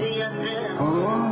Oh.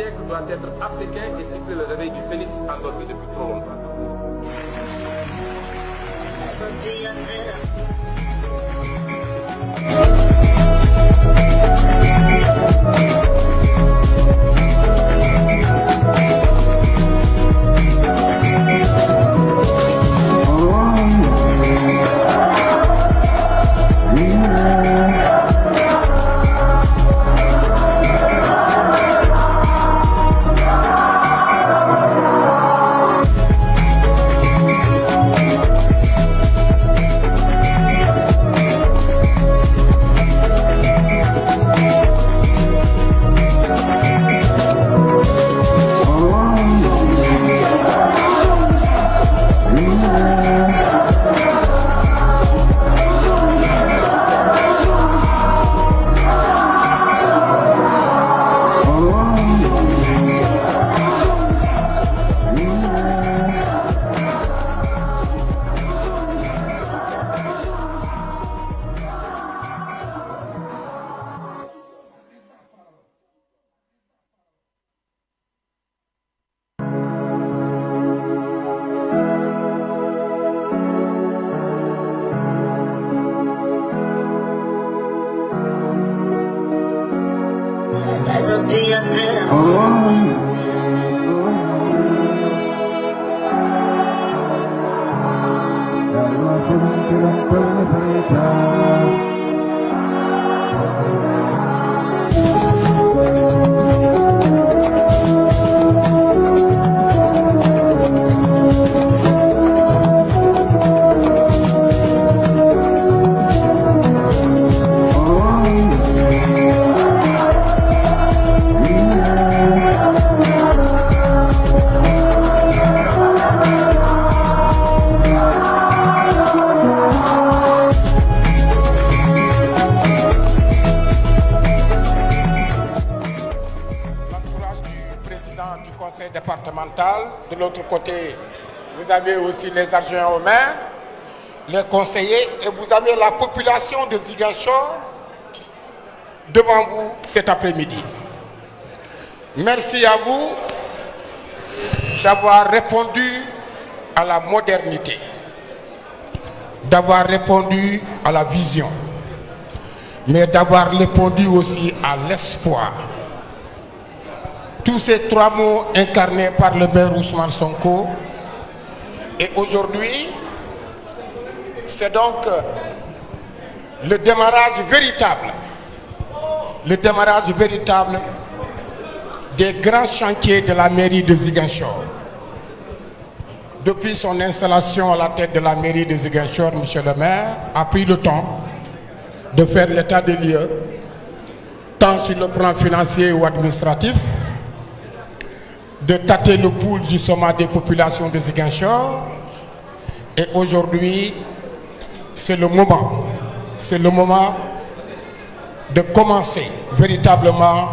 siècle doit être africain et citer le réveil du phénix endormi les adjoints romains les conseillers, et vous avez la population de Ziguinchor devant vous cet après-midi. Merci à vous d'avoir répondu à la modernité, d'avoir répondu à la vision, mais d'avoir répondu aussi à l'espoir. Tous ces trois mots incarnés par le maire Ousmane Sonko et aujourd'hui, c'est donc euh, le démarrage véritable, le démarrage véritable des grands chantiers de la mairie de Ziguinchor. Depuis son installation à la tête de la mairie de Ziguinchor, M. le maire a pris le temps de faire l'état des lieux, tant sur le plan financier ou administratif, de tâter le pouls du sommet des populations de Ziguinchor. Et aujourd'hui, c'est le moment, c'est le moment de commencer véritablement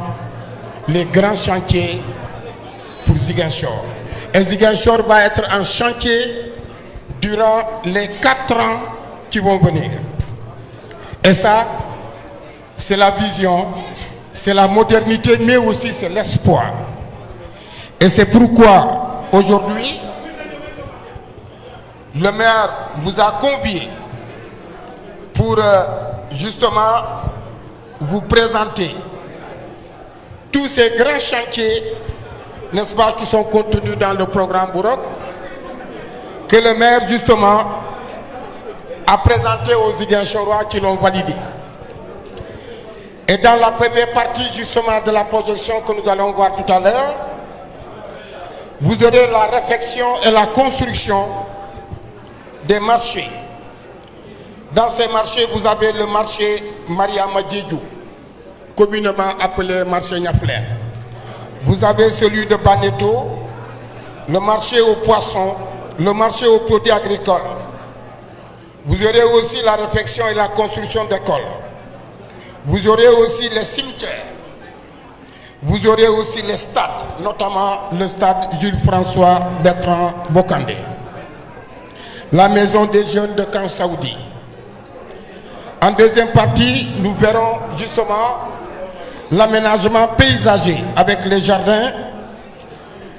les grands chantiers pour Ziguinchor. Et Ziguinchor va être un chantier durant les quatre ans qui vont venir. Et ça, c'est la vision, c'est la modernité, mais aussi c'est l'espoir. Et c'est pourquoi aujourd'hui, le maire vous a convié pour euh, justement vous présenter tous ces grands chantiers, n'est-ce pas, qui sont contenus dans le programme bouroc que le maire justement a présenté aux chorois qui l'ont validé. Et dans la première partie justement de la projection que nous allons voir tout à l'heure, vous aurez la réflexion et la construction des marchés. Dans ces marchés, vous avez le marché Mariamadjidou, communément appelé marché Niafler. Vous avez celui de Baneto, le marché aux poissons, le marché aux produits agricoles. Vous aurez aussi la réflexion et la construction d'écoles. Vous aurez aussi les cimetières vous aurez aussi les stades, notamment le stade Jules-François Bertrand Bocandé, la maison des jeunes de Camp Saoudi. En deuxième partie, nous verrons justement l'aménagement paysager avec les jardins,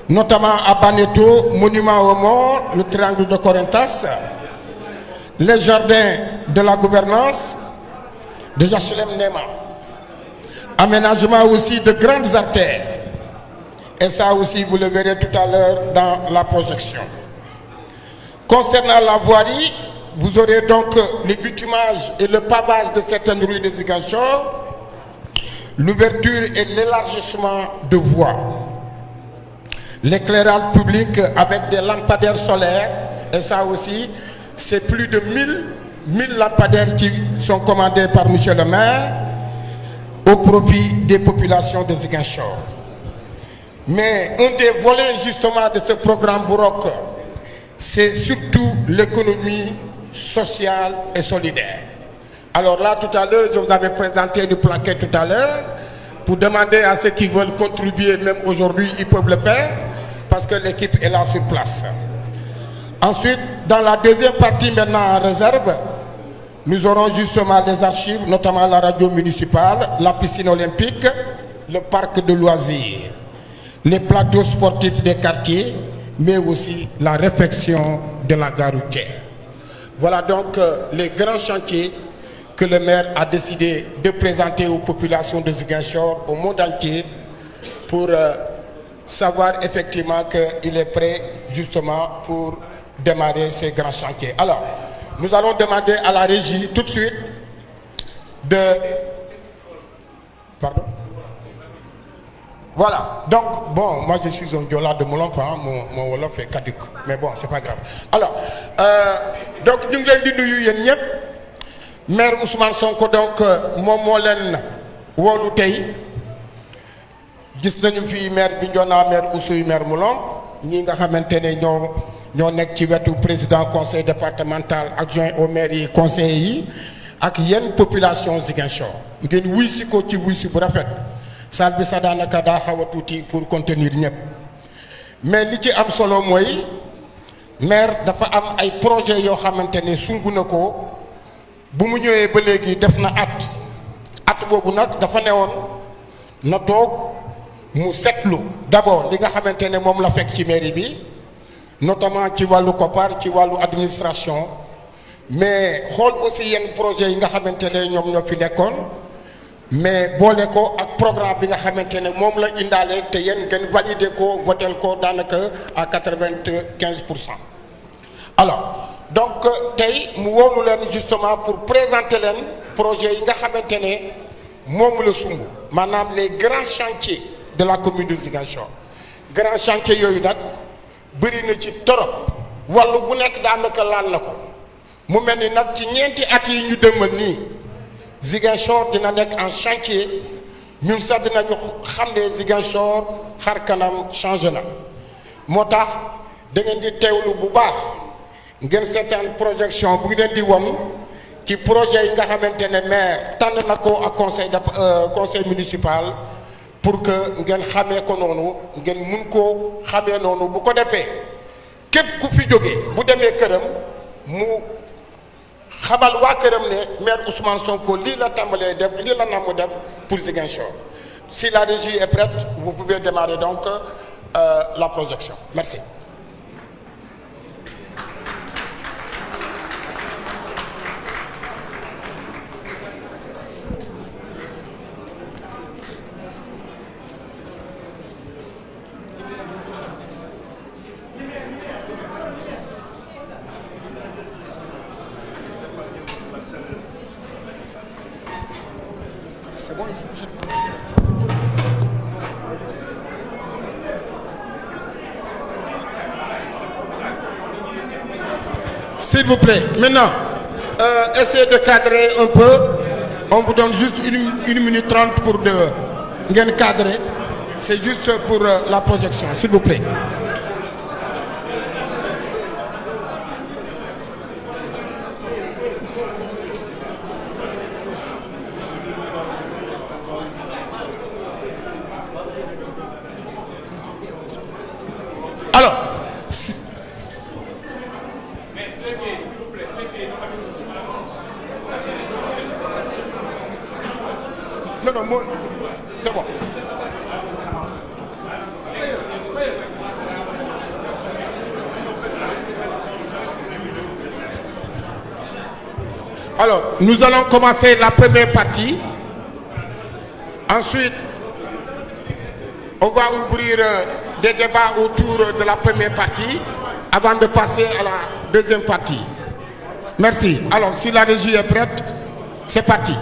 notamment à Baneto, Monument aux morts, le triangle de Corinthas, les jardins de la gouvernance de Jachelem Nema aménagement aussi de grandes artères. Et ça aussi, vous le verrez tout à l'heure dans la projection. Concernant la voirie, vous aurez donc euh, le bitumage et le pavage de certaines rues des l'ouverture et l'élargissement de voies, l'éclairage public avec des lampadaires solaires, et ça aussi, c'est plus de 1000, lampadaires qui sont commandés par M. le maire, au profit des populations de Ziguinchor. Mais un des volets justement de ce programme BROK c'est surtout l'économie sociale et solidaire. Alors là, tout à l'heure, je vous avais présenté le plaquet tout à l'heure pour demander à ceux qui veulent contribuer, même aujourd'hui, ils peuvent le faire parce que l'équipe est là sur place. Ensuite, dans la deuxième partie maintenant en réserve, nous aurons justement des archives, notamment la radio municipale, la piscine olympique, le parc de loisirs, les plateaux sportifs des quartiers, mais aussi la réfection de la gare routière. Voilà donc euh, les grands chantiers que le maire a décidé de présenter aux populations de Ziguinchor, au monde entier, pour euh, savoir effectivement qu'il est prêt justement pour démarrer ces grands chantiers. Alors, nous allons demander à la régie tout de suite de... Pardon voilà, donc bon, moi je suis un Diola de Moulomp, hein. mon, mon Wolof est caduc, mais bon, c'est pas grave. Alors, euh, donc nous avons dit Mère Ousmane Sonko, donc, euh, mon moo leen woolu tey gis nañu fii maire Bignona Mère Ousmane, maire Moulomp ñi nga la ne ñoo ñoo nekk ci wetu président conseil départemental adjoint au maire yi conseil yi ak yenn population Ziguinchor ngeen wuy si ko ci wuy si bu rafet salle bi sax daanaka daa xaw a tuuti pour contenir ñëpp mais li ci am solo mooy maire dafa am ay projet yoo xamante ne ko bu mu ñëwee ba léegi def na at at boobu nag dafa newoon na toog mu setlu d'abord li nga xamante ne la fekk ci mairie bi notamment ci wàllu koppar ci walu administration mais xool aussi yenn projet yi nga xamantene ñom ñoom ñoo fi mais boole ko ak programme bi nga xamantene mom la indalé té yéen ngeen valider ko voter ko daanaka à 95%. alors donc tay mu woolu leen justement pour présenter leen projet yi nga xamantene mom moom la sumb maanaam les grands chantiers de la commune de Ziguinchor grands chantiers yoyu nag bëri na ci torop walu bu nekk daanaka laal na ko mu mel ni nag ci ñeenti at yi ñu dëmmal nii Ziguinchor dina nekk en chantier ñun sax dinañu xam ne Ziguinchor xar kanam changé na moo tax da ngeen di teewlu bu baax ngeen seetaan projection bu ngeen di wam ci projet yi nga xamante ne maire tànn na ko ak conseil de euh, conseil municipal pour que ngeen xamé ko noonu ngeen mun ko xamé noonu bu ko défé képp ku fi joggé bu démé kërëm mu xamal wa kërëm né maire Ousmane Sonko li la tambalé def li la namm def pour Ziguinchor si la régie est prête vous pouvez démarrer donc euh, la projection merci S'il vous plaît, maintenant, euh, essayez de cadrer un peu. On vous donne juste une, minute trente pour de, cadrer. C'est juste pour euh, la projection, s'il vous plaît. Nous allons commencer la première partie. Ensuite, on va ouvrir euh, des débats autour de la première partie avant de passer à la deuxième partie. Merci. Alors, si la régie est prête, c'est parti.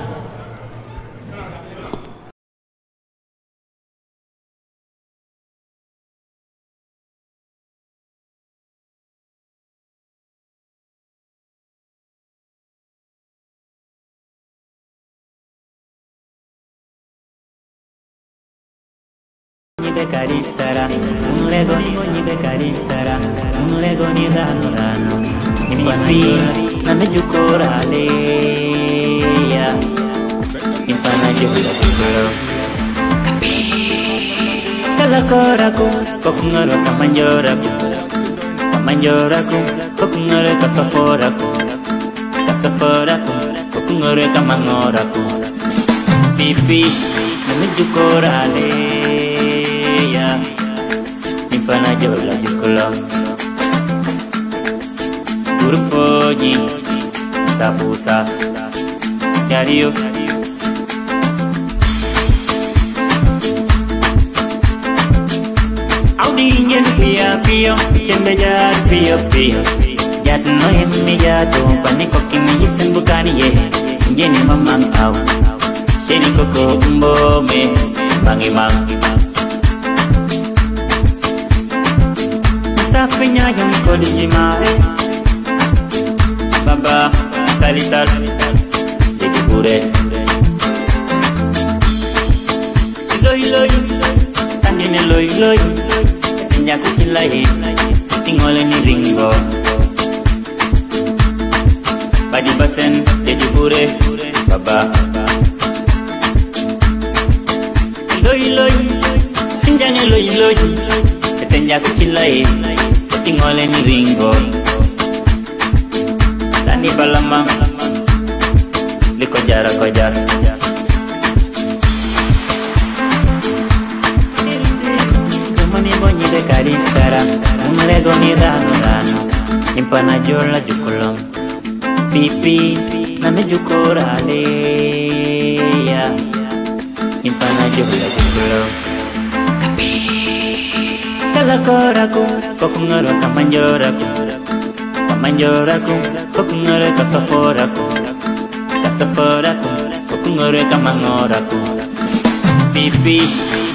bekaristara umulego nigonyi bekaristara umulego ni rano rano impanajora nanajukora aleya impanajora kalakoraku kokungaro kamanjoraku kamanjoraku kokungaro kasaforaku kasaforaku kokungaro kamangoraku pipi nanajukora korale hatinya Simpan aja ulah di kolong Kurpoji Sapusa Audi Audinyen pia pia Cende jar pia pia Jat mohem ni jatuh Pani koki mi isen bukani ye Jeni mamang au Sheni koko umbo me Mangi mangi mangi safinya yang kau dijimai Baba salitar Jadi bure Loy loy Tandine loy loy Ketinya ku cilai Tingole ni ringo Badi basen jadi bure Baba Loy loy Sinjane loy loy senja kuchilaye ni ringo Tani balama likojara kojara kamamibonyile ni dano dano impana jola jukulom pipi namejukoraleya impana jola jukulom kalakora kum kokungaro kamanjora kum kamanjora kum kokungaro kasafora kum kasafora kum kokungaro kamangora kum pipi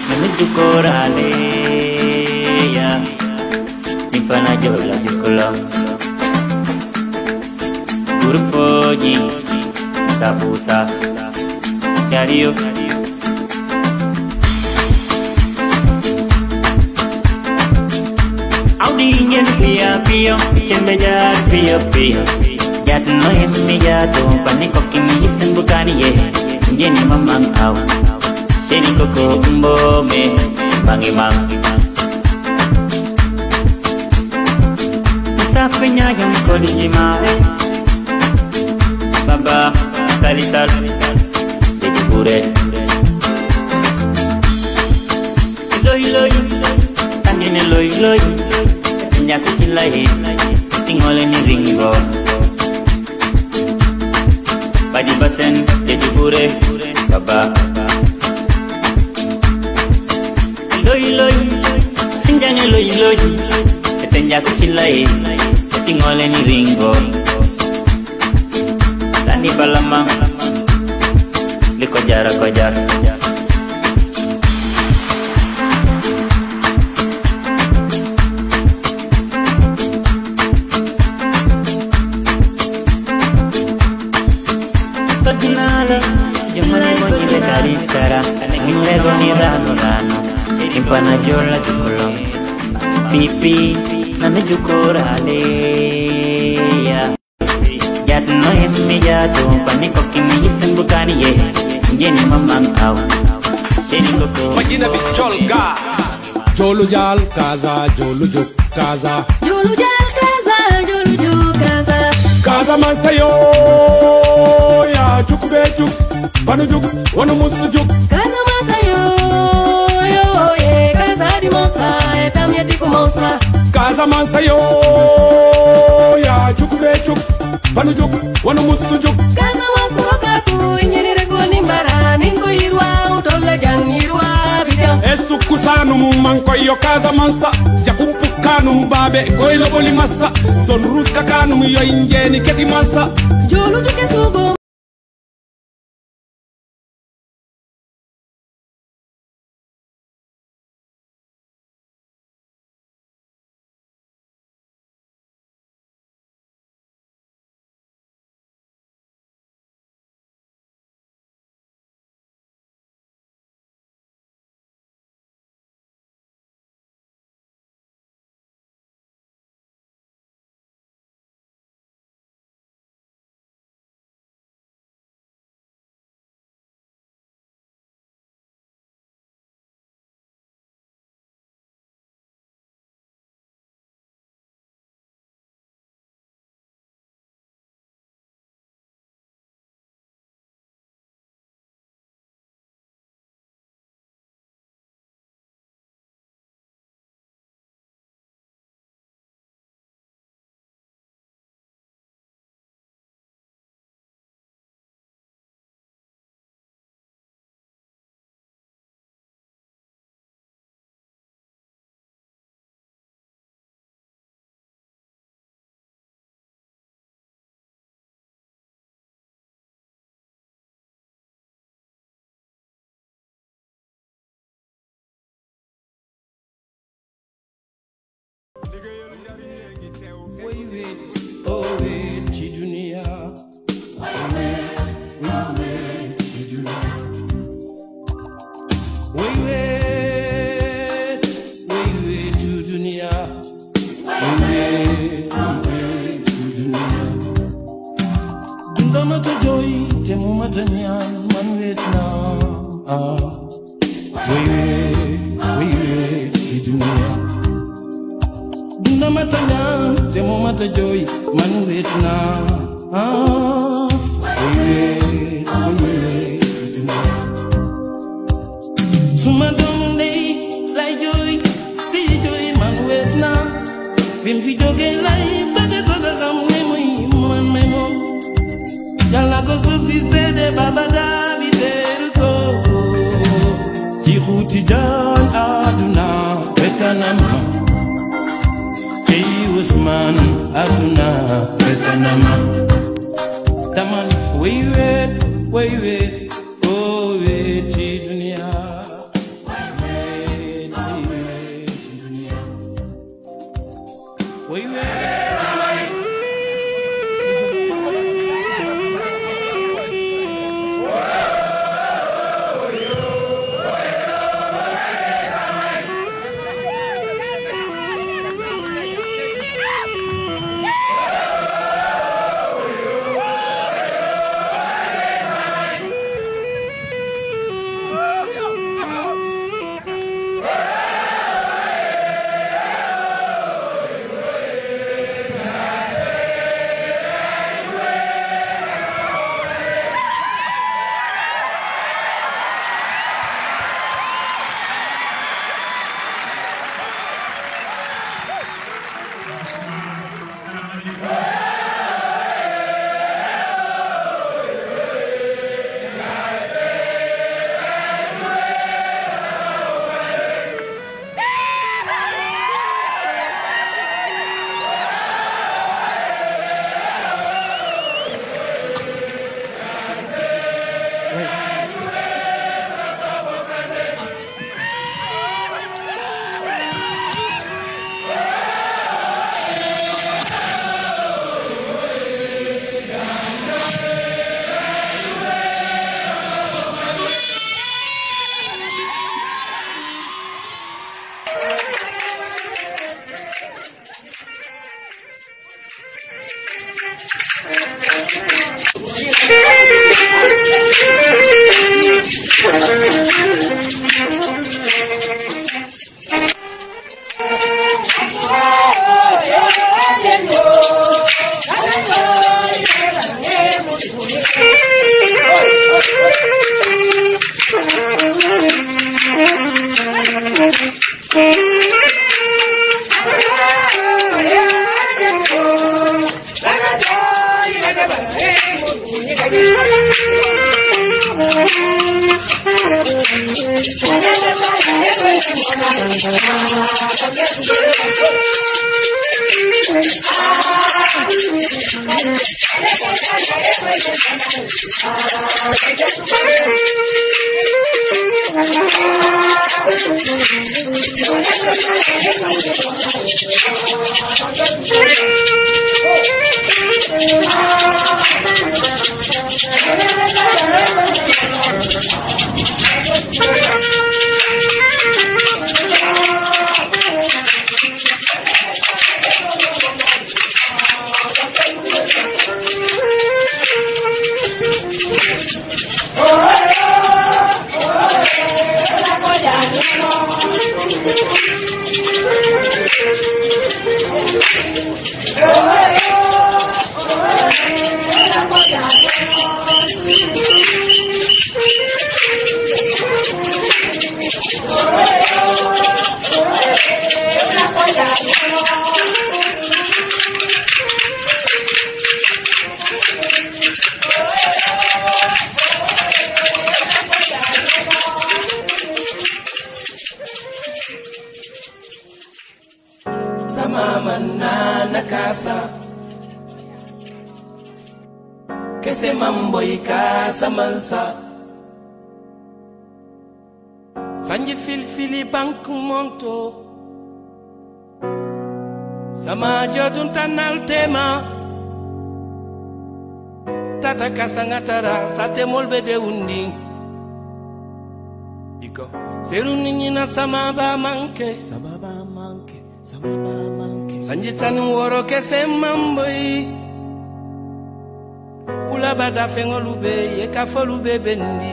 menudukorale ya impana jola jukolo grupo ji sabusa Yario, pia pio Chembe ja ya, pio pio Yat no hemmi ya to Pani koki mi sen bukani ye um Nge ni mamang au Sheni koko umbo me Mangi mang Safinya e. yang kau dijimai Baba salital Jadi pure Loi loi Tangin loi loi nyak cilai tingole ni ringo Badi basen jadi jubure baba Loi loi sinjane loi loi ku cilai tingole ni ringo Tani balama liko jara ko jara pana jola jukolong pipi nane jukora leya jat no emmi jato pani koki mi isembu kani ye jeni mamang au jeni koko magina bi jol ga jolu jal kaza jolu juk kaza jolu jal kaza jolu juk kaza kaza masayo ya jukube juk panu juk wanu musu juk kaza mansa e pa mye di koumansa Kaza mansa yo Ya chouk le chouk Panou chouk, wano moussou chouk Kaza mansa mou kakou Nyeni rekou ni mbara Ninko irwa, ou tole jan irwa Bidyan E sou kousanou mou manko yo Kaza mansa Jakou pou kanou mbabe Koy lo boli massa Son rous kakanou mou yo Injeni keti massa Joulou chouke sou go you hit the joy man wait now ah wait joy fi joy man wait now bim fi joge lay ba de so ga xam ne muy man may mom yalla ko suuf si seede baba da bi teru ko si xuti jaan aduna wetanam Hey Usman hakuna pesa na mama, tamani wewe wewe Thank you. samansa sanji filfili bank monto sama jodun tanal tema tata kasangatara sate molbe de undi iko serun nyina sama ba manke sama ba manke sama ba manke sanji tan woro ke semmamboi dafe ngolube ye kafo lube bendi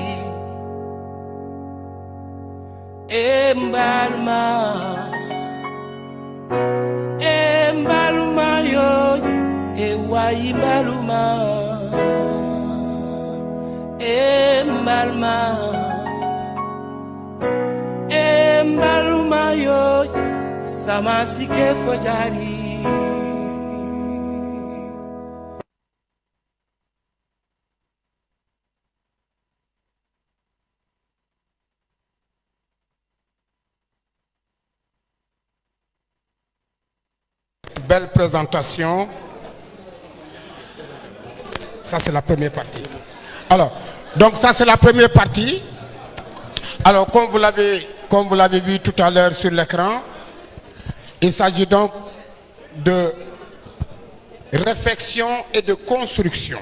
présentation. Ça, c'est la première partie. Alors, donc ça, c'est la première partie. Alors, comme vous l'avez comme vous l'avez vu tout à l'heure sur l'écran, il s'agit donc de réflexion et de construction.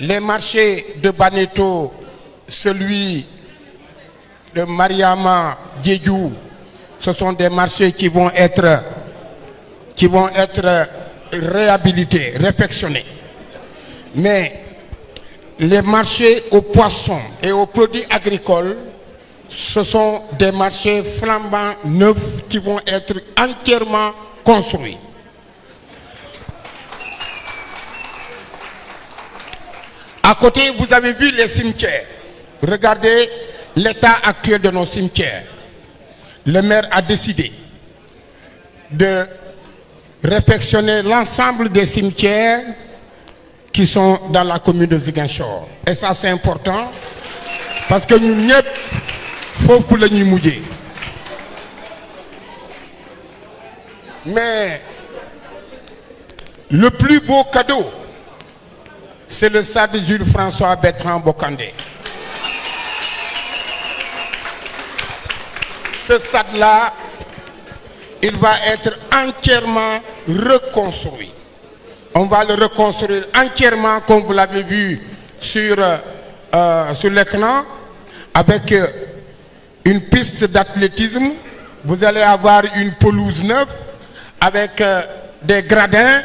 Les marchés de Baneto, celui de Mariama, Djedjou, ce sont des marchés qui vont être qui vont être euh, réhabilités, réfectionnés. Mais les marchés aux poissons et aux produits agricoles, ce sont des marchés flambants neufs qui vont être entièrement construits. À côté, vous avez vu les cimetières. Regardez l'état actuel de nos cimetières. Le maire a décidé de réfectionner l'ensemble des cimetières qui sont dans la commune de Ziguinchor. Et ça, c'est important parce que nous n'y faut pour le mouiller. Mais le plus beau cadeau, c'est le de Jules François Bertrand Bocandé. Ce sac là il va être entièrement reconstruit. On va le reconstruire entièrement, comme vous l'avez vu sur, euh, euh sur l'écran, avec euh, une piste d'athlétisme. Vous allez avoir une pelouse neuve avec euh, des gradins,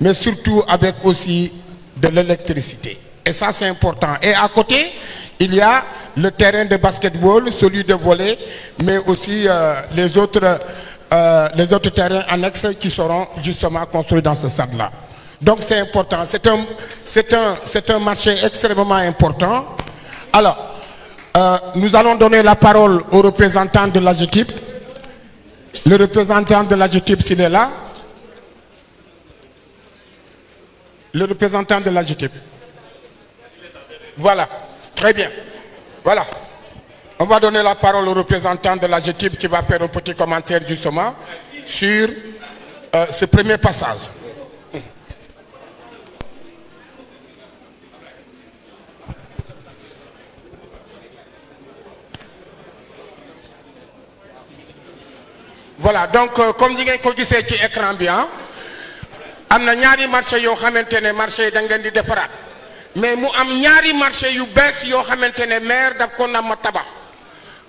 mais surtout avec aussi de l'électricité. Et ça, c'est important. Et à côté, il y a le terrain de basketball, celui de volet mais aussi les autres euh, les autres terrains annexes qui seront justement construits dans ce stade-là. Donc c'est important. C'est un, marché extrêmement important. Alors, euh, nous allons donner la parole au représentant de l'AGTIP. Le représentant de l'AGTIP, s'il est là. Le représentant de l'AGTIP. Voilà. Très bien. Voilà. On va donner la parole au représentant de la qui va faire un petit commentaire justement sur euh, ce premier passage. voilà donc euh, comme ni ngeen ko sur ci écran bien, a ah, am na ñaari marché yoo xamante un marché da mais mu am ñaari marché yu qui sont xamante ne maire daf ko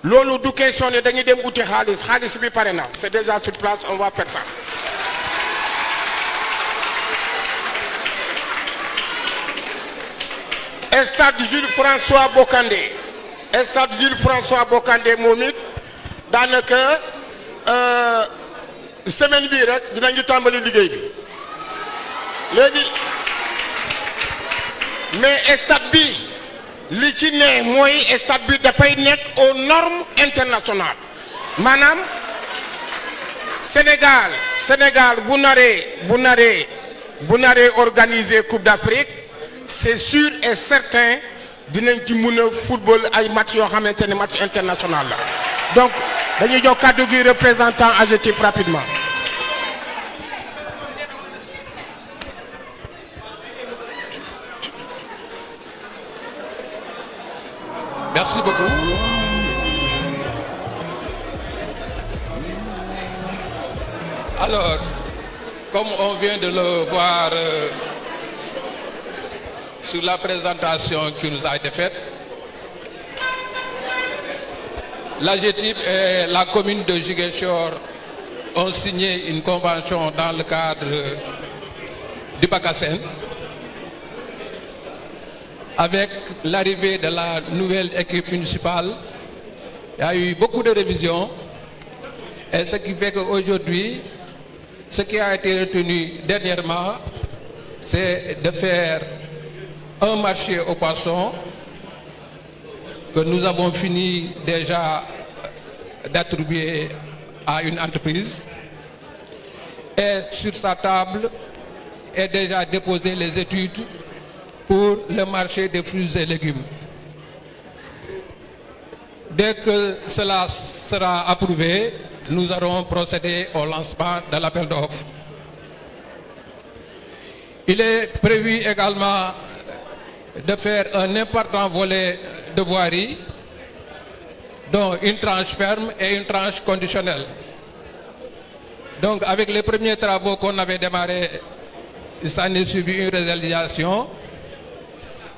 loolu du question de dañuy dem uti xaalis xaalis bi pare na c'est déjà sur place on va faire ça. stade Jules François Bokandé. stade Jules François Bokandé moom it euh, semaine bii rek dinañu tambali liggéey bi léegi mais stade bi li ci né moy stade bi fay aux normes internationales Madame, Sénégal Sénégal bu naré bu organisé bu organiser Coupe d'Afrique c'est sûr et certain dinañ ci mëna football ay match yo xamante match international la donc dañuy jox représentants gi représentant AGETIP rapidement. Merci beaucoup. Alors, comme on vient de le voir euh, sur la présentation qui nous a été faite, l'AGTIP et la commune de Jigueshor ont signé une convention dans le cadre du Bacassène avec l'arrivée de la nouvelle équipe municipale, il y a eu beaucoup de révisions. Et ce qui fait qu'aujourd'hui, ce qui a été retenu dernièrement, c'est de faire un marché aux poissons que nous avons fini déjà d'attribuer à une entreprise. Et sur sa table est déjà déposé les études pour le marché des fruits et légumes. Dès que cela sera approuvé, nous allons procéder au lancement de l'appel d'offres. Il est prévu également de faire un important volet de voirie, dont une tranche ferme et une tranche conditionnelle. Donc avec les premiers travaux qu'on avait démarrés, ça n'est suivi une réalisation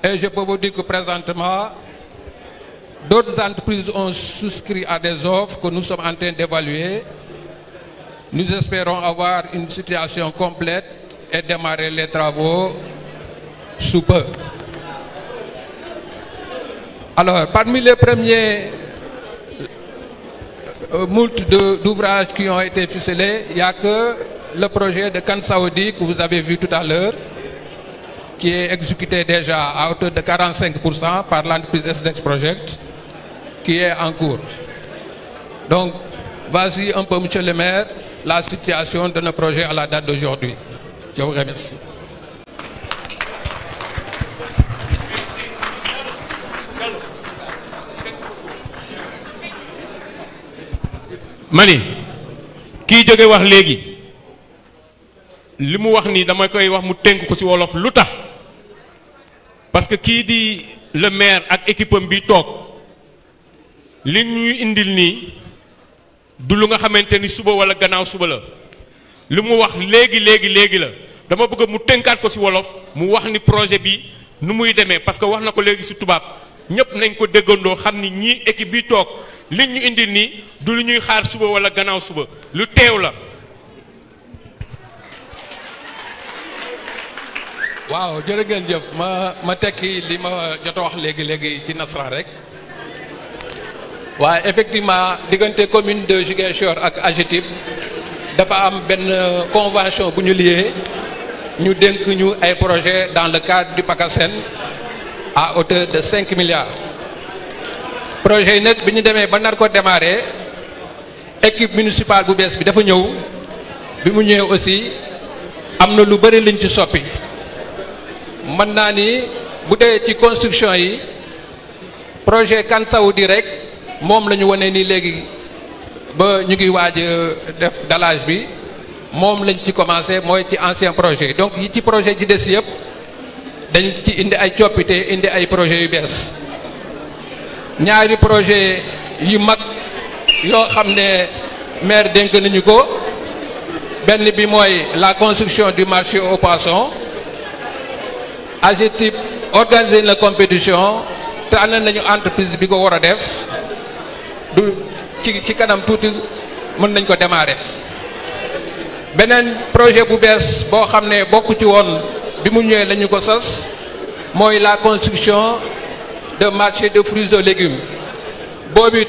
et je peux vous dire que présentement, d'autres entreprises ont souscrit à des offres que nous sommes en train d'évaluer. Nous espérons avoir une situation complète et démarrer les travaux sous peu. Alors, parmi les premiers euh, moultes d'ouvrages qui ont été ficelés, il n'y a que le projet de Saoudi que vous avez vu tout à l'heure, qui est exécuté déjà à hauteur de 45% par l'entreprise SDEX Project, qui est en cours. Donc, vas-y un peu, monsieur le maire, la situation de nos projets à la date d'aujourd'hui. Je vous remercie. mani qui parce que kii di le maire ak équipe am bi toog li ñuy indil nii du lu nga xamante ni suba wala gannaaw suba la li mu wax léegi léegi léegi la dama bëgg mu tënkaat ko ci wolof mu wax ni projet bi nu muy demee parce que wax na ko léegi ci tubaab ñëpp nañ ko déggandoo xam ni ñii équipe bi toog li ñu indil nii du lu ñuy xaar suba wala gannaaw suba lu teew la. waaw jërë jëf ma ma tekki li ma jot a wax léegi léegi ci nasra rek waaye effectivement diggante commune de Ziguinchor ak AGETIP dafa am benn convention bu ñu lié ñu dénk ñu ay projet dans le cadre du PACASEN à hauteur de cinq milliards projet yi nag bi ñu demee ba nar ko démarrer équipe municipale bu bees bi dafa ñëw bi mu ñëwee aussi am na lu bëri liñ ci soppi Maintenant, ni construction projet Kan Saoudi rek mom la ni euh, def ancien projet donc yi ci projet ji des dañ ci indi ay indi ay projet yu projet yu mag maire ko la construction du marché aux poissons AGETIP organiser la compétition te nañu entreprise bi ko war a def du ci kanam touti mën nañ ko démarrer benen projet bu bees bo xamné bokku ci won bi mu ñëw lañu ko sas moy la construction de marché de fruits et légumes bobu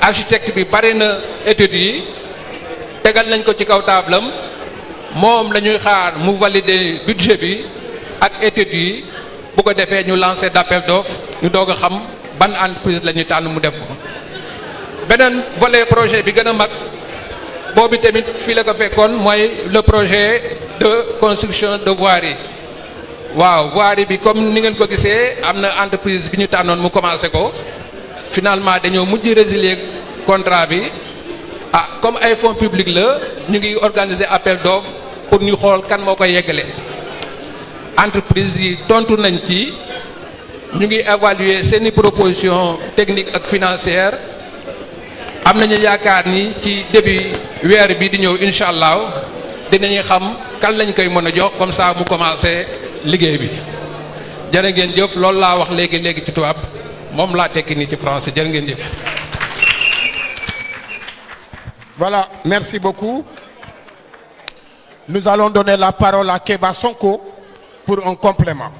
architecte bi pare na études yi tegal nañ ko ci kaw taabalam moom lañuy xaar mu valider budget bi ak études yi bu ko defee ñu lancé d'appel d'offre ñu doog a xam ban entreprise la ñuy tànn mu def ko beneen volet projet bi gën a mag boobu tamit fii la ko fekkoon mooy le projet de construction de voirie waaw voirie bi comme ni ngeen ko gisee am na entreprise bi ñu tànnoon mu commencé ko finalement dañoo mujj résilier contrat bi ah comme ay fonds publics la ñu ngi organiser appel d'offre pour ñu xool kan moo koy yeggale entreprise tontu nañ ci ñu ngi évaluer seeni proposition technique ak financière am nañu yaakaar ni ci début weer bi di ñëw inshallah allah dinañu xam kan lañ koy mën a jox comme ça mu commencé liggéey bi jërë ngeen jëf loolu laa wax léegi léegi ci tubaab moom laa tekki nii ci français jërë ngeen jëf. Voilà, merci beaucoup. Nous allons donner la parole à Keba Sonko un complément.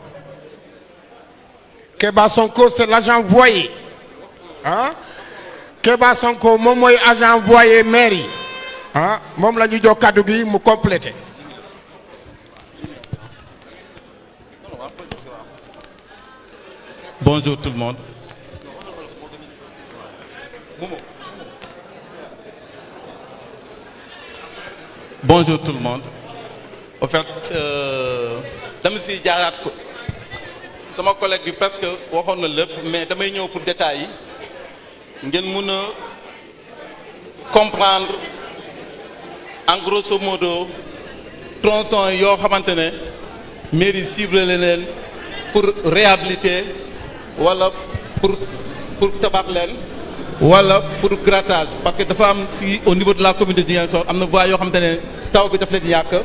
Keba Sonko, c'est l'agent voyé. Hein? Keba Sonko, mon moi agent voyé mairie. Hein? Mom la ñu de cadeau compléter. Bonjour tout le monde. Bonjour tout le monde. au fait, euh, dama si jaaraat ko sama collègue bi presque fond na lépp mais damay ñëw pour détails yi ngeen comprendre en grosso modo tronçon yoo xamante ne mairie cible leen pour réhabiliter wala pour pour tabax leen wala pour grattage parce que dafa am si au niveau de la communauté, de Ziguinchor am na voie yoo xamante ne taw bi daf leen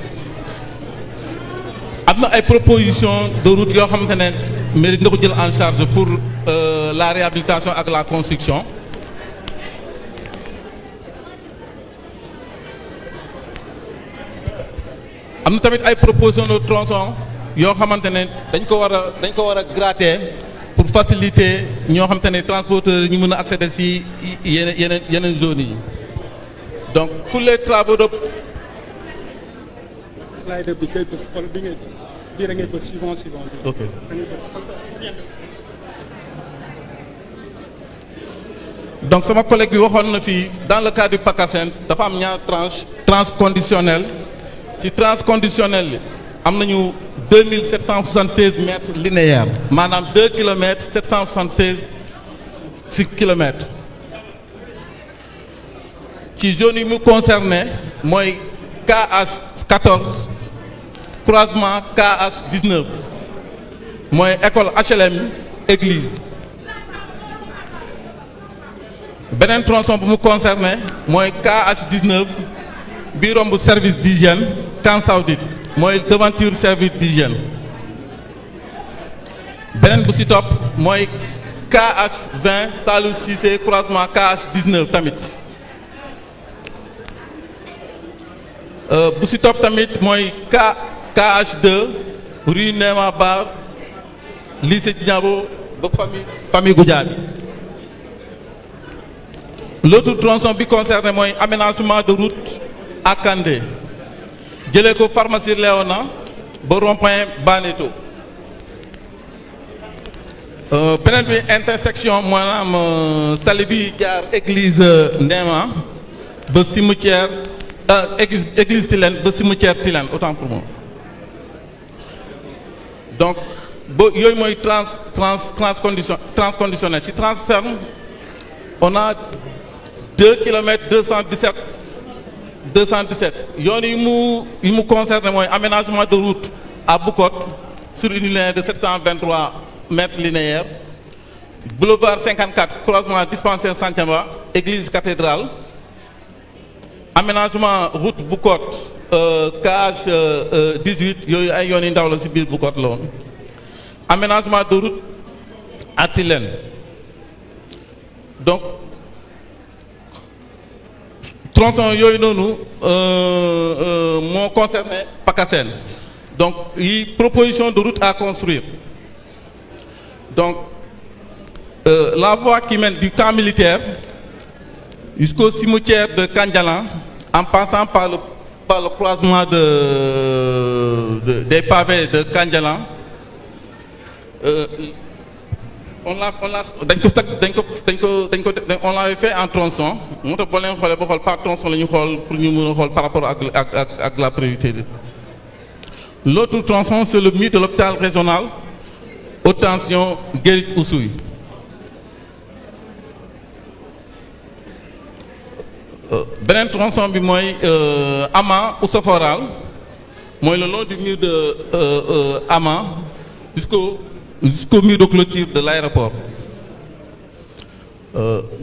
am ay propositions de route qui xamante en charge pour euh, la réhabilitation et la construction am na tamit ay propositions de tronçon qui xamante ne dañ ko gratter pour faciliter les en transporteurs qui ont a accéder ci yeneen zones yi donc tous les travaux de donc, c'est ma collègue qui vous dit, dans le cas du PACASEN, la famille a tranche transconditionnelle. Si transconditionnelle, nous avons 2776 mètres linéaires. Maintenant, 2 km 776 km. Si je ne me moi, KH14, croisement KH 19 Moi, école HLM église Benen tronçon pour Moi, je suis KH 19 bureau de service d'hygiène Camp Saoudite devant devanture service d'hygiène Benen Boussitop moi topp KH 20 Salou Cissé croisement KH 19 tamit. Euh, si tamit 20 KH2 rue neymar Bar lycée Dignabo, famille famille l'autre tronçon qui concerne aménagement de route à Kandé jëlee pharmacie Léona ba point Baneto euh, beneen intersection moi, euh, tali bi église euh, Nema, cimetière église église Tilène cimetière Tilène autant pour moi donc il y a une trans Si transconditionnel transferme on a 2 km 217 217 Il eu un aménagement de route à Boucotte sur une ligne de 723 mètres linéaires boulevard 54 croisement dispensaire Santhiaba église cathédrale aménagement route Boucotte euh, cage 18 euh, euh, yoy ay bu aménagement de route Tilène donc tronçon euh euh mo concerné donc une proposition de route à construire donc la voie qui mène du camp militaire jusqu'au cimetière de Kandialan en passant par le le croisement de, de, des pavés de euh, on Euh, on l'avait fait en tronçon. On a par tronçon pour nous par rapport à, la priorité. L'autre tronçon, c'est le mur de l'hôpital régional, aux tensions Guérit-Oussouy. Euh, benen tronçon bi mooy euh, Ama Soforal, mooy le long du mur de euh, Ama jusqu'au jusqu'au mur de clôture de l'aéroport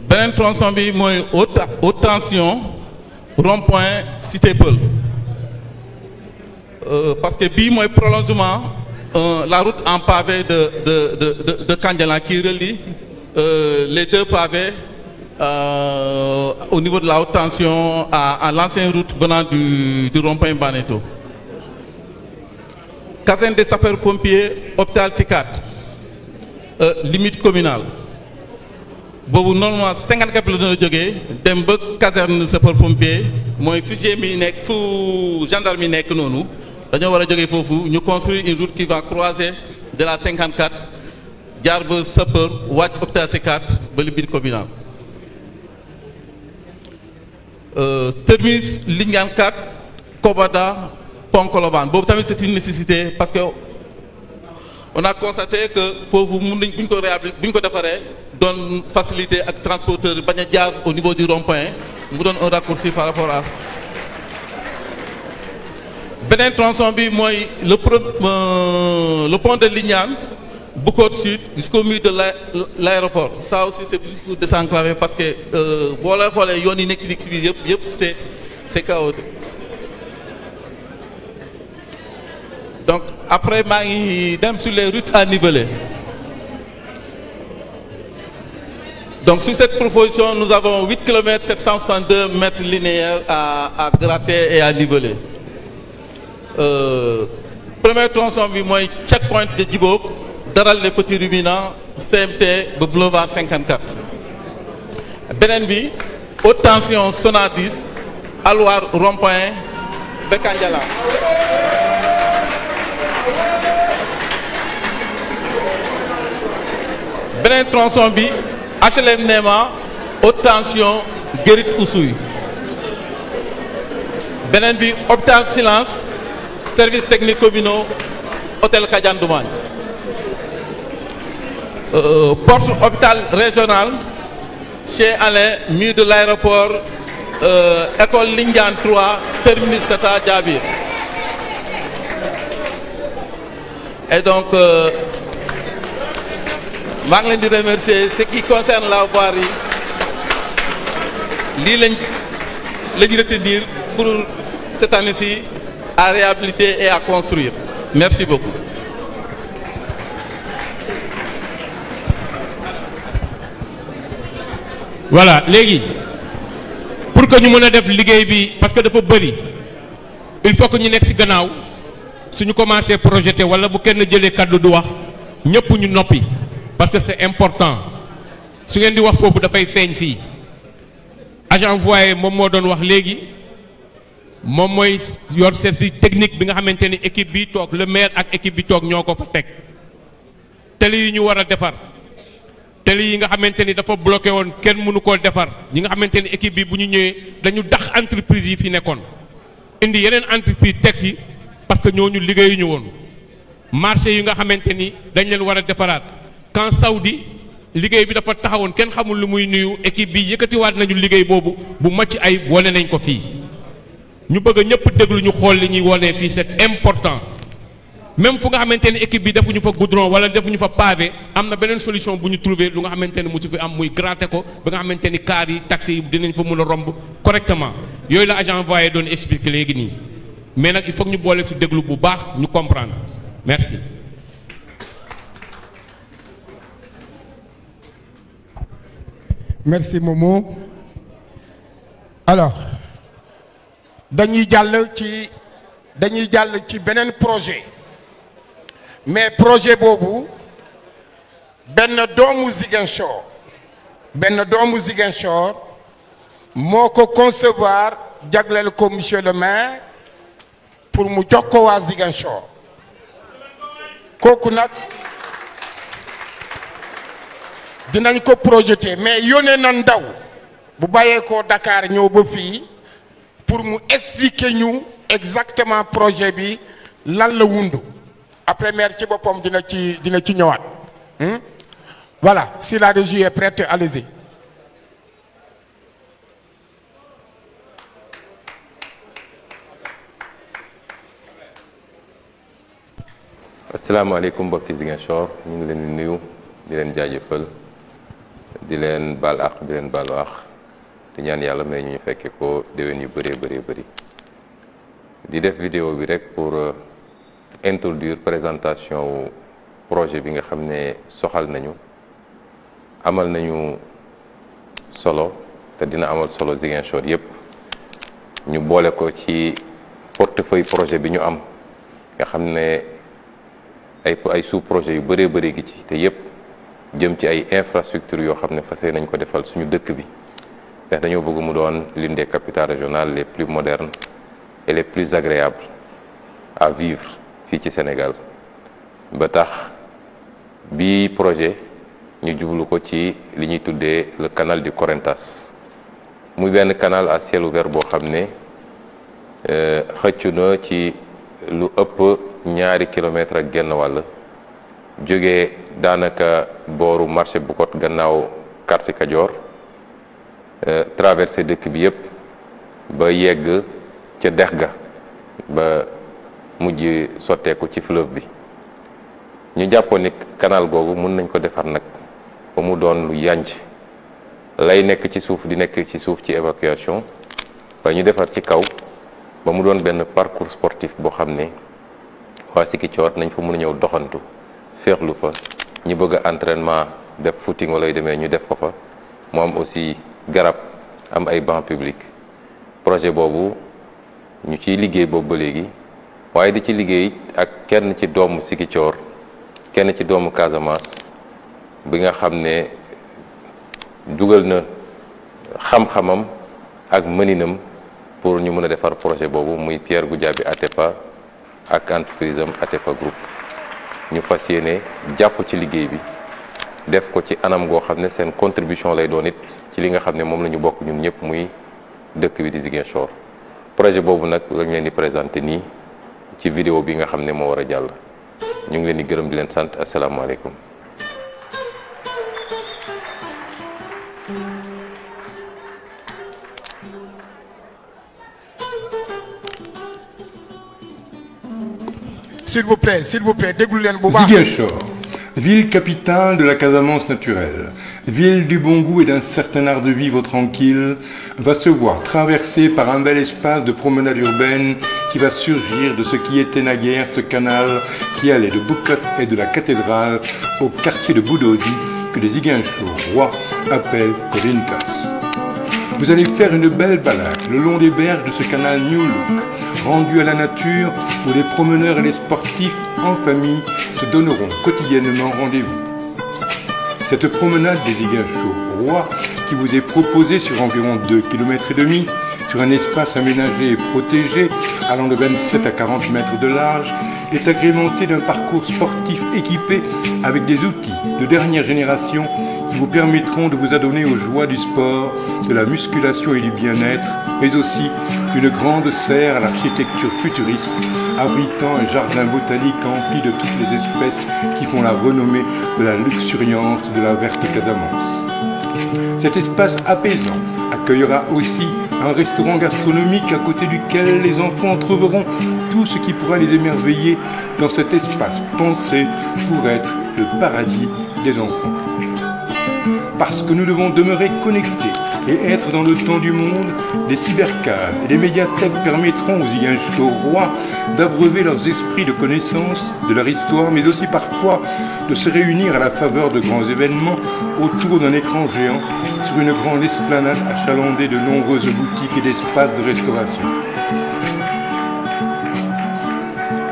beneen tronçon bi haute haute tension rond-point Cité parce que bii est prolongement la route en pavé de de de de qui relie les deux pavés euh, au niveau de la haute tension à, à l'ancienne route venant du, du rond-point Baneto. Caserne des sapeurs-pompiers, hôpital C4, euh, limite communale. Vous normalement 54 54 la dana d'un caserne des sapeurs-pompiers, mon mi nekk fou, gendarme yi nekk construit une route qui va croiser de la 54 garde sapeur wàcc hôpital C4 Limite Communale. Termis, Temis, 4, Kobada, Ponkoloban. Bon, c'est une nécessité parce que on a constaté que faut vous donne facilité à transporteur Bagnadiar au niveau du rond-point. vous donne un raccourci par rapport à ça. Benin tronçon, le, euh, le pont de Lignan, Beaucoup de Sud jusqu'au milieu de l'aéroport. Ça aussi, c'est juste désenclaver parce que voilà, voilà, il y a une c'est chaotique. Donc, après, je sur les routes à niveler. Donc, sur cette proposition, nous avons 8 km 762 mètres linéaires à, gratter et à niveler. Euh, premier tronçon, c'est checkpoint de Djibouti daral les petits ruminants CMT ba boulevard 54 beneen bi haute tension Sonadis Alloire rond-point Bekanjala beneen tronçon bi HLM Nema, haute tension guérite usui Benenbi, bi Silence service technique communaux hôtel Kadian euh, porte hôpital régional chez Alain, Mieux de l'aéroport, euh, école Lingan 3, terminus Tata Djabir. Et donc, je euh, de remercier ce qui concerne la voirie. Ce que retenir pour cette année-ci à réhabiliter et à construire. Merci beaucoup. voilà légui pour que ñu mëna def liguey bi parce que dafa bëri il faut que ñu nekk ci gannaaw suñu commencé projeté wala bu kenn jëlé kàddu du wax ñëpp ñu nopi parce que c'est important su ngeen di wax da fay feeñ fi agent voyé mom mo doon wax léegi moom mooy yor service technique bi nga xamante équipe bi tok le maire ak équipe bi tok ñoo ko fa teg télé yi ñu wara défar tali yi nga xamante ni dafa bloqué won kenn mënu ko défar ñi nga xamante ni équipe bi bu ñu ñëwé dañu dax entreprise yi fi nekkoon indi yeneen entreprise tek fi parce que ñooñu ñu won marché yi nga dañ leen wara défarat quand saudi liggéey bi dafa taxawon kenn xamul lu muy nuyu équipe bi waat nañu liggéey boobu bu macc ay wone nañ ko fii ñu bëgg ñëpp déglu ñu xool li ñuy wone fii c'est important même fu nga xamante ne équipe bi defuñu fa goudron wala defuñu fa pavé amna benen solution bu ñu trouvé lu nga xamante ne mu ci fi am muy gratter ko ba nga car yi taxi yi dinañ fa mun romb correctement yoy la agent envoyé doon expliquer léegi nii mais nag il faut ñu boole ci déglu bu baax ñu comprendre merci. merci Momo alors dañuy jàll ci dañuy jàll ci benen projet mais projet bobu ben doomu Ziguinchor ben doomu Ziguinchor moko concevoir jagleel ko monsieur le maire pour mu jox ko waa Ziguinchor kooku nag dinañ ko projeté mais yone nan ndaw bu ko Dakar ni ba fi pour mu expliquer ñu exactement projet bi lan la wundu après maire ci bopom dina ci dina ci ñëwaat hmm? voilà si la régie est prête allez-y asalaamaaleykum mbokki Ziguinchor ñu ngi leen di nuyu di leen jaajëfal di leen bal ak di leen bal wax di ñaan yalla may ñu fekke ko deewen yu bëree bëree bëri di def vidéo bi rek pour euh, introduire présentation au projet bi nga xamné soxal nañu amal nañu solo dina amal solo yépp ñu ko ci portefeuille projet bi am nga sous projet yu infrastructures nañ ko suñu dëkk bi l'une des capitales régionales les plus modernes et les plus agréables à vivre fi ci Sénégal ba tax bi projet ñu jublu ko ci li ñuy tuddee le canal du Correntas muy benn canal à ciel ouvert boo xam ne euh, xëccu na ci lu ëpp ñaari kilomètre ak genn wàll jógee daanaka booru marché bu kot gannaaw carte Kajoor euh, traversé dëkk bi yépp ba yegg ca dex ga ba mujj ko ci fleuve bi ñu jàppoon ni canal gogou mën nañ ko defar nak ba mu doon lu yànj lay nekk ci souf di nekk ci souf ci évacuation ba ñu defar ci kaw ba mu doon ben parcours sportif bo xamné wa siki ciot nañ fa mun ñew doxantu fexlu fa ñu bëgg entraînement def footing wala yéme ñu def ko fa mo am aussi garab am ay banc public projet bobu ñu ci liggéey bobu légui waaye di ci liggéey ak kenn ci doomu Sigicoor kenn ci doomu Casamance bi nga xam ne dugal na xam-xamam ak mëninam pour ñu mën a defar projet boobu muy Pierre Goudiaby Atepa ak entreprise am Atepa Group ñu fas yéene jàpp ci liggéey bi def ko ci anam goo xam ne seen contribution lay doon it ci li nga xam ne moom la ñu bokk ñun ñëpp muy dëkk bi di Ziguinchor projet boobu nag lañ leen di présenté nii ci vidéo bi nga xamné mo wara jall ñu ngi leen di gërëm di leen assalamu alaykum s'il vous plaît s'il vous plaît déglu leen bu baax Ville capitale de la Casamance naturelle, ville du bon goût et d'un certain art de vivre tranquille, va se voir traversée par un bel espace de promenade urbaine qui va surgir de ce qui était naguère ce canal qui allait de Boucotte et de la cathédrale au quartier de Boudaudi que les Iguinchos, rois appellent Corintas. Vous allez faire une belle balade le long des berges de ce canal New Look, rendu à la nature où les promeneurs et les sportifs en famille, se donneront quotidiennement rendez-vous. Cette promenade des au roi qui vous est proposée sur environ 2 km et demi, sur un espace aménagé et protégé allant de 27 à 40 mètres de large, est agrémentée d'un parcours sportif équipé avec des outils de dernière génération qui vous permettront de vous adonner aux joies du sport, de la musculation et du bien-être, mais aussi une grande serre à l'architecture futuriste Habitant un jardin botanique empli de toutes les espèces qui font la renommée de la luxuriance de la verte Casamance. Cet espace apaisant accueillera aussi un restaurant gastronomique à côté duquel les enfants trouveront tout ce qui pourra les émerveiller dans cet espace pensé pour être le paradis des enfants. Parce que nous devons demeurer connectés et être dans le temps du monde, les cybercases et les médiathèques permettront aux de rois d'abreuver leurs esprits de connaissance, de leur histoire, mais aussi parfois de se réunir à la faveur de grands événements autour d'un écran géant sur une grande esplanade achalandée de nombreuses boutiques et d'espaces de restauration.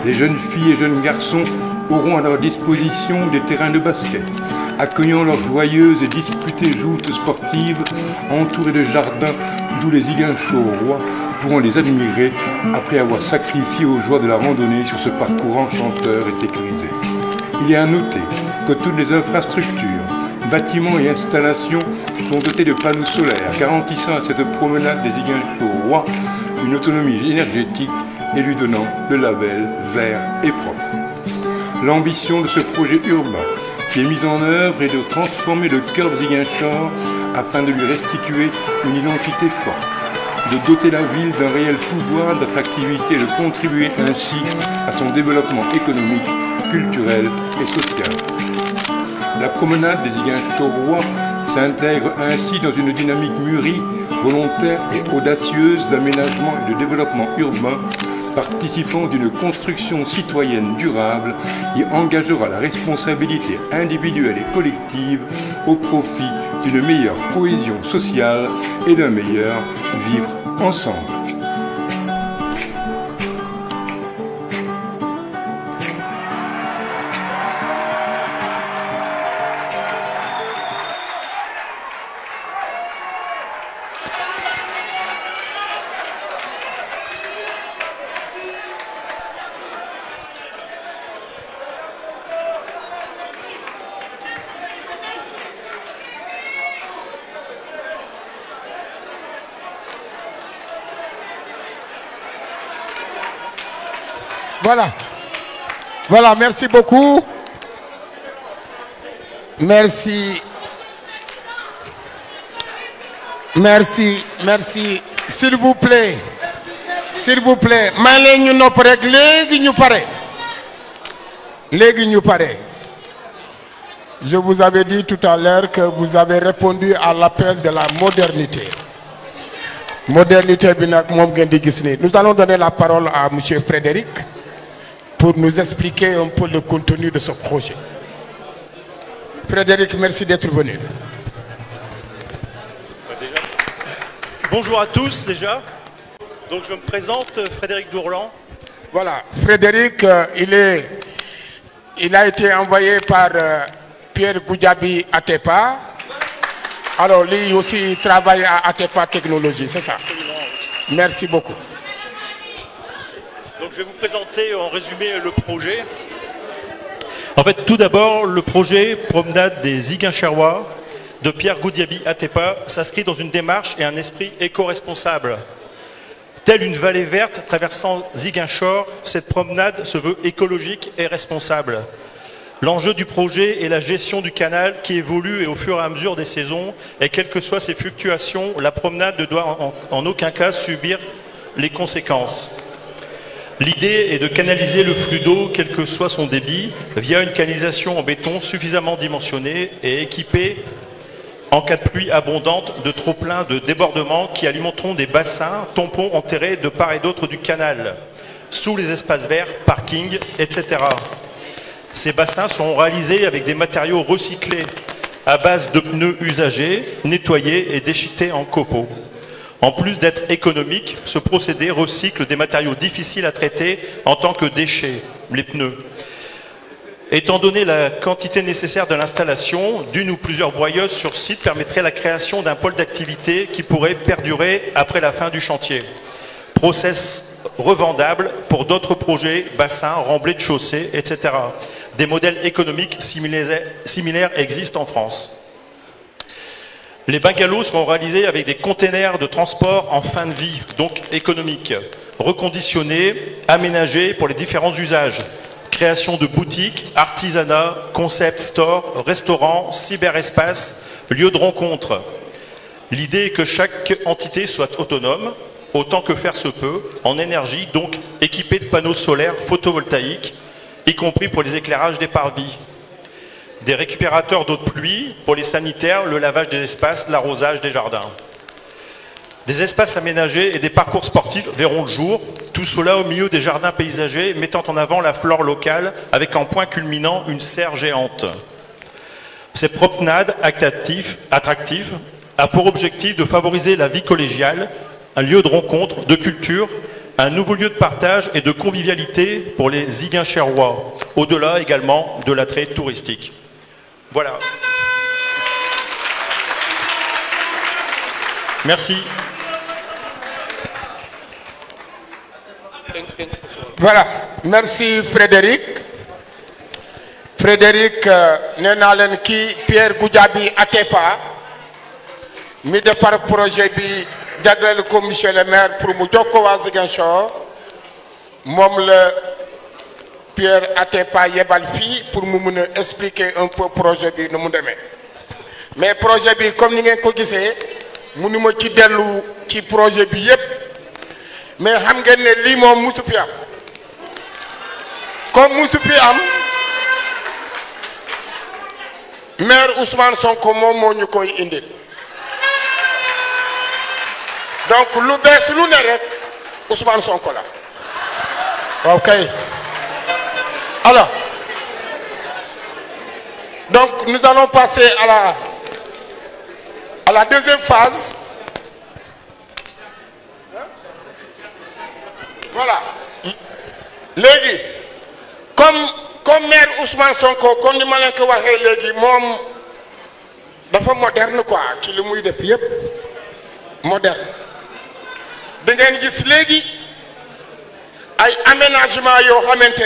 Les jeunes filles et jeunes garçons auront à leur disposition des terrains de basket, accueillant leurs joyeuses et disputées joutes sportives, entourées de jardins d'où les Iguinchaux rois pourront les admirer après avoir sacrifié aux joies de la randonnée sur ce parcours enchanteur et sécurisé. Il est à noter que toutes les infrastructures, bâtiments et installations sont dotés de panneaux solaires garantissant à cette promenade des Iguinchaux rois une autonomie énergétique et lui donnant le label vert et propre. L'ambition de ce projet urbain des est mise en œuvre et de transformer le cœur de Ziguinchor afin de lui restituer une identité forte de doter la ville d'un réel pouvoir d'attractivité et de contribuer ainsi à son développement économique, culturel et social. La promenade des Iguinchorois s'intègre ainsi dans une dynamique mûrie, volontaire et audacieuse d'aménagement et de développement urbain participant d'une construction citoyenne durable qui engagera la responsabilité individuelle et collective au profit d'une meilleure cohésion sociale et d'un meilleur vivre ensemble. Voilà. Voilà, merci beaucoup. Merci. Merci, merci. S'il vous plaît. S'il vous plaît. Ma Je vous avais dit tout à l'heure que vous avez répondu à l'appel de la modernité. Modernité Nous allons donner la parole à monsieur Frédéric pour nous expliquer un peu le contenu de ce projet. Frédéric, merci d'être venu. Bonjour à tous déjà. Donc je me présente, Frédéric Dourlan. Voilà, Frédéric, euh, il, est, il a été envoyé par euh, Pierre Pierre à TEPA. Alors lui aussi, il travaille à TEPA Technologies, c'est ça Merci beaucoup je vais vous présenter en résumé le projet. En fait, tout d'abord, le projet Promenade des Iguincharois de Pierre Goudiabi Atepa s'inscrit dans une démarche et un esprit éco-responsable. Telle une vallée verte traversant Ziguinchor, cette promenade se veut écologique et responsable. L'enjeu du projet est la gestion du canal qui évolue au fur et à mesure des saisons, et quelles que soient ses fluctuations, la promenade ne doit en aucun cas subir les conséquences. L'idée est de canaliser le flux d'eau, quel que soit son débit, via une canalisation en béton suffisamment dimensionnée et équipée en cas de pluie abondante de trop pleins de débordements qui alimenteront des bassins, tampons enterrés de part et d'autre du canal, sous les espaces verts, parkings, etc. Ces bassins seront réalisés avec des matériaux recyclés à base de pneus usagés, nettoyés et déchiquetés en copeaux. En plus d'être économique, ce procédé recycle des matériaux difficiles à traiter en tant que déchets, les pneus. Étant donné la quantité nécessaire de l'installation, d'une ou plusieurs broyeuses sur site permettrait la création d'un pôle d'activité qui pourrait perdurer après la fin du chantier. Process revendable pour d'autres projets, bassins, remblais de chaussée, etc. Des modèles économiques similaires existent en France. Les bungalows seront réalisés avec des containers de transport en fin de vie, donc économiques, reconditionnés, aménagés pour les différents usages. Création de boutiques, artisanat, concept stores, restaurants, cyberespace, lieux de rencontre. L'idée est que chaque entité soit autonome, autant que faire se peut, en énergie, donc équipée de panneaux solaires photovoltaïques, y compris pour les éclairages des parvis des récupérateurs d'eau de pluie pour les sanitaires, le lavage des espaces, l'arrosage des jardins. Des espaces aménagés et des parcours sportifs verront le jour, tout cela au milieu des jardins paysagers mettant en avant la flore locale avec en point culminant une serre géante. Cette promenade attractive a pour objectif de favoriser la vie collégiale, un lieu de rencontre, de culture, un nouveau lieu de partage et de convivialité pour les Iguinchérois, au-delà également de l'attrait touristique. Voilà. Merci. Voilà. Merci Frédéric. Frédéric euh, nee qui Pierre Goudjabi Atepa mi par projet bi jagleel ko monsieur le maire pour mu jokkoo Mom le Pierre Atepa Yebalfi pour expliquer un peu projet bi nu Mais mais projet bi comme ni ngeen ko gisee ci projet bi mais xam ngeen c'est lii moom Comme fi comme fi Ousmane Sonko moom ñu koy donc lu Ousmane Sonko Ok. Alors, donc nous allons passer à la, deuxième phase. Voilà. Légui, comme comme maire Ousmane Sonko comme nous ma que ko waxee dafa moderne quoi ci le mouilles def yépp moderne da ngeen gis ay aménagement yoo xamante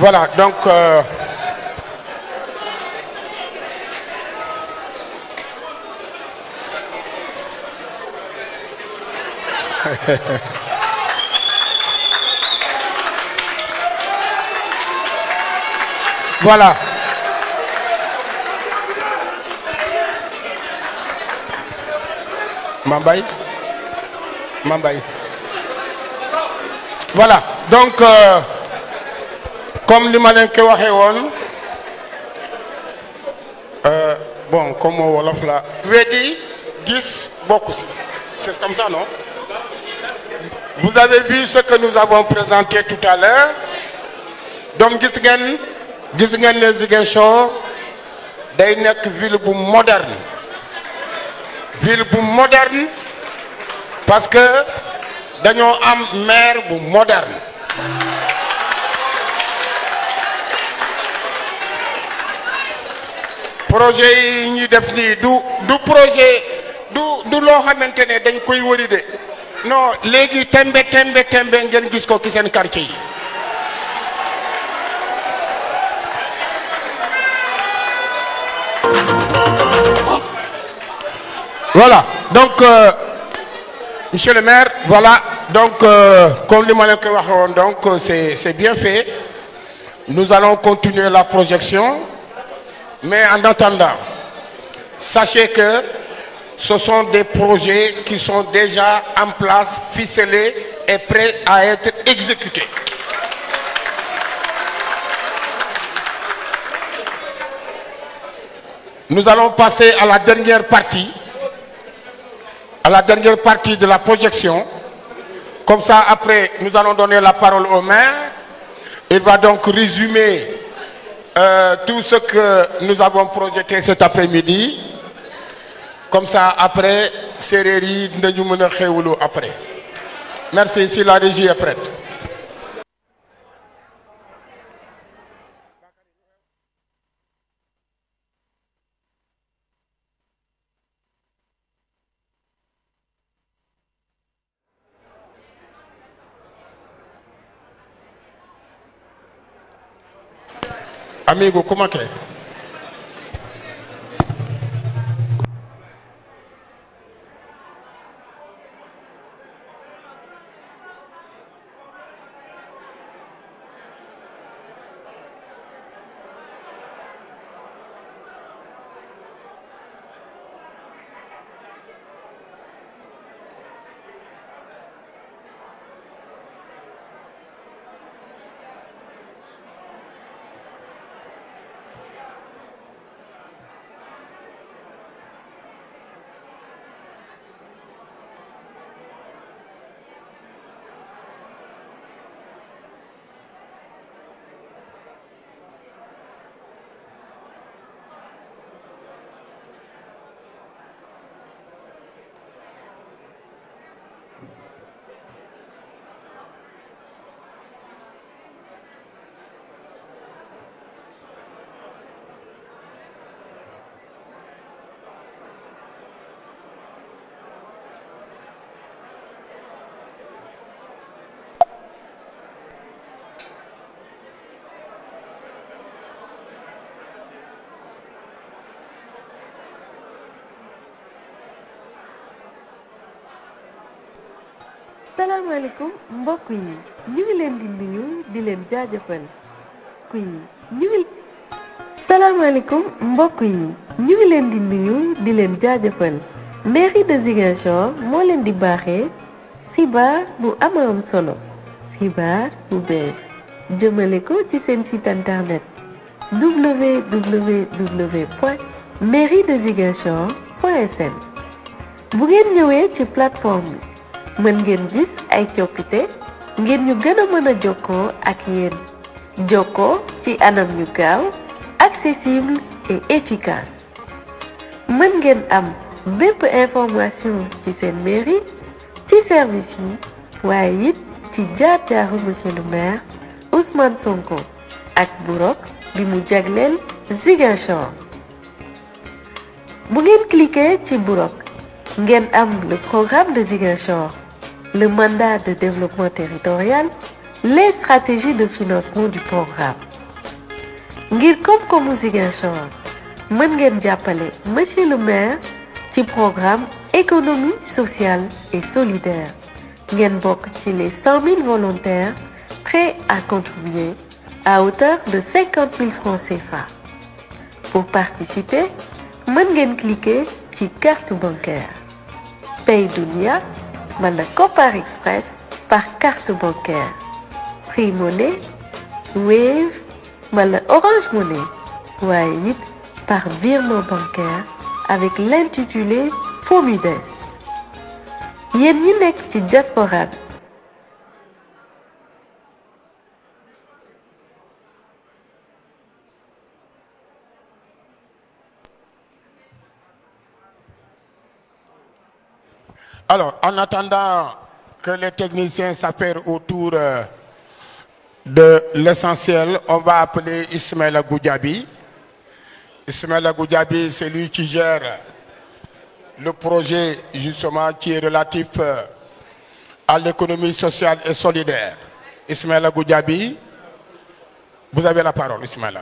Voilà, donc... Euh, voilà. Mambay Mambay. Voilà, donc... Euh, comme li ma leen ko won euh bon comme wolof la wedi gis bokku ci c'est comme ça non vous avez vu ce que nous avons présenté tout à l'heure donc gis ngeen gis ngeen les Ziguinchor day nek ville bu moderne ville bu moderne parce que dañoo am maire bu moderne projet yi def du projet du du dañ koy non tembe tembe tembe gis voilà donc euh, monsieur le maire voilà donc euh, comme li ma donc euh, c'est c'est bien fait nous allons continuer la projection mais en attendant, sachez que ce sont des projets qui sont déjà en place, ficelés et prêts à être exécutés. Nous allons passer à la dernière partie, à la dernière partie de la projection. Comme ça, après, nous allons donner la parole au maire. Il va donc résumer euh, tout ce que nous avons projeté cet après-midi. Comme ça, après, de nous après. Merci, si la régie est prête. Amigo, como é que é? salaamaaleykum mbokk yi ñu ngi leen di nuyu di leen jaajëfal ku ñu ngi salaamaaleykum mbokk yi ñu ngi leen di nuyu di leen jaajëfal mairie de Ziguinchor moo leen di baaxee xibaar bu am am solo xibaar bu bees jëmale ko ci seen site internet www mairie de Ziguinchor point bu ngeen ñëwee ci plateforme bi mën ngeen gis ay coppite ngir ñu gën a mën a jokkoo ak yéen jokkoo ci anam yu gaaw accessible et efficace mën ngeen am bépp information ci seen mairie ci service yi waaye it ci jaar-jaaru monsieur le maire Ousmane Sonko ak burok bi mu jagleel Ziguinchor bu ngeen cliquer ci burok ngeen am le programme de Ziguinchor le mandat de développement territorial, les stratégies de financement du programme. ngir koom-koomu monsieur le maire Du programme économie sociale et solidaire Vous bokk 100 000 volontaires prêts à contribuer à hauteur de 50 000 francs CFA. Pour participer, mën ngeen cliquer la carte bancaire. l'IA. Copar Express par carte bancaire. prix monnaie Wave, mala Orange Money. par virement bancaire avec l'intitulé FOMUDES. Alors, en attendant que les techniciens s'affairent autour euh, de l'essentiel, on va appeler Ismaël Goudjabi. Ismaël Goudjabi, c'est lui qui gère le projet justement qui est relatif euh, à l'économie sociale et solidaire. Ismaël Goudjabi, vous avez la parole, Ismaël.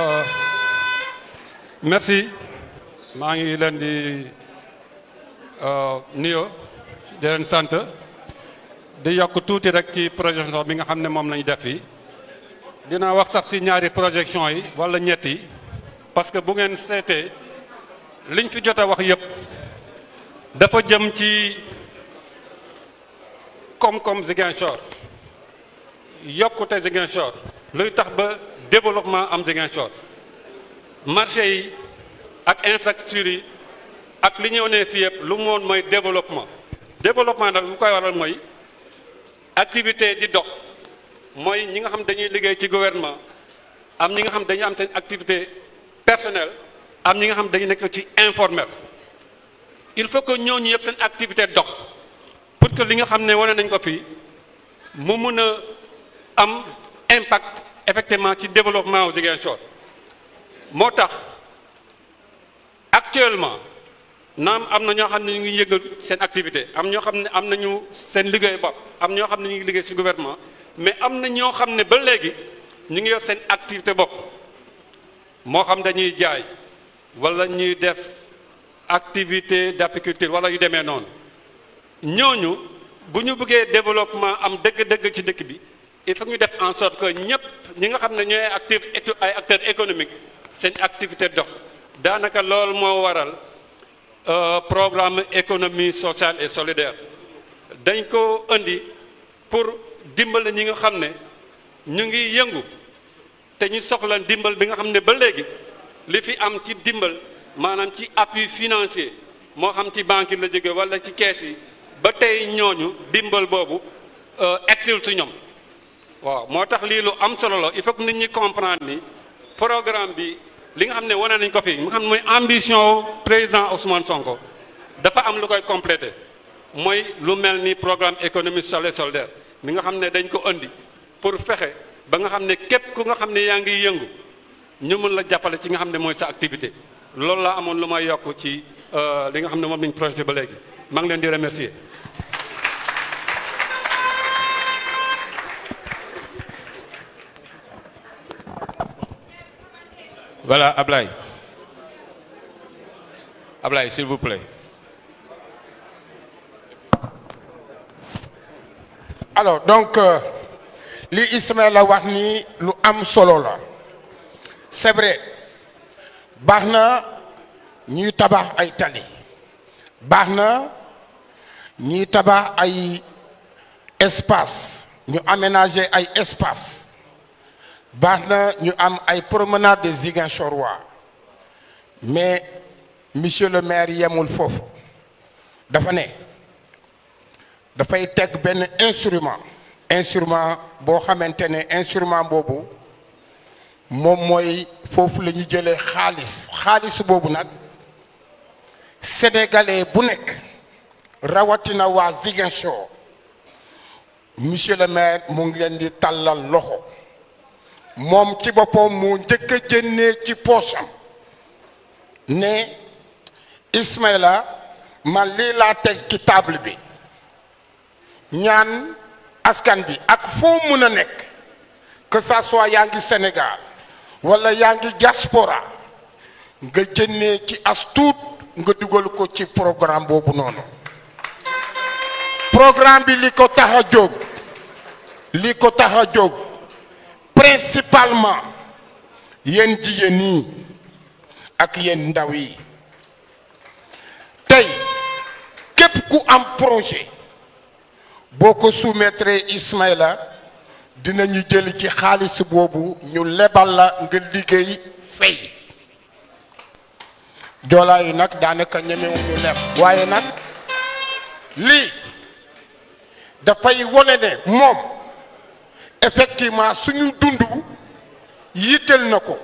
Euh, merci ma ngi len di euh, nio di len sante di yok touti rek ci projection bi nga xamne mom lañu def yi dina wax sax ci ñaari projection yi wala ñetti parce que bu ngeen sété liñ fi jotta wax yépp dafa jëm ci koom-koom zigenchor yokkute zigenchor luy tax ba développement am Ziguinchor marché yi ak infrastructure yi ak li ñëw né fi yépp lu mooy développement développement nak lu koy waral moy activité di dox moy ñi nga xam dañuy liggéey ci gouvernement am ñi nga xam dañuy am seen activité personnelle am ñi nga xam dañuy nekk ci informel il faut que ñu yépp seen activité dox pour que li nga xam ne wane nañ ko fi mu mun a am impact effectivement ci développement wu Ziguinchor moo motax actuellement nam amna ño xamni ñu ngi seen activité am ño xamni amna ñu nañu seen liggéey bopp am ño xamni ñu ngi ci gouvernement mais amna ño xamni ba légui ñu ngi yor seen activité bop mo xam dañuy jaay wala ñuy def activité d'apiculture wala yu démé non ñooñu buñu ñu bëggee développement am dëgg-dëgg ci dëkk bi il faut ñu def en sorte que ñëpp ñi nga xam ne ñooy active ay acteurs économiques seen activité dox daanaka lool moo waral euh, programme économie sociale et solidaire dañ ko indi pour dimbale ñi nga xam ne ñu ngi yëngu te ñu soxla dimbal bi nga xam ne ba léegi li fi am ci dimbal maanaam ci appui financier moo xam ci banque la jóge walla ci kees yi ba tey ñooñu dimbal boobu exil euh, su ñoom waaw moo tax lii lu am solo la il faut que nit ñi comprendre ni programme bi li nga xam ne wane nañ ko fi nga xam ne mooy ambition président Ousmane Sonko dafa am lu koy compléter mooy lu mel ni programme économie sociale et solidaire mi nga xam ne dañ ko andi pour fexe ba nga xam ne képp ku nga xam ne yaa ngi yëngu ñu mën la jàppale ci nga xam ne mooy sa activité loolu la amoon lu may yokk ci euh, li nga xam ne moom lañ projet ba léegi maa ngi leen di remercier Voilà, Ablaï. Ablaï, s'il vous plaît. alors donc euh, li Ismaïla wax lu am solo c'est vrai Barna nous ñuy tabax ay tali nous tabac espace nous aménager espace nous nous ñu am promenade de roi mais monsieur le maire yemul foofu dafa Il y instrument. un instrument instrument bo xamante un instrument boobu mon mooy foofu la ñu vous Khalis Khalis, nak. sénégalais bu rawatina Zigan Ziguinchor monsieur le maire Mo ngi leen moom ci boppam moo njëkk a ci poosam ne ismaila man lii laa teg ci table bi ñaan askan bi ak foo mën a nekk que ça yaa ngi Sénégal wala yaa ngi diaspora nga jënnee ci as nga dugal ko ci programme boobu noonu programme bi li ko tax a jóg li ko tax a jóg principalement yéen jigéen ñi ak yenn ndaw yi tey képp ku am projet boo ko soumettre Ismaïla dinañu jël ci xaalis boobu ñu lebal la nga liggéey fay joolaa yi nag daanaka ñemewuñu leb waaye nag lii dafay wone ne moom effectivement suñu dundu yitel nako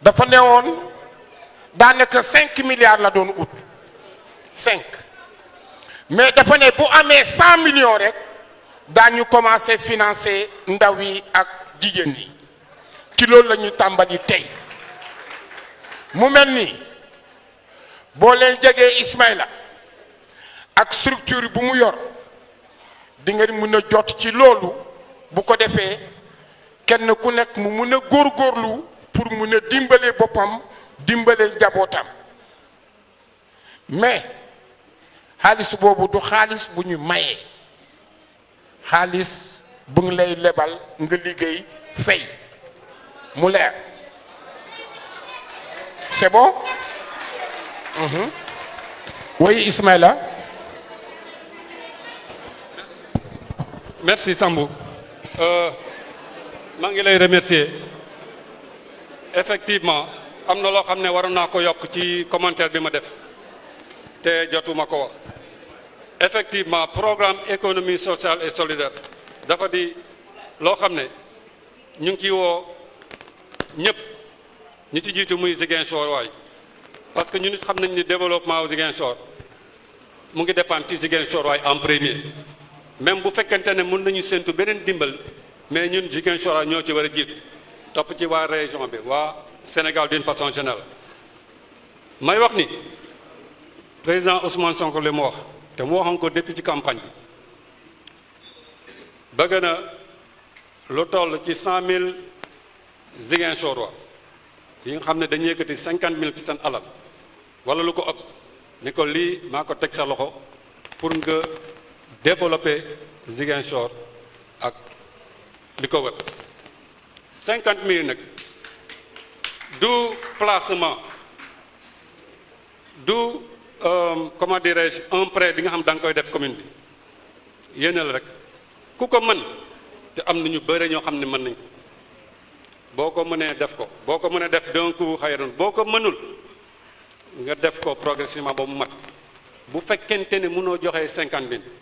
dafa néwone da nek 5 milliards la doon out 5 mais dafa né bu amé 100 millions rek da ñu commencer financer ndawi ak jigen yi ci lool lañu tambali tay mu melni bo len jégué ismaïla ak structure bu mu yor di nga mën jot ci lolu bu ko defee kenn ku nek mu mën gor gorlu pour mën a dimbale boppam dimbale mais xaalis boobu du xaalis bu ñu mayé xaalis bu ngi lay lebal nga liggéey fay mu leer c'est bon. Mhm. oui Ismaïla. merci Sambou euh, maa ngi lay remercier effectivement am na loo xam ne waroon naa ko yokk ci commentaire bi ma def te jotuma ko wax effectivement programme économie sociale et solidaire dafa di loo xam ne ñu ngi ciy woo ñëpp ñu ci jiitu muy Ziguinchor waay parce que ñu nit xam nañ ni développement wu Ziguinchor mu ngi dépendre ci Ziguinchor waay en premier même bu fekkente ne mun nañu séntu beneen dimbal mais ñun Ziguinchor ñoo ci war a jiitu topp ci waa région bi waa Sénégal d'une façon générale may wax ni président Ousmane Sonko li mu wax te mu waxoon ko depuis ci campagne bi bëgg na lu toll ci cent mille Ziguinchorois yi nga xam ne dañu yëkkati cinquante mille ci seen alal wala lu ko ëpp ni ko lii maa ko teg sa loxo pour nga. développer Ziguinchor ak li ko wër cinquante mille nag du placement du euh, comment dirais-je un prêt bi nga xam da nga koy def commune bi yéene rek ku ko mën te am na ñu bëre ñoo xam ne mën nañ ko boo ko mënee def ko boo ko mënee def d'un coup boo ko mënul nga def ko progressivement ba mu mat bu fekkente ne noo joxee cinquante mille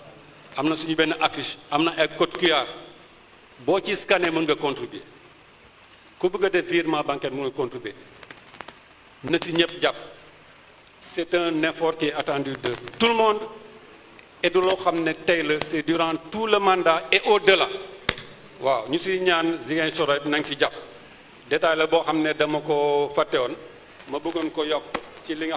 Nous suñu affiche nous ay code QR boo ci scanné mën nga contribuer ku bancaire nga contribuer c'est un effort qui est attendu de tout le monde et du loo xam c'est durant tout le mandat et au-delà waaw ñu si ñaan Ziguinchor nañ si jàpp détail la boo xam ne dama ko ma bëggoon ko yokk ci li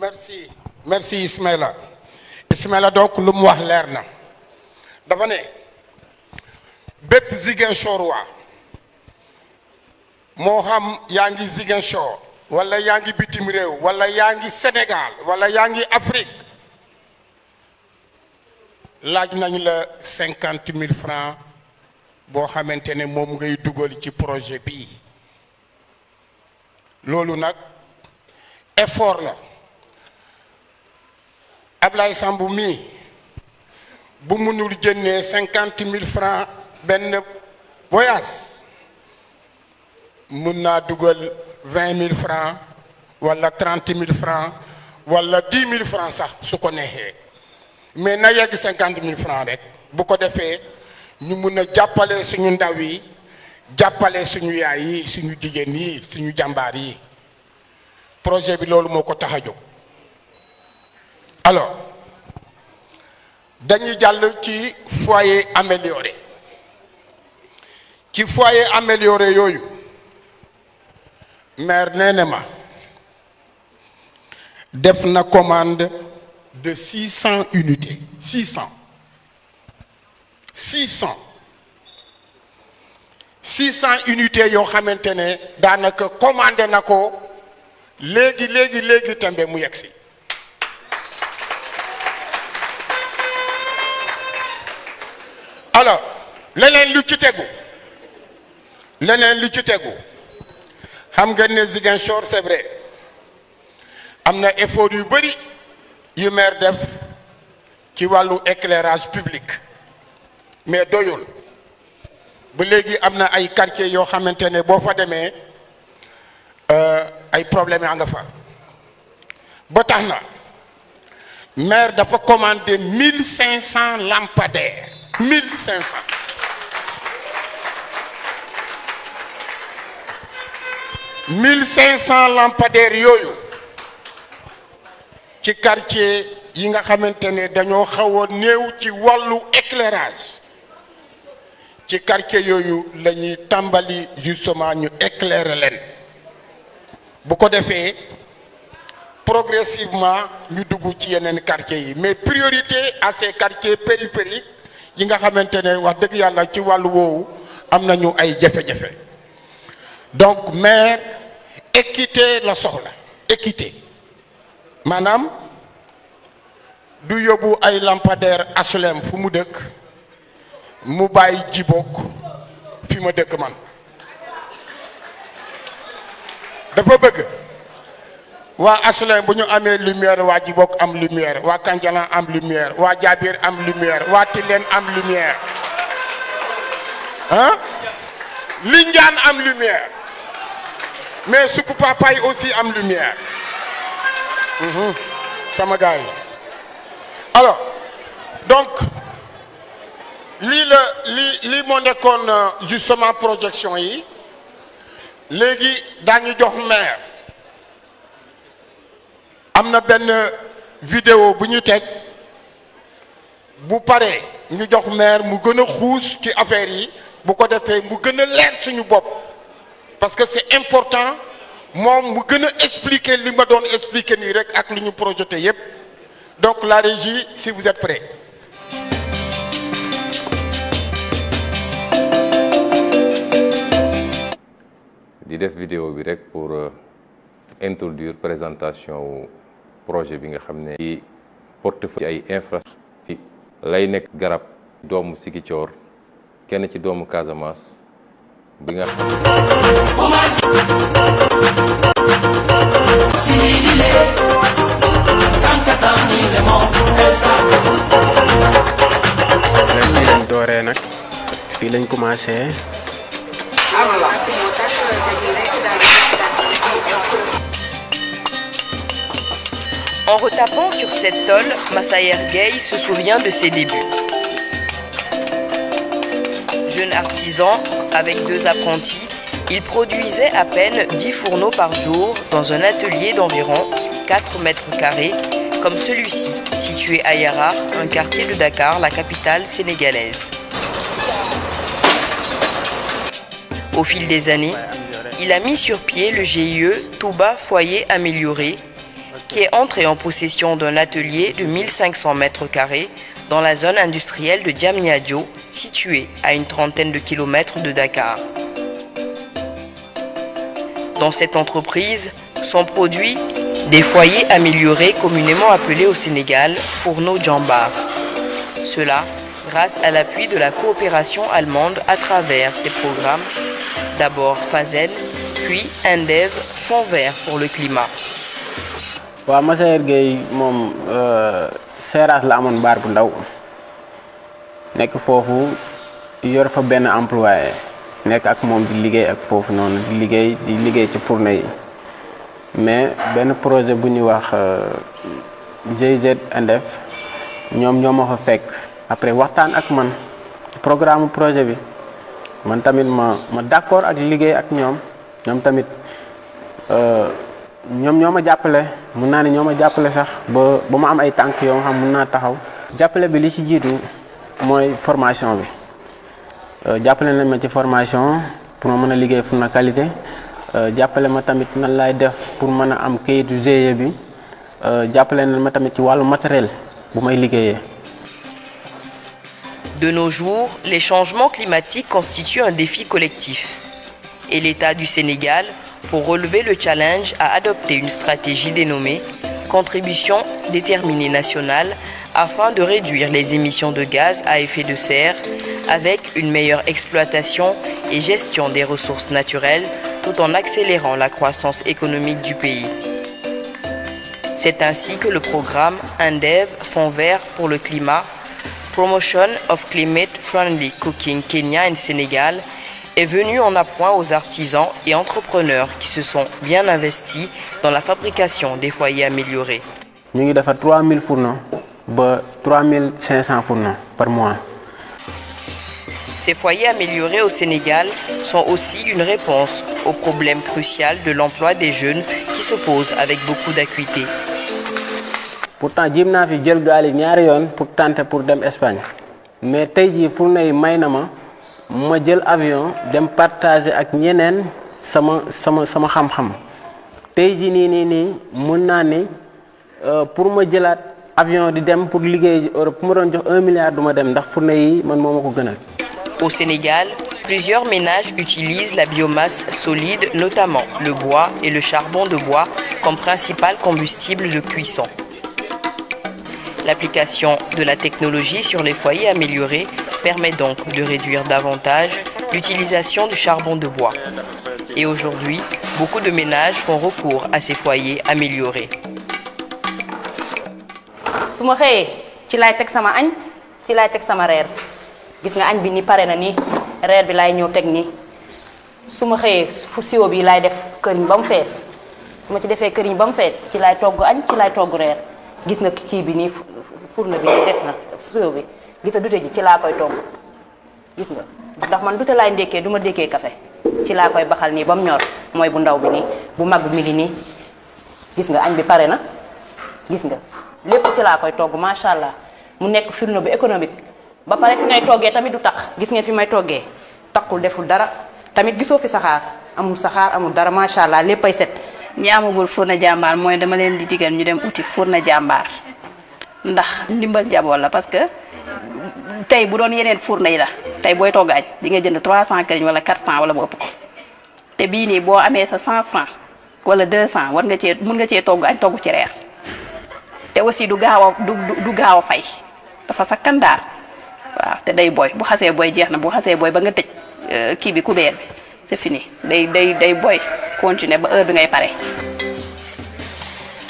merci merci Ismaila. Ismaila donc lu mu wax leer dafa né bép Ziguinchor waa moo xam yaa ngi yangi wala yaangi bitim wala Sénégal wala yaangi Afrique laaj nañ la 000 francs pour maintenir mon ngay ci projet bi loolu nak effort la Ablaïsamboumi, si nous voulons 50 000 francs de voyage, nous avons 20 000 francs, 30 000 francs, 10 000 francs. Mais nous avons 50 000 francs. Si nous voulons 50 000 francs. vie, de la vie, de la vie, de la vie, de la vie, de la projet alors, Dany Diallo qui foyer amélioré. Qui foyer amélioré, yoyo. Mère Nenema, la commande de 600 unités. 600. 600. 600 unités, yon kamentene, dans le commande nako, légui, légui, légui, tembe mouyaksi. alors leneen lu ci tegu leneen lu ci tegu xam nga ne Ziguinchor c'est vrai am na effort yu bëri yu maire def ci wàllu éclairage public mais doyul ba léegi am na ay quartier yoo xamante ne boo fa demee euh, ay problème nga fa ba tax na maire dafa commander 1500 lampadaires 1500. 1500 lampadaires yoyo, ci quartier yi nga xamantene ne dañoo ci éclairage ci quartier yoyu lañuy justement ñu éclairer bu ko progressivement ñu dugg ci yenen mais priorité à ces quartiers périphériques yi nga xamantene wax dëgg yàlla ci wàllu woowu am nañu ay jafe-jafe donc maire équité la soxla équité maanaam du yóbbu ay lampadaire HLM fu mu dëkk mu bàyyi jibook fi ma dëkk man dafa bëgg W'a Asulayn buñu amé lumière wa djibok am lumière wa Kanjalan am lumière wa jabir am lumière wa tilen am lumière hein Linjaan am lumière mais Suku Papa yi aussi am lumière mhm. sama gars alors donc li le li lii moo nekkoon euh, justement projection yi légui dañu jox maire amna ben vidéo bu ñuy teg bu paré ñu jox maire mu gëna a ci affaire yi bu ko défé mu gëna a suñu bop parce que c'est important mom mu gëna expliquer li ma doon expliquer ni rek ak lu ñu projeté yépp donc la régie si vous êtes prêts di def vidéo bi rek pour euh, introduire présentation projet bi nga xamné ci portefeuille ay infrastructure lay nek garab doomu Sigicoor kenn ci doomu Casamance bi nga xam ne fii lañ dooree nag fii lañ commencé En retapant sur cette tôle, Masayer Gay se souvient de ses débuts. Jeune artisan, avec deux apprentis, il produisait à peine 10 fourneaux par jour dans un atelier d'environ 4 mètres carrés, comme celui-ci, situé à Yara, un quartier de Dakar, la capitale sénégalaise. Au fil des années, il a mis sur pied le GIE Touba Foyer Amélioré qui est entré en possession d'un atelier de 1500 mètres carrés dans la zone industrielle de Diamniadio, située à une trentaine de kilomètres de Dakar. Dans cette entreprise sont produits des foyers améliorés communément appelés au Sénégal fourneaux djambars ». Cela grâce à l'appui de la coopération allemande à travers ses programmes, d'abord FAZEL, puis INDEV, Fonds vert pour le climat. waaw Massaër Gueye moom euh, seeraas la amoon baar bu ndaw nekk foofu yor fa benn employé nekk ak moom di liggéey ak foofu noonu liggéey di liggéey ci fourne yi mais benn projet bu ñuy wax euh, GIZ NDF ñoom ñoo a fa fekk après waxtaan ak man programme projet bi man tamit ma ma d'accord ak liggéey ak ñoom ñoom tamit. Euh, ñom ñoma jappalé jàppale mun naa ne ñoo sax ba ba am ay tank yo xam mun naa taxaw jappalé bi li ci jiitu moy formation bi euh jappalé nañ ma ci formation pour mëna liggéey fu na qualité euh jappalé ma tamit nan lay def pour mëna a am kayitu GIE bi euh jappalé nañ ma tamit ci walu matériel bu may liggéeyee. De nos jours, les changements climatiques constituent un défi collectif et l'État du Sénégal pour relever le challenge, a adopté une stratégie dénommée Contribution déterminée nationale afin de réduire les émissions de gaz à effet de serre avec une meilleure exploitation et gestion des ressources naturelles tout en accélérant la croissance économique du pays. C'est ainsi que le programme INDEV Fonds vert pour le climat, Promotion of Climate Friendly Cooking Kenya and Sénégal est venu en appoint aux artisans et entrepreneurs qui se sont bien investis dans la fabrication des foyers améliorés. Nous avons fait 3000 3 3500 fourneaux par mois. Ces foyers améliorés au Sénégal sont aussi une réponse au problème crucial de l'emploi des jeunes qui se pose avec beaucoup d'acuité. Pourtant, j'ai pour tenter pour Espagne. Mais aujourd'hui, les ma jël avion dem partager ak ñeneen sama sama sama xam-xam tey ji nii nii nii mun naa ni euh, pour ma jëlaat avion di dem pour liggéey Europe ma doon jox un milliard du ma dem ndax fourne yi man moo ma ko gënal. Au Sénégal, plusieurs ménages utilisent la biomasse solide, notamment le bois et le charbon de bois, comme principal combustible de cuisson. L'application de la technologie sur les foyers améliorés permet donc de réduire davantage l'utilisation du charbon de bois. Et aujourd'hui, beaucoup de ménages font recours à ces foyers améliorés. su ma xëyee ci laay teg sama añ ci laay teg sama reer gis nga añ bi ni pare na nii reer bi laay ñëw teg nii su ma fu siwo bi laay def këriñ gis nga kii bi nii fourne bi nii des na suyoo bi gisa nga dute ji ci laa koy togg gis nga ndax man dute laay ndékkee duma dékkee kafe ci laa koy baxal nii ba mu ñor mooy bu ndaw bi nii bu mag bi mi ngi nii gis nga añ bi pare na gis nga lépp ci laa koy togg macha allah mu nekk fourne bu économique ba pare fi ngay toggee tamit du tax gis ngeen fi may toggee takkul deful dara tamit gisoo fi saxaar amul saxaar amul dara macha allah léppay set ñi amagul na jàmbaar mooy dama leen di digal ñu dem uti na jàmbaar ndax ndimbal njaboot la parce que tey bu doon yeneen fuur yi la tey booy togg añ di nga jënd 300 këriñ wala 400 wala bu ëpp ko te bii nii boo amee sa 100 francs wala 200 war nga cee mun nga cee togg añ togg ci reer te aussi du gaaw a du du gaaw a fay dafa sakkan daal waaw te day booy bu xasee booy jeex na bu xasee booy ba nga tëj euh, kii bi kubéer bi. c'est fini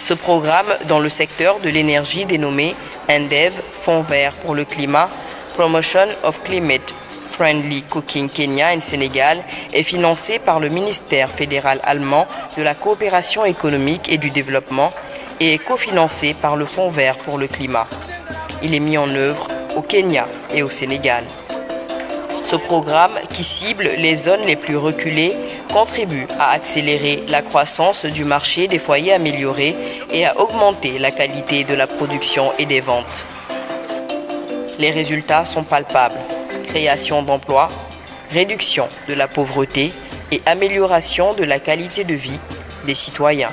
Ce programme dans le secteur de l'énergie dénommé ENDEV, Fonds vert pour le climat, Promotion of Climate Friendly Cooking Kenya and Sénégal, est financé par le ministère fédéral allemand de la coopération économique et du développement et est cofinancé par le Fonds vert pour le climat. Il est mis en œuvre au Kenya et au Sénégal. Ce programme, qui cible les zones les plus reculées, contribue à accélérer la croissance du marché des foyers améliorés et à augmenter la qualité de la production et des ventes. Les résultats sont palpables. Création d'emplois, réduction de la pauvreté et amélioration de la qualité de vie des citoyens.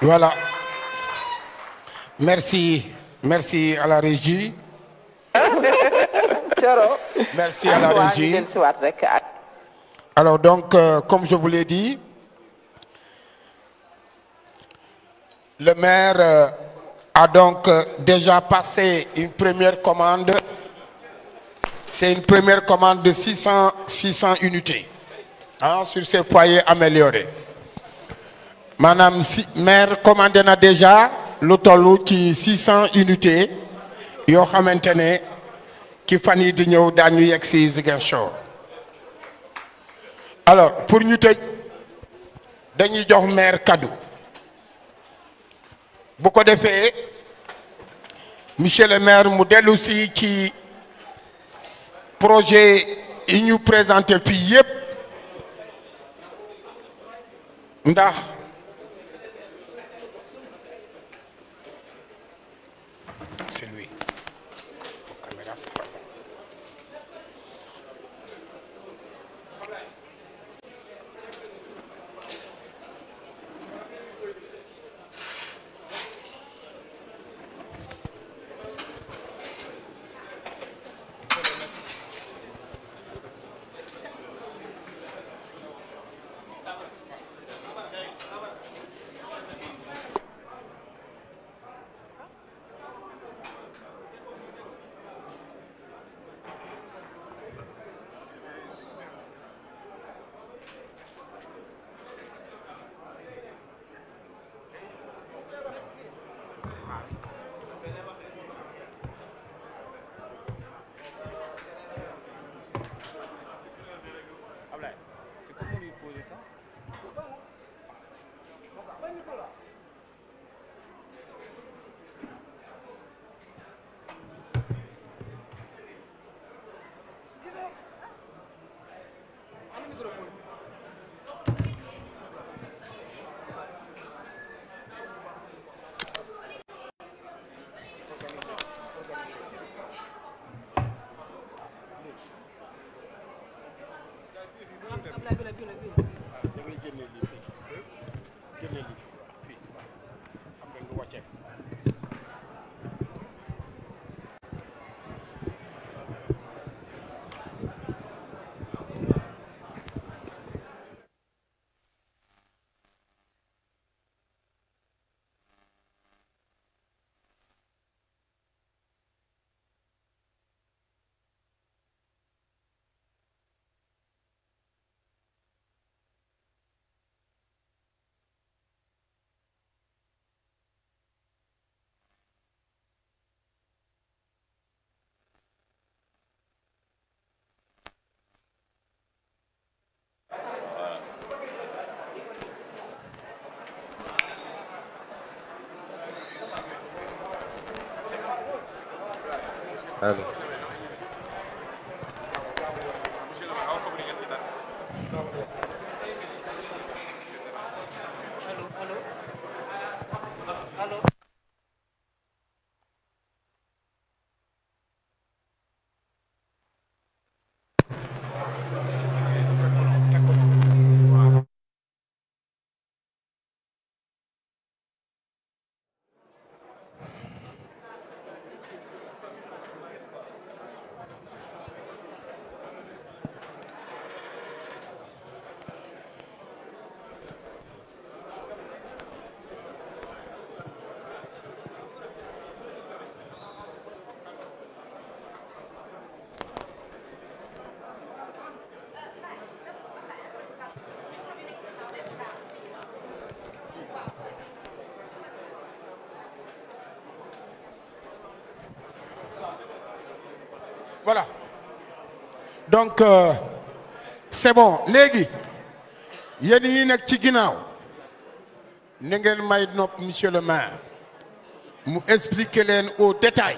Voilà. Merci. Merci à la régie. Merci à la régie. Alors donc, euh, comme je vous l'ai dit, le maire euh, a donc euh, déjà passé une première commande. C'est une première commande de 600, 600 unités hein, sur ces foyers améliorés. Madame maire, maire commandait déjà lutolu qui 600 unités yo xamantene ki fani di ñew dañu yex ci alors pour nous, nous dañuy jox maire cadeau Beaucoup de faits. monsieur le maire mu a ci un projet nous ñu présenter fi yépp ndax Gracias. know. donc euh, c'est bon léegi yéen yi nekk ci ginnaaw na ngeen may nopp monsieur le maire mu expliquer leen au détail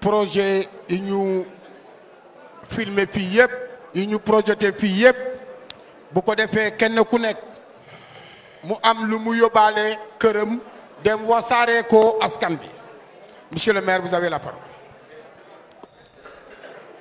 projet yi ñu filmer fii yëpp yi ñu projeté fii yëpp bu ko defee kenn ku nekk mu am lu mu yóbbaale këram dem wasaaree ko askan bi monsieur le maire vous avez la parole.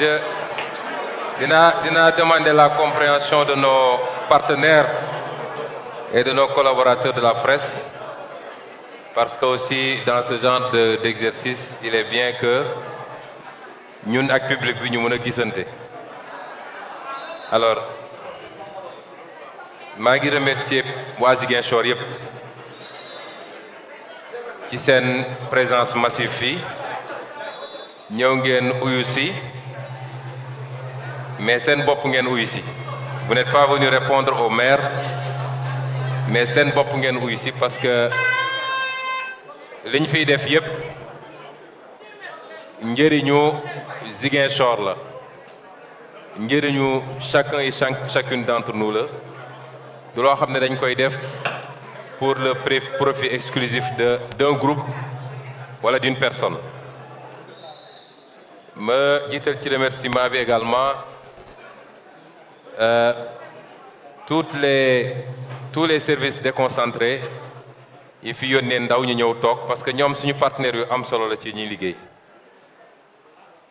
je dina demander la compréhension de nos partenaires et de nos collaborateurs de la presse parce que aussi dans ce genre d'exercice il est bien que nous ak public bi nous alors je remercie remercier waa qui a une présence massive fii ñëw ngeen mais sen bop ngène vous n'êtes pas venu répondre au maire mais sen bop ngène ici parce que nous def yépp ziguin chacun et chacune d'entre nous là, pour le profit exclusif d'un groupe voilà d'une personne ma également euh, les tous les services déconcentrés ils fi yónnee ndaw ñu parce que nous suñu partenaires yu am solo la ci ñuy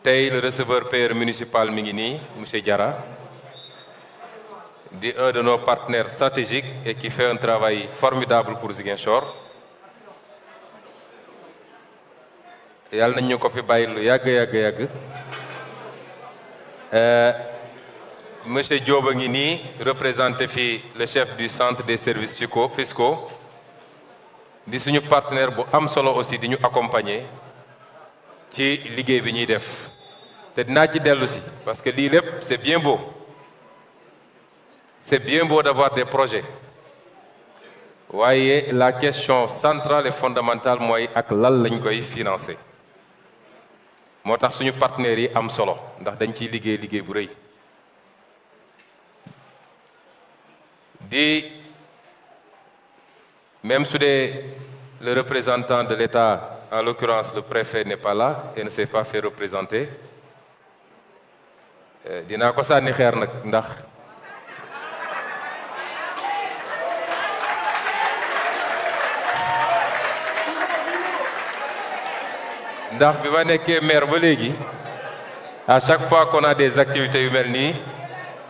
le receveur PR municipal mi ngi M. monsieur un de nos partenaires stratégiques et qui fait un travail formidable pour Ziguinchor nous nañ ñu ko fi monsieur Diop représente le chef du centre des services fiscaux Nous sommes partenaire pour nous aussi di ñu accompagner ci sommes bi ñuy def té ci parce que li c'est bien beau c'est bien beau d'avoir des projets voyez, la question centrale et fondamentale moy ak lan lañ koy financer Nous sommes suñu partenaires yi am solo ndax dañ ci liguey dit, même si le représentant de l'État en l'occurrence le préfet n'est pas là et ne s'est pas fait représenter euh, maire à chaque fois qu'on a des activités humaines,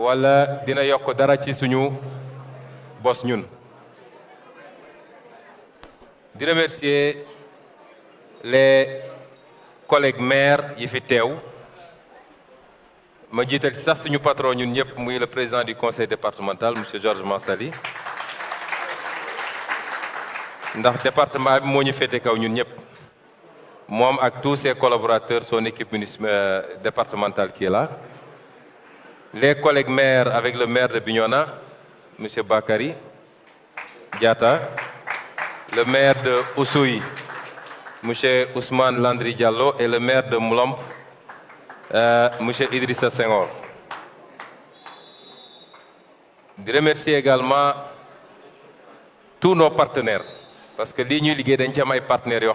Voilà, dina yok dara ci suñu boss ñun di remercier les collègues maires yi fi tew ma jiital ci sax suñu patron ñun muy le président du conseil départemental monsieur Georges Mansali ndax département bi moo ñu kaw ñun ñëpp tous ses collaborateurs son équipe euh, départementale qui est là les collègues maires avec le maire de Bignona, M. Bakari Diata, le maire de Ousoui, M. Ousmane Landry Diallo et le maire de Moulamp, euh, M. Idrissa Senghor. Je remercie également tous nos partenaires parce que ce ñuy nous dañ partenaires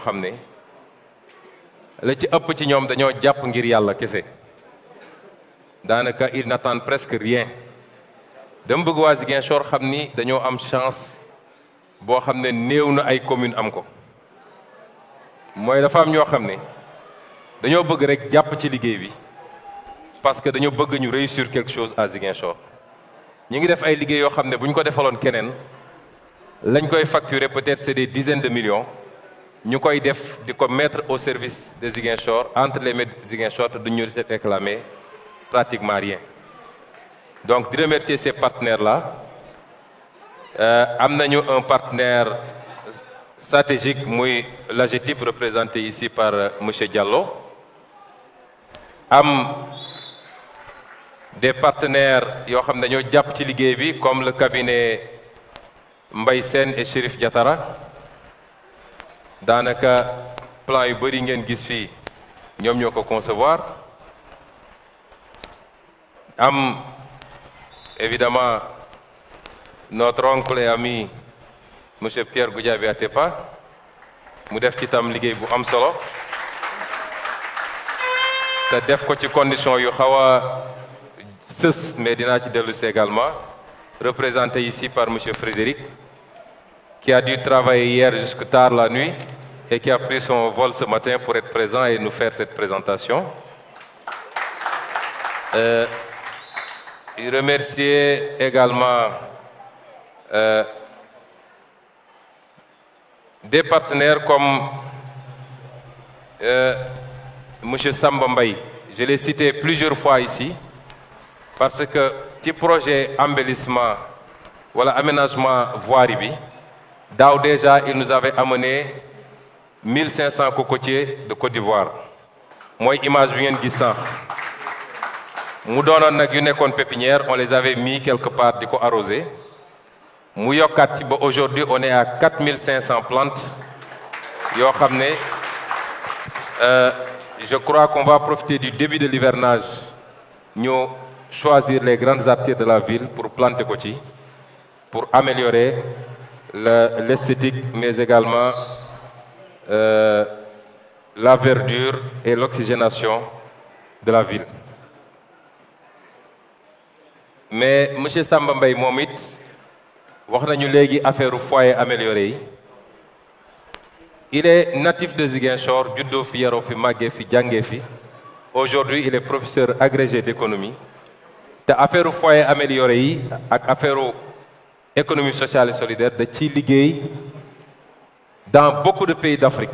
la ci ëpp ci ñoom dañoo de ngir cas, ils n'attendent presque rien Si bëgg avez Ziguinchor xam ni dañoo am chance bo commune am ko moy dafa am bëgg rek ci parce que bëgg ñu réussir quelque chose à Ziguinchor ñi ngi def ay ko lañ koy facturer peut-être c'est des dizaines de millions ñu koy def mettre au service de Ziguinchor entre les mains de Ziguinchor du réclamer pratiquement rien. Donc, je remercier ces partenaires-là. Euh, avons un partenaire stratégique, moi, représenté ici par euh, M. Diallo. Am des partenaires qui ont comme le cabinet Mbaïsen et Sherif Diatara. Dans le plan, nous ont concevoir am évidemment notre oncle et ami monsieur Pierre Goudiaby Atepa mu def ci tam liguey bu am solo def ko ci condition yu xawa également représenté ici par monsieur Frédéric qui a dû travailler hier jusque tard la nuit et qui a pris son vol ce matin pour être présent et nous faire cette présentation. Euh, je remercier également euh, des partenaires comme euh, M. Sambambaï. Je l'ai cité plusieurs fois ici parce que petit projet embellissement, voilà, aménagement voirie, d'où déjà, il nous avait amené 1500 cocotiers de Côte d'Ivoire. Moi, image bien 100. ça. Nous pépinière on les avait mis quelque part du aujourd'hui on est à 4500 plantes euh, je crois qu'on va profiter du début de l'hivernage nous choisir les grandes artères de la ville pour planter ko pour améliorer l'esthétique mais également euh, la verdure et l'oxygénation de la ville mais M. Samba Momit, Momit, a foyer amélioré il est natif de Ziguinchor du fi fi fi aujourd'hui il est professeur agrégé d'économie te affaire foyer amélioré yi économie sociale et solidaire de Chiligé dans beaucoup de pays d'Afrique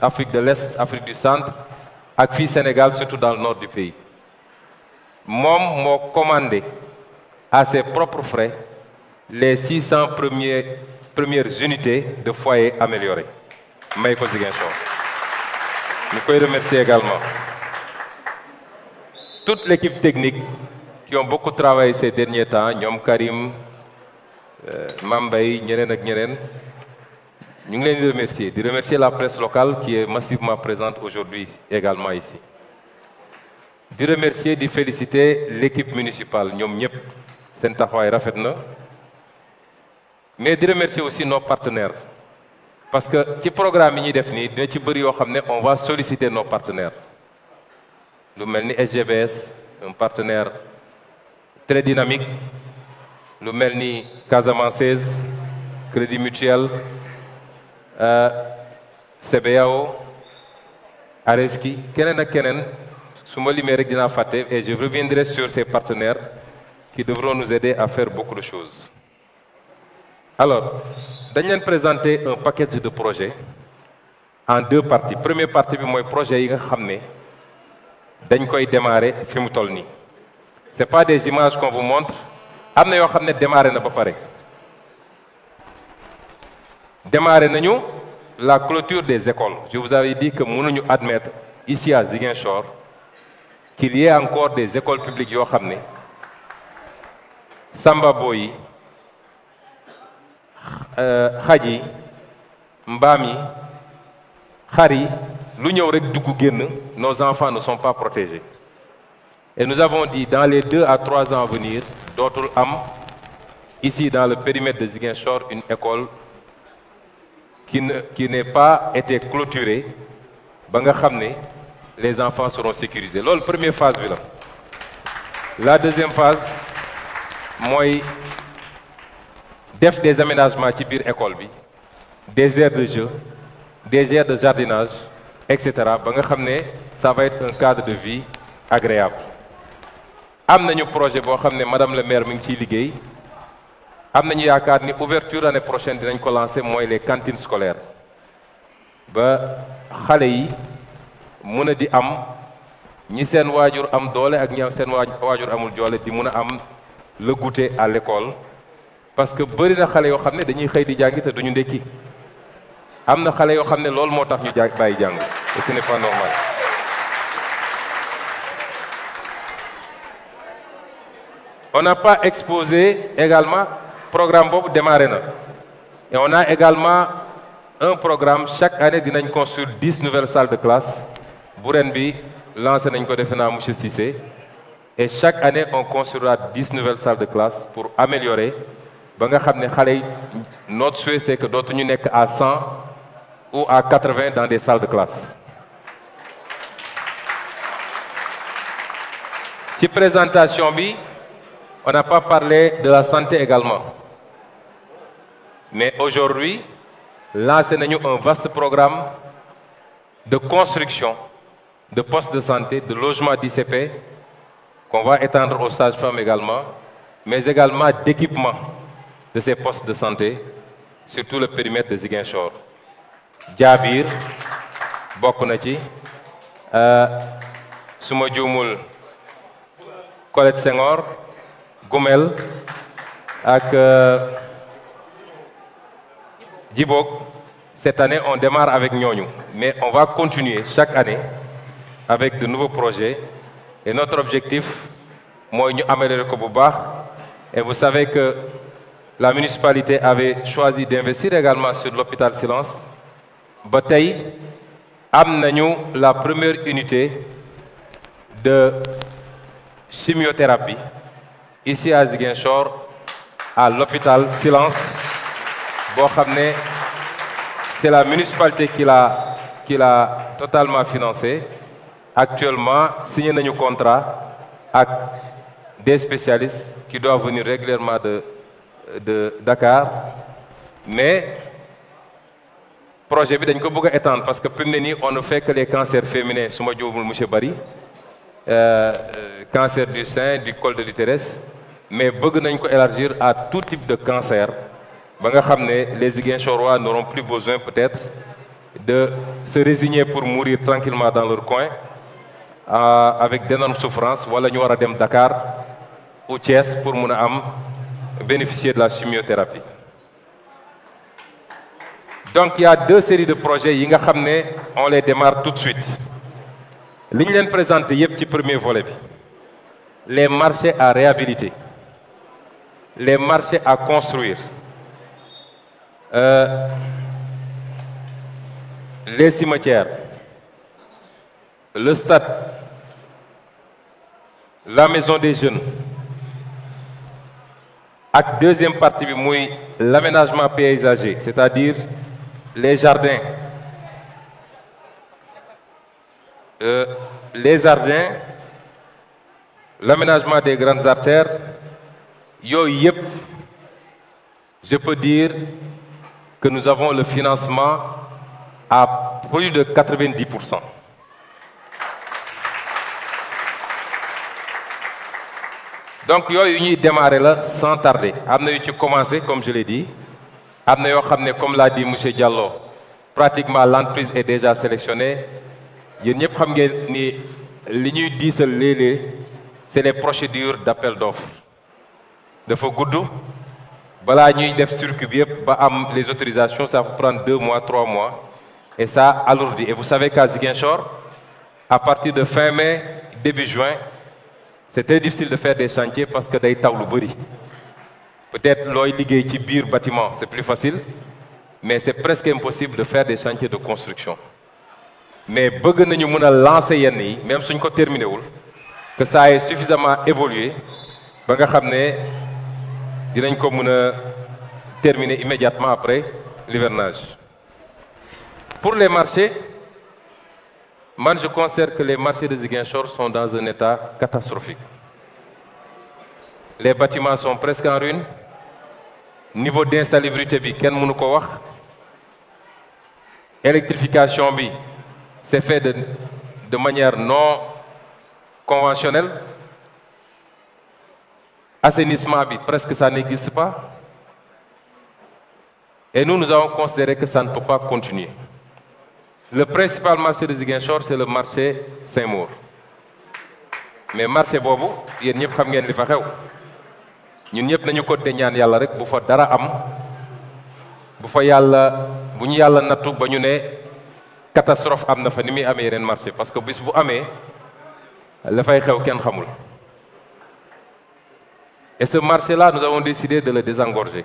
Afrique de l'Est Afrique du Centre ak Sénégal surtout dans le nord du pays Mom commandé à ses propres frais les 600 premières unités de foyers améliorés. may ko Nous remercier également toute l'équipe technique qui ont beaucoup travaillé ces derniers temps Nyom Karim euh, Mambay Nyeren et Nyeren. Nous veux remercier remercier la presse locale qui est massivement présente aujourd'hui également ici di remercier et féliciter l'équipe municipale taxawaay rafet mais je remercier aussi nos partenaires parce que ci programme yi défini, def nii on va solliciter nos partenaires Nous mel SGBS un partenaire très dynamique Nous mel ni Casamance Crédit Mutuel euh, CBAO Areski keneen ak keneen et je reviendrai sur ces partenaires qui devront nous aider à faire beaucoup de choses. Alors, vais vous présenter un paquet de projets en deux parties première partie le projet yi nga ne sont pas des images qu'on vous montre Démarrer na la clôture des écoles je vous avais dit que pouvons admettre ici à Ziguinchor qu'il y ait encore des écoles publiques qui ont Samba Boy Mbami, euh, Mbami, Khari, nous nos enfants ne sont pas protégés et nous avons dit dans les deux à trois ans à venir d'autres, am ici dans le périmètre de Ziguinchor une école qui n'a n'est pas été clôturée les enfants seront sécurisés la première phase la deuxième phase moy def des aménagements ci biir des aires de jeu des aires de jardinage etc. ça va être un cadre de vie agréable am nañu projet boo madame le maire mi ngi ciy liggéey ouverture l'année prochaine dinañ lancer les cantines scolaires ba xale yi a di am ñi seen am doole ak ñi seen waajur amul doole di le goûter à l'école parce que beaucoup na xale yoo xam dañuy xey di jangi té duñu ndekki Amna xalé yo xamné xam ne tax ñu jàng bàyyi et ce n'est pas normal on n'a pas exposé également programme bobu démarré na et on a également un programme chaque année dinañ construire 10 nouvelles salles de classe Bourène bi lancé nañ ko défé na monsieur Cissé et chaque année, on construira 10 nouvelles salles de classe pour améliorer. notre souhait c'est que nous n'aient qu'à 100 ou à 80 dans des salles de classe. cette présentation on n'a pas parlé de la santé également mais aujourd'hui lancé nañu un vaste programme de construction de postes de santé de logements d'ICP qu'on va étendre aux sages-femmes également, mais également d'équipement de ces postes de santé, surtout le périmètre de Ziguinchor. Djabir, Bokunati, euh, Suma Colette Senghor, Goumel, et euh, Djibok. Cette année, on démarre avec Nyonyu, mais on va continuer chaque année avec de nouveaux projets et notre objectif, moi, nous améliorer Et vous savez que la municipalité avait choisi d'investir également sur l'hôpital Silence. Bataille, nous la première unité de chimiothérapie ici à Ziguinchor, à l'hôpital Silence. c'est la municipalité qui l'a totalement financée. Actuellement, signé un contrat avec des spécialistes qui doivent venir régulièrement de Dakar mais le projet bi dañ ko étendre parce que on ne fait que les cancers féminins sous ma Barry euh, euh, cancer du sein du col de l'utérus mais on nañ élargir à tout type de cancer les nga xam les n'auront plus besoin peut-être de se résigner pour mourir tranquillement dans leur coin euh, avec d'énormes souffrances Voilà, nous avons Dakar ou pour bénéficier de la chimiothérapie donc il y a deux séries de projets yi on les démarre tout de suite li présente leen premiers volets. premier volet les marchés à réhabiliter les marchés à construire euh, les cimetières le stade, la maison des jeunes la deuxième partie l'aménagement paysager c'est-à-dire les jardins euh, les jardins l'aménagement des grandes artères yo je peux dire que nous avons le financement à plus de 90 donc nous avons démarré là sans tarder nous avons commencé comme je l'ai dit Nous avons, comme l'a dit M. Diallo pratiquement l'entreprise est déjà sélectionnée Nous avons xam ngeen ni li ñuy c'est les procédures d'appel d'offres Il faut balaa ñuy nous avons bi les autorisations ça prend prendre deux mois trois mois et ça alourdit et vous savez qu'à Ziguinchor à partir de fin mai début juin c'est très difficile de faire des chantiers parce que day taw peut-être que qui ci biir bâtiment c'est plus facile mais c'est presque impossible de faire des chantiers de construction mais si nañu avons lancer si même suñ ko terminé que ça ait suffisamment évolué ba nga nous terminer immédiatement après l'hivernage pour les marchés moi, je considère que les marchés de Ziguinchor sont dans un état catastrophique. Les bâtiments sont presque en ruine. Niveau d'insalubrité, électrification, c'est fait de, de manière non conventionnelle. Assainissement, presque ça n'existe pas. Et nous, nous avons considéré que ça ne peut pas continuer. Le principal marché de Ziguinchor, c'est le marché Saint-Maur. mais marché boobu yéen ñëpp xam ngeen li fa xew ñun ñëpp nañu ko de ñaan yàlla rek bu fa dara am bu fa yàlla bu ñu yàlla nattu ba catastrophe am na fa ni muy marché parce que bis bu le la fay xew kenn xamul et ce marché là nous avons décidé de le désengorger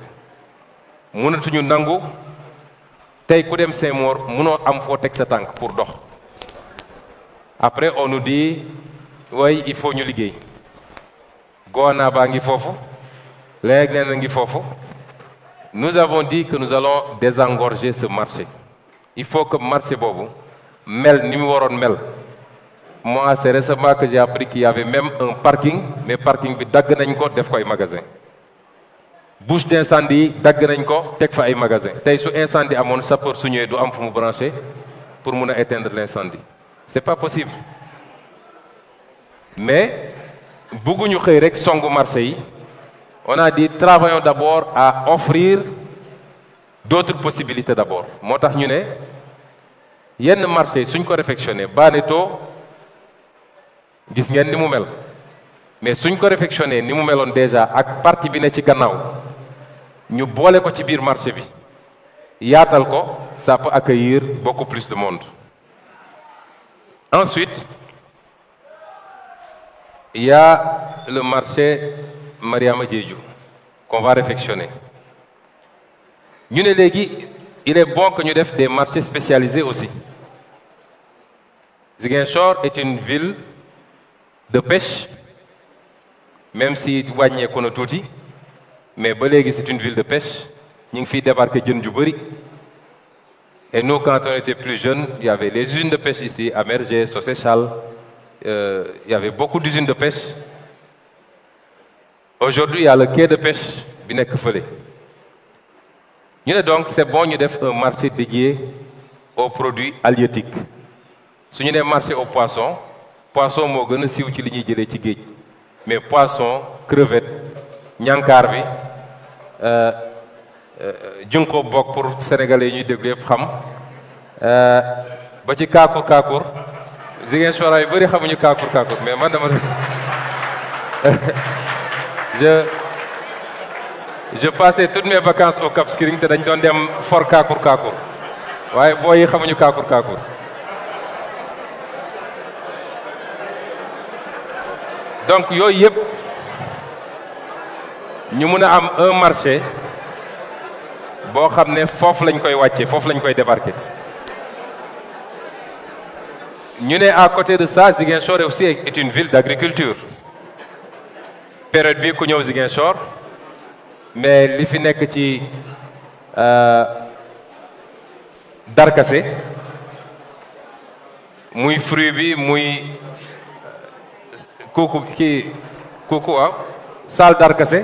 mënatuñu nangu dem Saint-Maur am pour après on nous dit way il faut ñu liggéey nous avons dit que nous allons désengorger ce marché il faut que marché boobu mel ni mu mel moi c'est récemment que j'ai appris qu'il y avait même un parking mais parking bi dagg nañ magasin bouche d'incendie, incendie yi ko teg fa ay magasin tey su incendie amoon sapeur su ñëwee du am fu mu pour mun éteindre l'incendie. C'est pas possible mais bugguñu xey rek songu marché yi on a dit travaillons d'abord à offrir d'autres possibilités d'abord. Motax ñu ne yenn marché suñ ko réfectionné Baneto gis ngeen ni mu mel mais suñ ko réfectionné ni mu déjà ak parti bi ne ci gannaaw ñu boole ko ci biir marché bi yaatal ko ça peut accueillir beaucoup plus de monde ensuite il y a le marché Mariama qu'on va réfectionner ñu il est bon que ñu def des marchés spécialisés aussi Ziguinchor est une ville de pêche même si ko tout dit mais ba c'est une ville de pêche Nous avons débarqué. débarquer jeunes ju et nous quand on était plus jeunes il y avait les usines de pêche ici à Merger, sur euh, il y avait beaucoup d'usines de pêche aujourd'hui il y a le quai de pêche bi Felé. ñu donc c'est bon ñu def un marché dédié aux produits halieutiques nous pas un marché aux poissons poissons, poissons, sont a ci li mais poissons, crevettes, ñànkaar bi euh, euh, jungi ko bokk pour sénégalais yi ñuy déglu yëpp xam euh, ba ci kaakur kaakur Ziguinchor yu bari xamuñu kaakur kaakur mais man dama je je passais toutes mes vacances au Cap Skirring te dañ doon dem for kaakur kaakur waaye booy xamuñu kaakur kaakur donc yooyu yëpp ñu mun am un marché bo xamné ne lañ koy wàccee foofu lañ koy débarquer ñu né à côté de ça Ziguinchor aussi est une ville d'agriculture période bi ku ñëw Ziguinchor mais li fi nekk ci euh, darkase muy fruit bi muy coco euh, ki kooku waaw saal darkase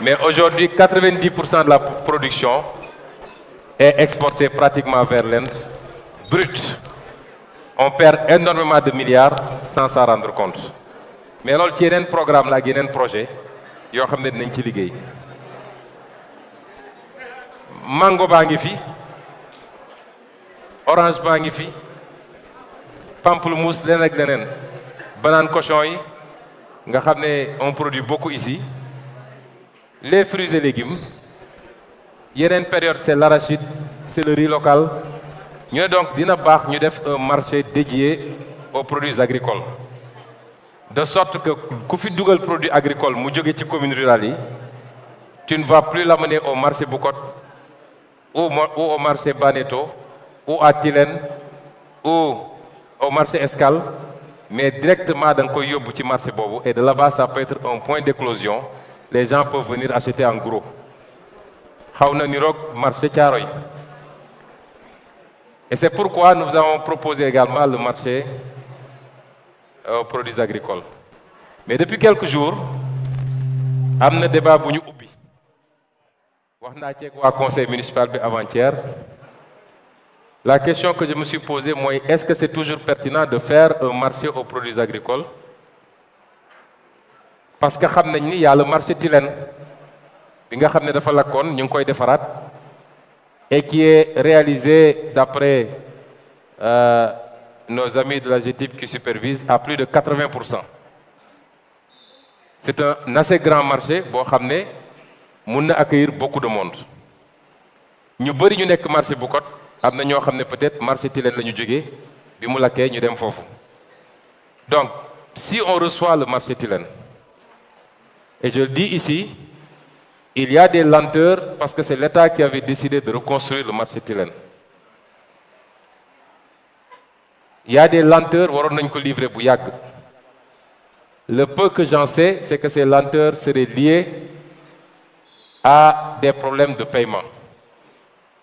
Mais aujourd'hui, 90% de la production est exportée pratiquement vers l'Inde, Brut. On perd énormément de milliards sans s'en rendre compte. Mais y a un programme la ak projet il y ne ci mango Bangifi, orange Bangifi, pamplemousse banane cochon on produit beaucoup ici les fruits et légumes une période c'est l'arachide c'est le riz local avons donc un marché dédié aux produits agricoles de sorte que ku fi produit agricole mu tu ne vas plus l'amener au marché Boucotte ou au marché Baneto ou à Tilen, ou au marché Escal, mais directement dans le marché Bobo. et de là-bas ça peut être un point d'éclosion les gens peuvent venir acheter en gros marché et c'est pourquoi nous avons proposé également le marché euh, aux produits agricoles mais depuis quelques jours avons un débat qui conseil municipal avant-hier la question que je me suis posée moi, est-ce que c'est toujours pertinent de faire un marché aux produits agricoles parce que xam nañ le marché Tilen. bi nga xam dafa et qui est réalisé d'après euh, nos amis de la GTIP qui supervise, à plus de 80 c'est un assez grand marché boo xam na accueillir beaucoup de monde ñu bëri ñu nekk marché bu kot am na peut-être marché Tilen, la ñu jógee bi mu lakkee ñu dem donc si on reçoit le marché Tilen, et je le dis ici, il y a des lenteurs parce que c'est l'État qui avait décidé de reconstruire le marché Tilène. Il y a des lenteurs, on ne livrer Le peu que j'en sais, c'est que ces lenteurs seraient liées à des problèmes de paiement.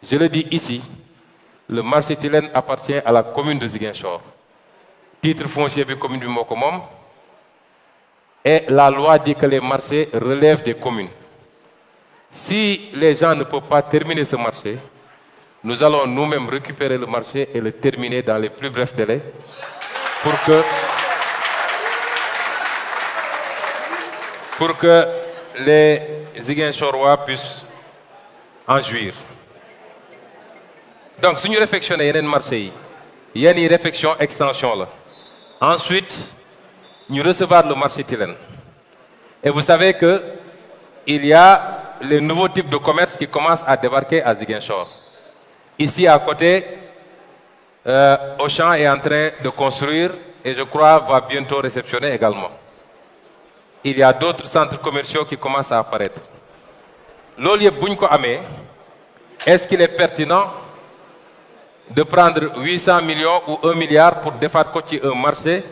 Je le dis ici, le marché Tilène appartient à la commune de Ziguinchor. Titre foncier de la commune du Mokomom. Et la loi dit que les marchés relèvent des communes. Si les gens ne peuvent pas terminer ce marché, nous allons nous-mêmes récupérer le marché et le terminer dans les plus brefs délais pour que, pour que les Ziguinchorois puissent en jouir. Donc, si nous réfléchissons à y a une marché, il y a une réflexion extension. Ensuite, nous recevons le marché Tilen. Et vous savez qu'il y a les nouveaux types de commerce qui commencent à débarquer à Ziguinchor. Ici à côté, euh, Auchan est en train de construire et je crois va bientôt réceptionner également. Il y a d'autres centres commerciaux qui commencent à apparaître. L'olier Bunko Amé, est-ce qu'il est pertinent de prendre 800 millions ou 1 milliard pour défaire un marché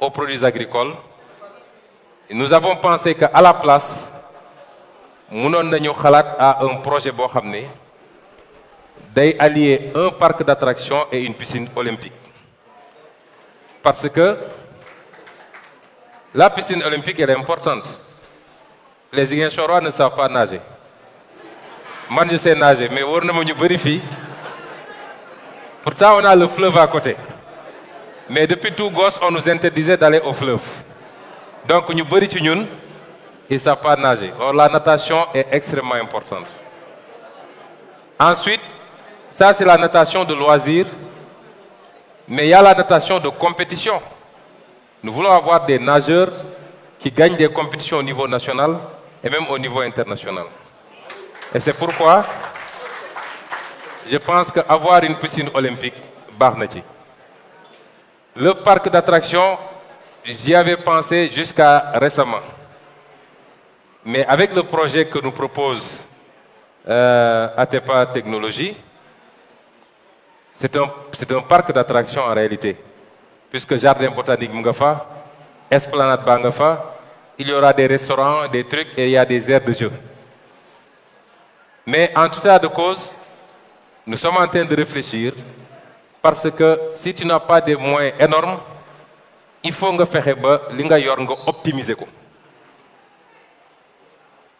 aux produits agricoles. nous avons pensé qu'à la place, nous avons un projet qui d'allier un parc d'attractions et une piscine olympique. Parce que la piscine olympique, est importante. Les Chorois ne savent pas nager. Moi, je sais nager, mais on ne me Pourtant, on a le fleuve à côté mais depuis tout gosse on nous interdisait d'aller au fleuve donc on sommes ci ñun ne pas nager la natation est extrêmement importante ensuite ça c'est la natation de loisirs, mais il y a la natation de compétition nous voulons avoir des nageurs qui gagnent des compétitions au niveau national et même au niveau international et c'est pourquoi je pense qu'avoir une piscine olympique Barnetti. Le parc d'attractions, j'y avais pensé jusqu'à récemment. Mais avec le projet que nous propose euh, Atepa Technologies, c'est un, parc d'attractions en réalité. Puisque Jardin Botanique Mungafa, Esplanade Bangafa, il y aura des restaurants, des trucs et il y a des aires de jeu. Mais en tout cas de cause, nous sommes en train de réfléchir parce que si tu n'as pas des moyens énormes il faut que tu ba optimiser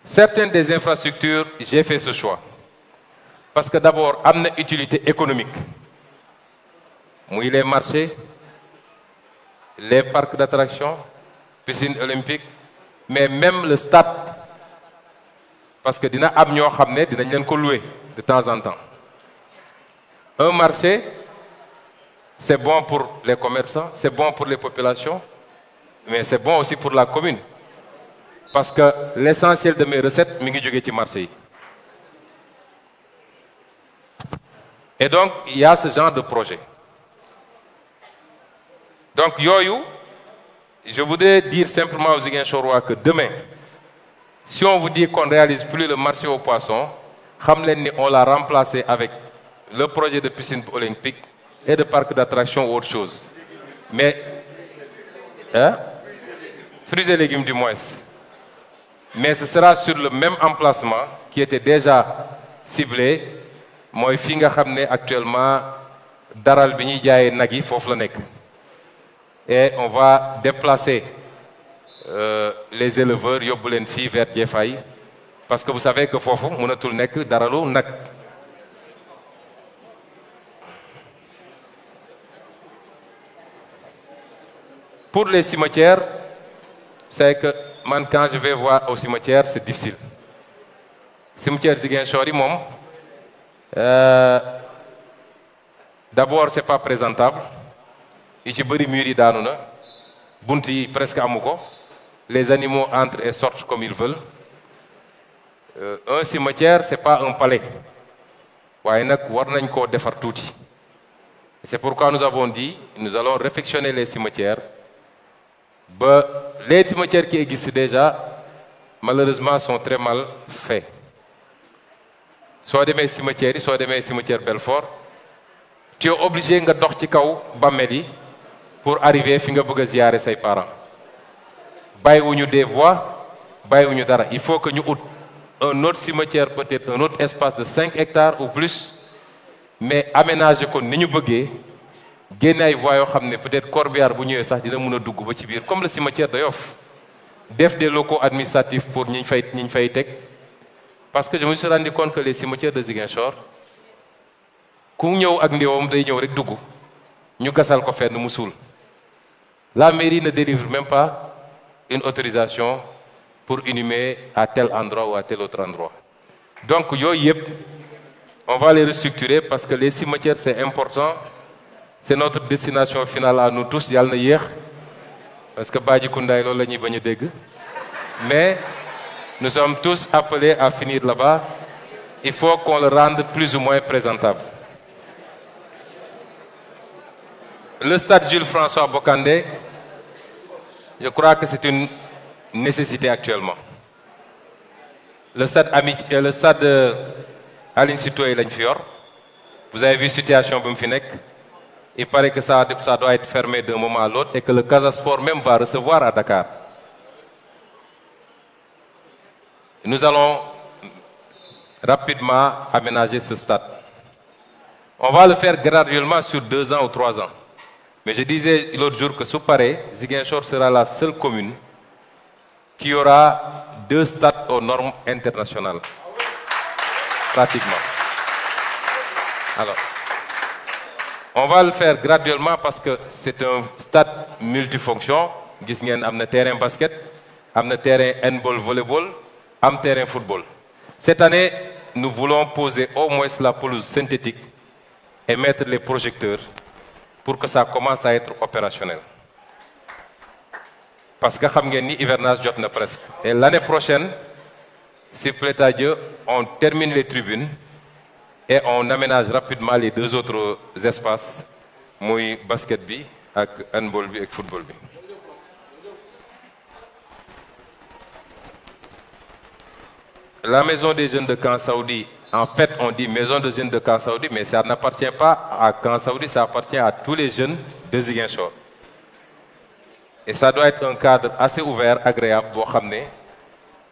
certaines des infrastructures j'ai fait ce choix parce que d'abord il a une utilité économique économiques. les marchés les parcs d'attraction piscines olympiques, mais même le stade parce que dina am ñoo louer de temps en temps un marché c'est bon pour les commerçants, c'est bon pour les populations, mais c'est bon aussi pour la commune. Parce que l'essentiel de mes recettes, Mingi du Marseille. Et donc, il y a ce genre de projet. Donc, Yoyou, je voudrais dire simplement aux Iguinchorois que demain, si on vous dit qu'on ne réalise plus le marché aux poissons, on l'a remplacé avec le projet de piscine olympique et de parcs d'attractions ou autre chose. Mais, hein? fruits et légumes du moins. Mais ce sera sur le même emplacement qui était déjà ciblé, Moi, fi nga actuellement daral Bini et on va déplacer euh, les éleveurs Yobulen Fi, vers parce que vous savez que Fofou mënatul Nek, daralu Pour les cimetières, c'est que man quand je vais voir au cimetière, c'est difficile. Cimetière c'est yi mom. Euh, d'abord c'est pas présentable y a des murs dans nous, presque les animaux entrent et sortent comme ils veulent euh, un cimetière ce n'est pas un palais c'est pourquoi nous avons dit nous allons réfectionner les cimetières mais les cimetières qui existent déjà, malheureusement, sont très mal faits. Soit des cimetières, soit des cimetières Belfort, tu es obligé de dox ci kaw pour arriver fi nga ses parents des voies il faut que nous un autre cimetière peut-être un autre espace de 5 hectares ou plus mais aménager ko nous ñu génne ay voies yoo peut-être corbillard bu ñëwee sax dina mën a dugg ba ci biir comme le cimetière de Yoff def des locaux administratifs pour ñiñ fay ñiñ fay teg parce que je me suis rendu compte que les cimetières de Ziguinchor ku ñëw ak ndewam day ñëw rek dugg ñu gasal ko fenn musul la mairie ne délivre même pas une autorisation pour inhumer à tel endroit ou à tel autre endroit donc on va les restructurer parce que les cimetières c'est important c'est notre destination finale à nous tous parce que Badi la mais nous sommes tous appelés à finir là-bas il faut qu'on le rende plus ou moins présentable le stade Jules François Bocandé je crois que c'est une nécessité actuellement le stade amitié euh, le stade euh, Aline vous avez vu situation Bumfinek. Il paraît que ça, doit être fermé d'un moment à l'autre et que le Casasport même va recevoir à Dakar. Nous allons rapidement aménager ce stade. On va le faire graduellement sur deux ans ou trois ans. Mais je disais l'autre jour que sous Paris, Ziguinchor sera la seule commune qui aura deux stades aux normes internationales. Pratiquement. Alors on va le faire graduellement parce que c'est un stade multifonction il y a un terrain basket un terrain handball volleyball un terrain football cette année nous voulons poser au moins la pelouse synthétique et mettre les projecteurs pour que ça commence à être opérationnel parce que xam avons ni hivernage presque et l'année prochaine s'il plaît à Dieu on termine les tribunes et on aménage rapidement les deux autres espaces, Mouille, basket bi ak handball bi football La maison des jeunes de Camp Saoudi, en fait on dit maison des jeunes de Camp Saoudi, mais ça n'appartient pas à Camp Saoudi, ça appartient à tous les jeunes de Ziguinchor. Et ça doit être un cadre assez ouvert, agréable, pour ramener.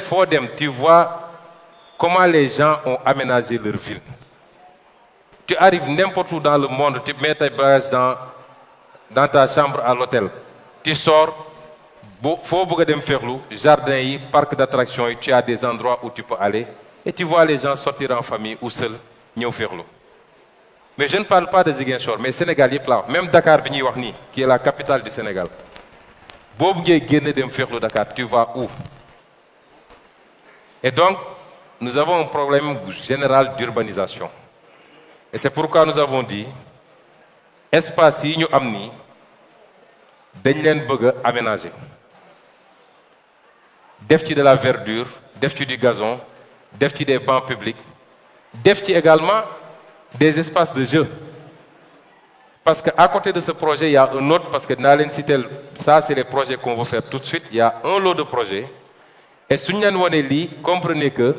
Fodem, tu vois comment les gens ont aménagé leur ville. Tu arrives n'importe où dans le monde, tu mets ta bagages dans, ta chambre à l'hôtel. Tu sors, faire le jardin, parc d'attractions, tu as des endroits où tu peux aller. Et tu vois les gens sortir en famille ou seuls, au Ferlou. Mais je ne parle pas des Ziguinchor, mais Sénégal est là. Même Dakar, qui est la capitale du Sénégal. faire Dakar, tu vas où et donc, nous avons un problème général d'urbanisation. Et c'est pourquoi nous avons dit, espace yi ñu am ni dañ aménager de la verdure def du gazon def des bancs publics def également des espaces de jeu parce qu'à côté de ce projet il y a un autre parce que dans l'incité, ça c'est les projets qu'on veut faire tout de suite il y a un lot de projets et Waneli, comprenez que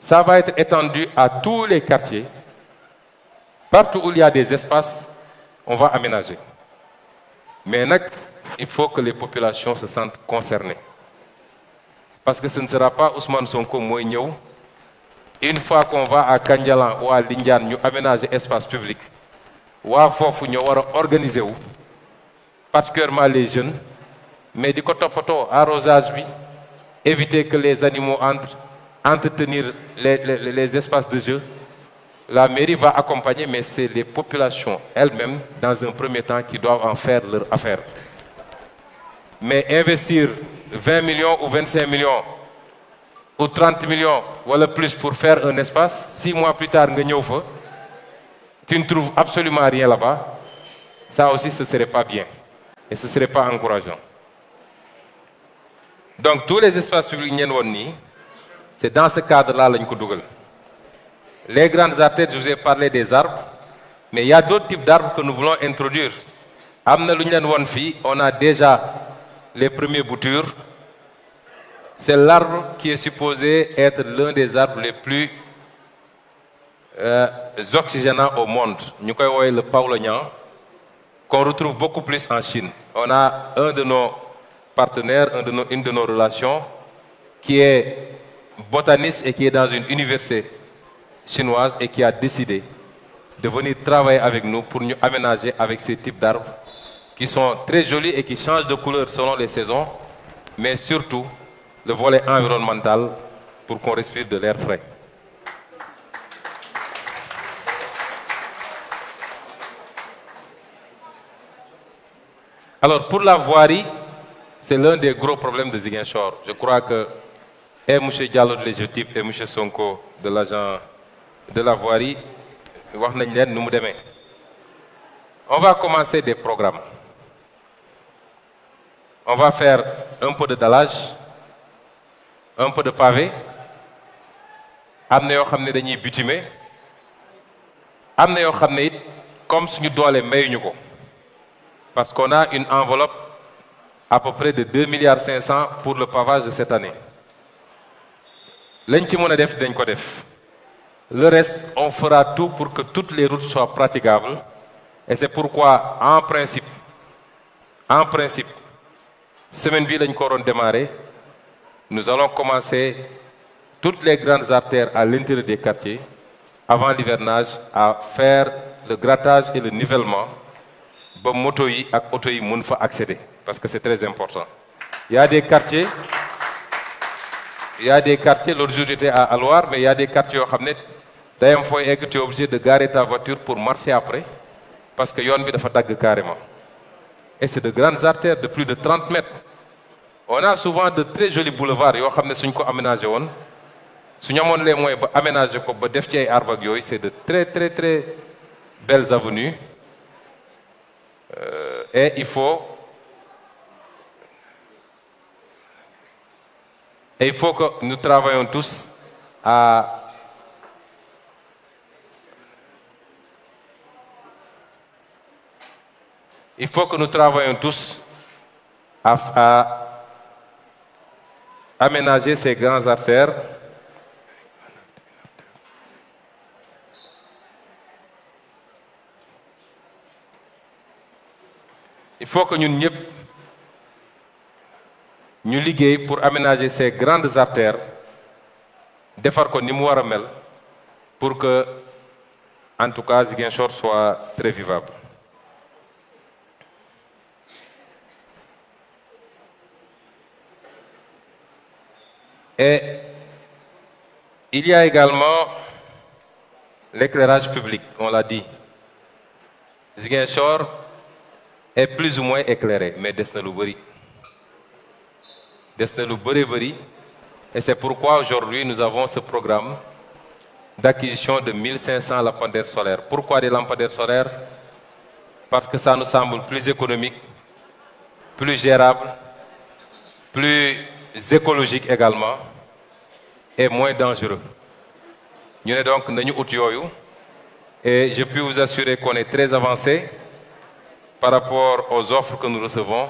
ça va être étendu à tous les quartiers. Partout où il y a des espaces, on va aménager. Mais il faut que les populations se sentent concernées. Parce que ce ne sera pas Ousmane Sonko Mouignou. Une fois qu'on va à Kandjalan ou à Lindian, nous aménager espace public. Ou à Fofou, nous organiser, particulièrement les jeunes mais du côté arrosage oui. éviter que les animaux entrent entretenir les, espaces de jeu la mairie va accompagner mais c'est les populations elles-mêmes dans un premier temps qui doivent en faire leur affaire mais investir 20 millions ou 25 millions ou 30 millions le plus pour faire un espace six mois plus tard tu ne trouves absolument rien là-bas ça aussi ce serait pas bien et ce ne serait pas encourageant donc tous les espaces publics c'est dans ce cadre-là que ko les grandes artères je vous ai parlé des arbres mais il y a d'autres types d'arbres que nous voulons introduire amna on a déjà les premiers boutures c'est l'arbre qui est supposé être l'un des arbres les plus euh, oxygénants au monde Nous avons le paulognan qu'on retrouve beaucoup plus en Chine on a un de nos partenaire, une de nos relations, qui est botaniste et qui est dans une université chinoise et qui a décidé de venir travailler avec nous pour nous aménager avec ces types d'arbres qui sont très jolis et qui changent de couleur selon les saisons, mais surtout le volet environnemental pour qu'on respire de l'air frais. Alors pour la voirie, c'est l'un des gros problèmes de Ziguinchor. Je crois que et M. Diallo de l'Égypte et M. Sonko de l'agent de la voirie, nous On va commencer des programmes. On va faire un peu de dallage, un peu de pavé, amener peu de des butimés, amener au comme si nous devions les meilleurs. Parce qu'on a une enveloppe à peu près de 2,5 milliards pour le pavage de cette année ci le reste on fera tout pour que toutes les routes soient praticables et c'est pourquoi en principe en principe semaine ville lañ démarrer nous allons commencer toutes les grandes artères à l'intérieur des quartiers avant l'hivernage à faire le grattage et le nivellement pour que les ak et les accéder parce que c'est très important. Il y a des quartiers, il y a des quartiers, l'autre jour j'étais à Loire, mais il y a des quartiers où tu es obligé de garer ta voiture pour marcher après, parce que de faire carrément. Et c'est de grandes artères de plus de 30 mètres. On a souvent de très jolis boulevards, yo xamné aménagé won. sont c'est de très très très belles avenues. Euh, et il faut il faut que nous travaillions tous à Il faut que nous travaillons tous à, aménager ces grandes affaires. il faut que nous... n'y nous liggéey pour aménager ces grandes artères de ko ni pour que en tout cas Ziguinchor soit très vivable et il y a également l'éclairage public on l'a dit Ziguinchor est plus ou moins éclairé mais Destinoubri le et c'est pourquoi aujourd'hui nous avons ce programme d'acquisition de 1500 lampadaires solaires. Pourquoi des lampadaires solaires Parce que ça nous semble plus économique, plus gérable, plus écologique également et moins dangereux. Nous sommes donc et je peux vous assurer qu'on est très avancé par rapport aux offres que nous recevons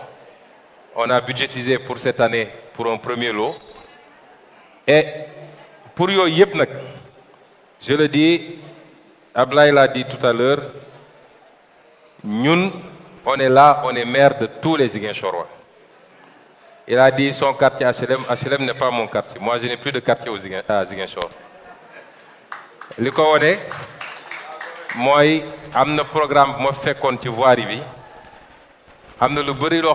on a budgétisé pour cette année pour un premier lot. Et pour yo je le dis, Ablaï l'a dit tout à l'heure, nous, on est là, on est maire de tous les Ziguinchorois. Il a dit son quartier HLM, HLM n'est pas mon quartier. Moi, je n'ai plus de quartier aux Ziguin, à Ziguinchor. Le est moi, A un programme quand tu vois arriver amna lu bëri lo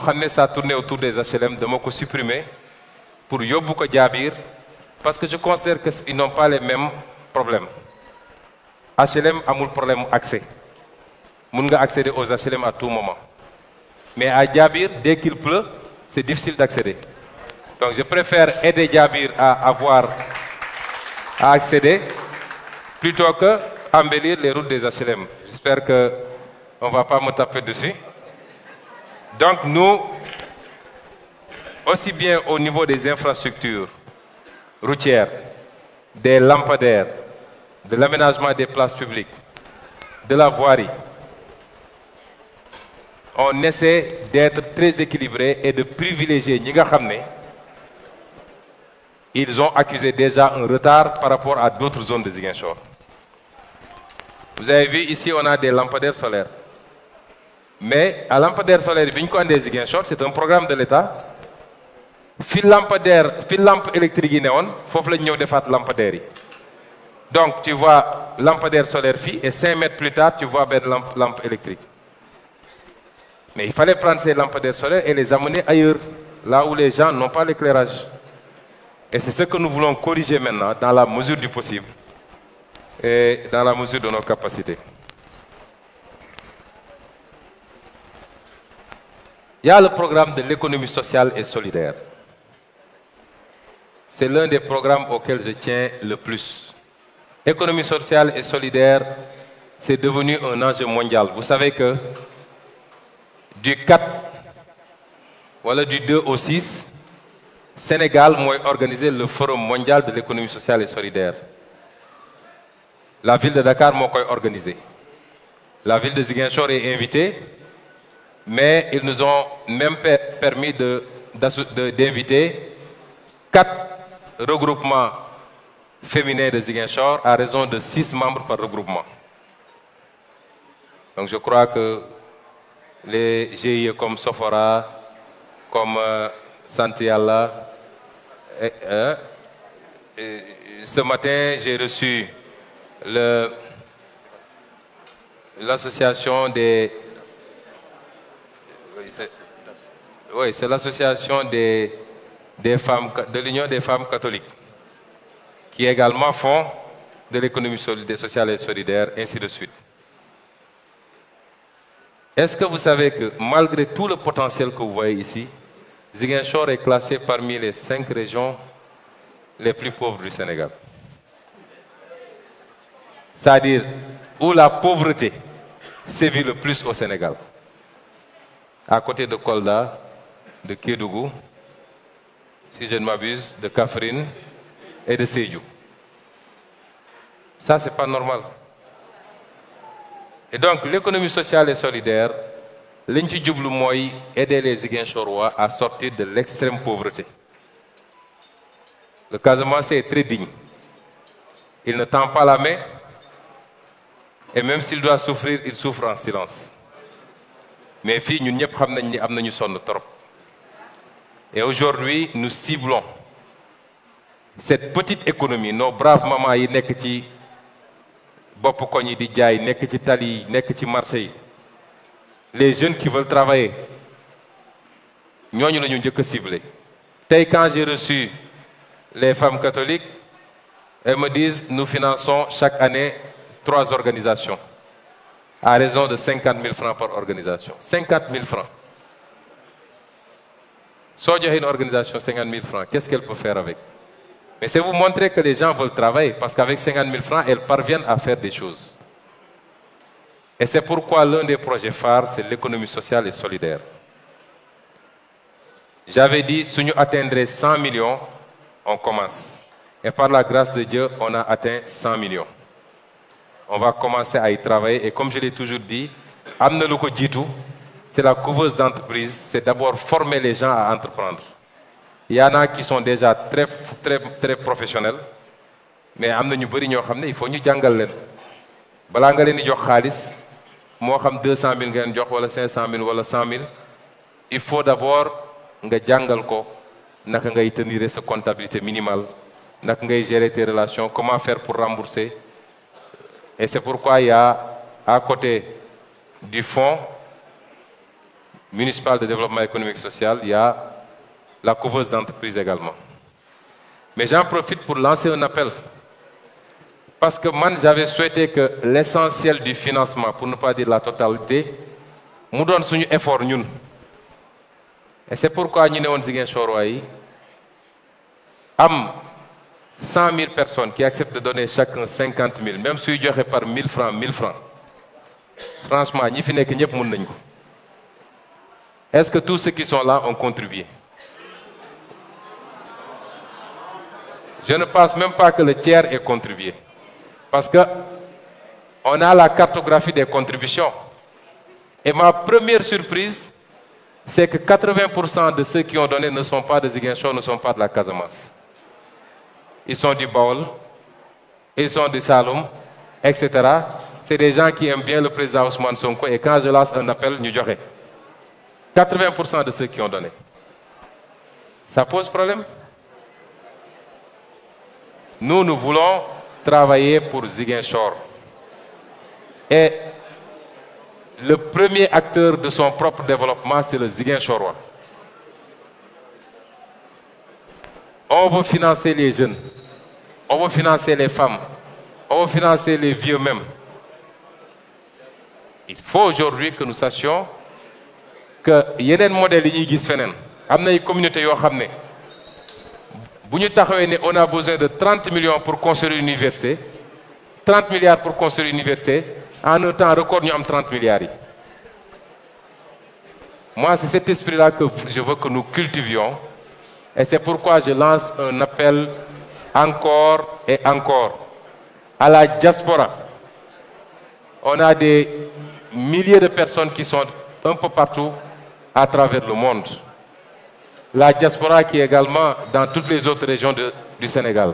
autour des HLM de ko supprimer pour yóbbu ko Jabir parce que je considère qu'ils n'ont pas les mêmes problèmes HLM amul problème accès mun nga accéder aux HLM à tout moment mais à Jabir, dès qu'il pleut c'est difficile d'accéder donc je préfère aider Jabir à avoir à accéder plutôt que embellir les routes des HLM j'espère que on va pas me taper dessus donc nous, aussi bien au niveau des infrastructures routières, des lampadaires, de l'aménagement des places publiques, de la voirie, on essaie d'être très équilibré et de privilégier ñi ils ont accusé déjà un retard par rapport à d'autres zones de Ziguinchor. Vous avez vu ici, on a des lampadaires solaires mais à lampadaire solaire c'est un programme de l'État Fil lampadaire lampe électrique néon, faut la lampadaire donc tu vois lampadaire solaire et cinq mètres plus tard tu vois la lampe électrique mais il fallait prendre ces lampadaires solaires et les amener ailleurs là où les gens n'ont pas l'éclairage et c'est ce que nous voulons corriger maintenant dans la mesure du possible et dans la mesure de nos capacités Il y a le programme de l'économie sociale et solidaire. C'est l'un des programmes auxquels je tiens le plus. Économie sociale et solidaire, c'est devenu un enjeu mondial. Vous savez que du 4, voilà du 2 au 6, Sénégal m'a organisé le forum mondial de l'économie sociale et solidaire la ville de Dakar m'a organisé. la ville de Ziguinchor est invitée mais ils nous ont même permis d'inviter de, quatre regroupements féminins de Ziguinchor à raison de six membres par regroupement. Donc je crois que les GIE comme Sofora, comme euh, Santiala, hein, ce matin j'ai reçu l'association des oui, c'est l'association de l'Union des femmes catholiques, qui également font de l'économie sociale et solidaire, ainsi de suite. Est-ce que vous savez que malgré tout le potentiel que vous voyez ici, Ziguinchor est classé parmi les cinq régions les plus pauvres du Sénégal C'est-à-dire où la pauvreté sévit le plus au Sénégal à côté de Kolda, de Kédougou, si je ne m'abuse, de Kafrine et de Seyou. Ça, n'est pas normal. Et donc, l'économie sociale et solidaire, L'intitulé Moy aider les Chorois à sortir de l'extrême pauvreté. Le casement, c'est très digne. Il ne tend pas la main et même s'il doit souffrir, il souffre en silence mais filles, nous ñëpp xam nañ ni am nañu trop et aujourd'hui nous ciblons cette petite économie nos braves mamans yi ci koñ yi di tali marché les jeunes qui veulent travailler nous la ñu ciblé quand j'ai reçu les femmes catholiques elles me disent nous finançons chaque année trois organisations à raison de 50 000 francs par organisation. 50 000 francs. Soit une organisation 50 000 francs, qu'est-ce qu'elle peut faire avec Mais c'est vous montrer que les gens veulent travailler, parce qu'avec 50 000 francs, elles parviennent à faire des choses. Et c'est pourquoi l'un des projets phares, c'est l'économie sociale et solidaire. J'avais dit, si nous atteindrions 100 millions, on commence. Et par la grâce de Dieu, on a atteint 100 millions on va commencer à y travailler. Et comme je l'ai toujours dit, Amna c'est la couveuse d'entreprise, c'est d'abord former les gens à entreprendre. Il y en a qui sont déjà très, très, très professionnels, mais Amna ñu bari il faut ñu jangal Balangale Bala nga len pas jox xaliss, mo xam 200000 200 000, wala 500000 wala il faut d'abord nga jangal ko nak ngay tenir sa comptabilité minimale, nak ngay gérer tes relations, comment faire pour rembourser, et c'est pourquoi il y a, à côté du fonds municipal de développement économique et social, il y a la couveuse d'entreprise également. Mais j'en profite pour lancer un appel. Parce que moi, j'avais souhaité que l'essentiel du financement, pour ne pas dire la totalité, nous donne son effort. Et c'est pourquoi nous avons dit que nous avons 100 000 personnes qui acceptent de donner chacun 50 000 même si je répare 1 1000 francs 1000 francs franchement ni fi pas mën est-ce que tous ceux qui sont là ont contribué je ne pense même pas que le tiers ait contribué parce qu'on a la cartographie des contributions et ma première surprise c'est que 80 de ceux qui ont donné ne sont pas des Ziguinchor ne sont pas de la Casamance ils sont du Baol, ils sont du Saloum, etc. C'est des gens qui aiment bien le président Ousmane Sonko et quand je lance un appel, nous j'aurai. 80% de ceux qui ont donné. Ça pose problème Nous, nous voulons travailler pour Ziguinchor. Et le premier acteur de son propre développement, c'est le Ziguinchorois. On veut financer les jeunes. On veut financer les femmes. On veut financer les vieux même. Il faut aujourd'hui que nous sachions que les modèle yi communauté qui on a besoin de 30 millions pour construire l'université, 30 milliards pour construire l'université, en un temps record ñu milliards moi c'est cet esprit là que je veux que nous cultivions et c'est pourquoi je lance un appel encore et encore à la diaspora. On a des milliers de personnes qui sont un peu partout à travers le monde. La diaspora qui est également dans toutes les autres régions du Sénégal.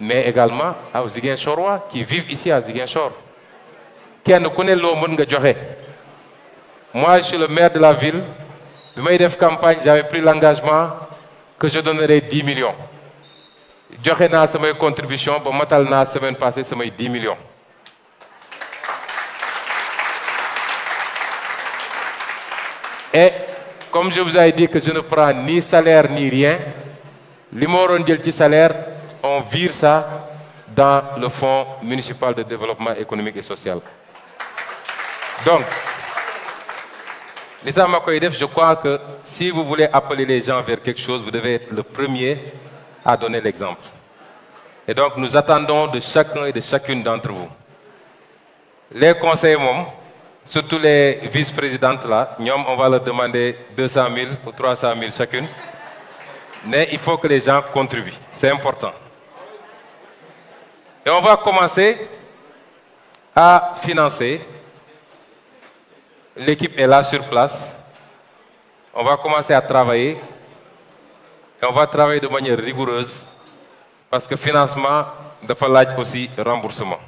Mais également aux chorois qui vivent ici à Ziguinchor. Qui ne connaît Moi, je suis le maire de la ville le def campagne j'avais pris l'engagement que je donnerais 10 millions J'ai naa ma contribution pour moi, semaine passée c'est 10 millions et comme je vous ai dit que je ne prends ni salaire ni rien les salaires ont salaire on vire ça dans le fonds municipal de développement économique et social donc Makoïdef, je crois que si vous voulez appeler les gens vers quelque chose, vous devez être le premier à donner l'exemple. Et donc, nous attendons de chacun et de chacune d'entre vous. Les conseillers, surtout les vice-présidentes là, on va leur demander 200 000 ou 300 000 chacune. Mais il faut que les gens contribuent. C'est important. Et on va commencer à financer L'équipe est là sur place. On va commencer à travailler. Et on va travailler de manière rigoureuse parce que financement dafa être aussi remboursement.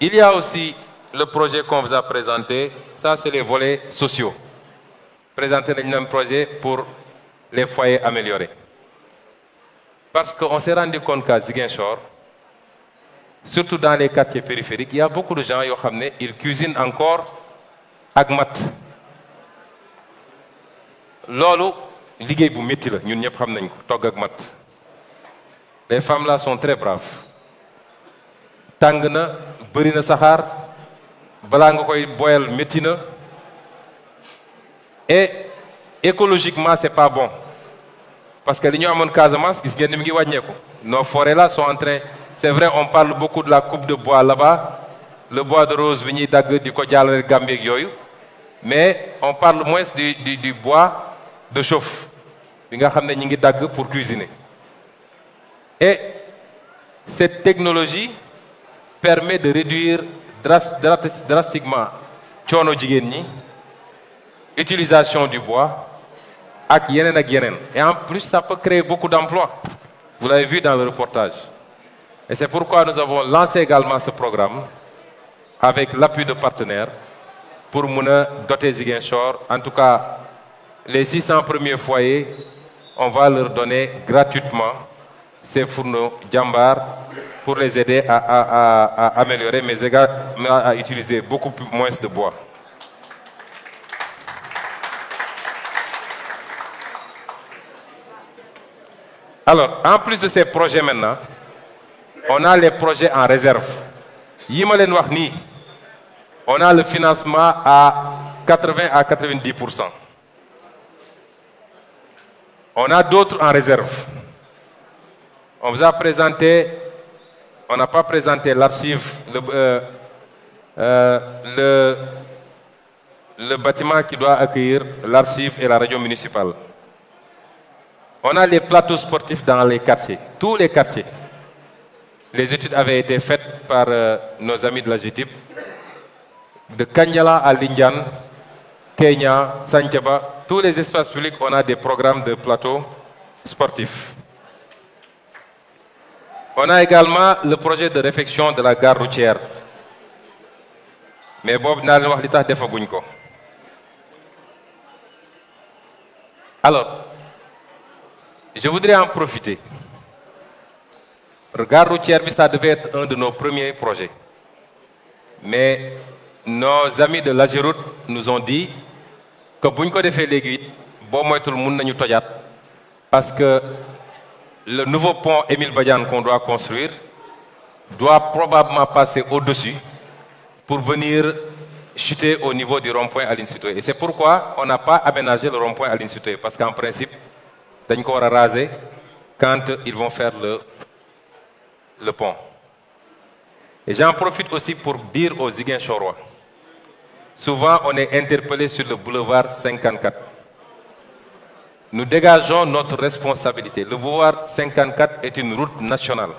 Il y a aussi le projet qu'on vous a présenté. Ça, c'est les volets sociaux. Présenter le même projet pour les foyers améliorés. Parce qu'on s'est rendu compte qu'à Ziguinchor, surtout dans les quartiers périphériques il y a beaucoup de gens qui ils cuisinent encore ak mat. loolu liggéey bu métti la ñun ñëpp xam nañ ko togg ak les femmes là sont très braves Tangna, na Sahar, na Boel balaa nga koy boyal et écologiquement c'est pas bon parce que les ñu amoon Casamance gis ngeen ni mu ngi wàññeeku nos forêts là sont en train c'est vrai on parle beaucoup de la coupe de bois là-bas le bois de rose mais on parle moins du bois de chauffe pour cuisiner et cette technologie permet de réduire drastiquement l'utilisation utilisation du bois et en plus ça peut créer beaucoup d'emplois vous l'avez vu dans le reportage et c'est pourquoi nous avons lancé également ce programme avec l'appui de partenaires pour Mouna doter shore. En tout cas, les 600 premiers foyers, on va leur donner gratuitement ces fourneaux Jambar pour les aider à, améliorer, mais également à utiliser beaucoup moins de bois. Alors, en plus de ces projets maintenant, on a les projets en réserve Wahni, on a le financement à 80 à 90 on a d'autres en réserve on vous a présenté on n'a pas présenté l'archive le euh, euh, le bâtiment qui doit accueillir l'archive et la région municipale on a les plateaux sportifs dans les quartiers tous les quartiers les études avaient été faites par euh, nos amis de la GTIP. De Kanyala à Lindian, Kenya, Sanjaba, tous les espaces publics, on a des programmes de plateaux sportifs. On a également le projet de réfection de la gare routière. Mais Bob n'a pas Alors, je voudrais en profiter Regarde routière, ça devait être un de nos premiers projets. Mais nos amis de la Géroute nous ont dit que si on fait l'aiguille, bon, tout le monde Parce que le nouveau pont Émile Badian qu'on doit construire doit probablement passer au-dessus pour venir chuter au niveau du rond-point à l'institut. Et c'est pourquoi on n'a pas aménagé le rond-point à l'institut. Parce qu'en principe, on raser quand ils vont faire le le pont. Et j'en profite aussi pour dire aux Chorois, souvent on est interpellé sur le boulevard 54. Nous dégageons notre responsabilité. Le boulevard 54 est une route nationale.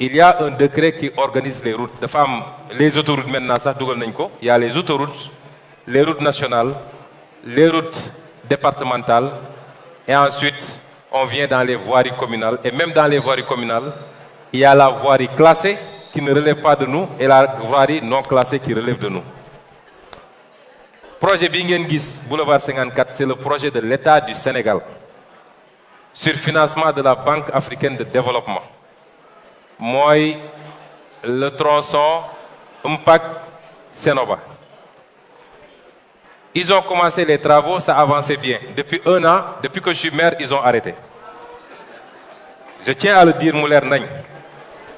Il y a un décret qui organise les routes. De femmes, les autoroutes maintenant, ça, il y a les autoroutes, les routes nationales, les routes départementales et ensuite on vient dans les voiries communales. Et même dans les voiries communales, il y a la voirie classée qui ne relève pas de nous et la voirie non classée qui relève de nous. Projet Bingengis, boulevard 54, c'est le projet de l'État du Sénégal sur financement de la Banque africaine de développement. Moi, le tronçon Mpac Senoba. Ils ont commencé les travaux, ça avançait bien. Depuis un an, depuis que je suis maire, ils ont arrêté. Je tiens à le dire, Mouler Nagne.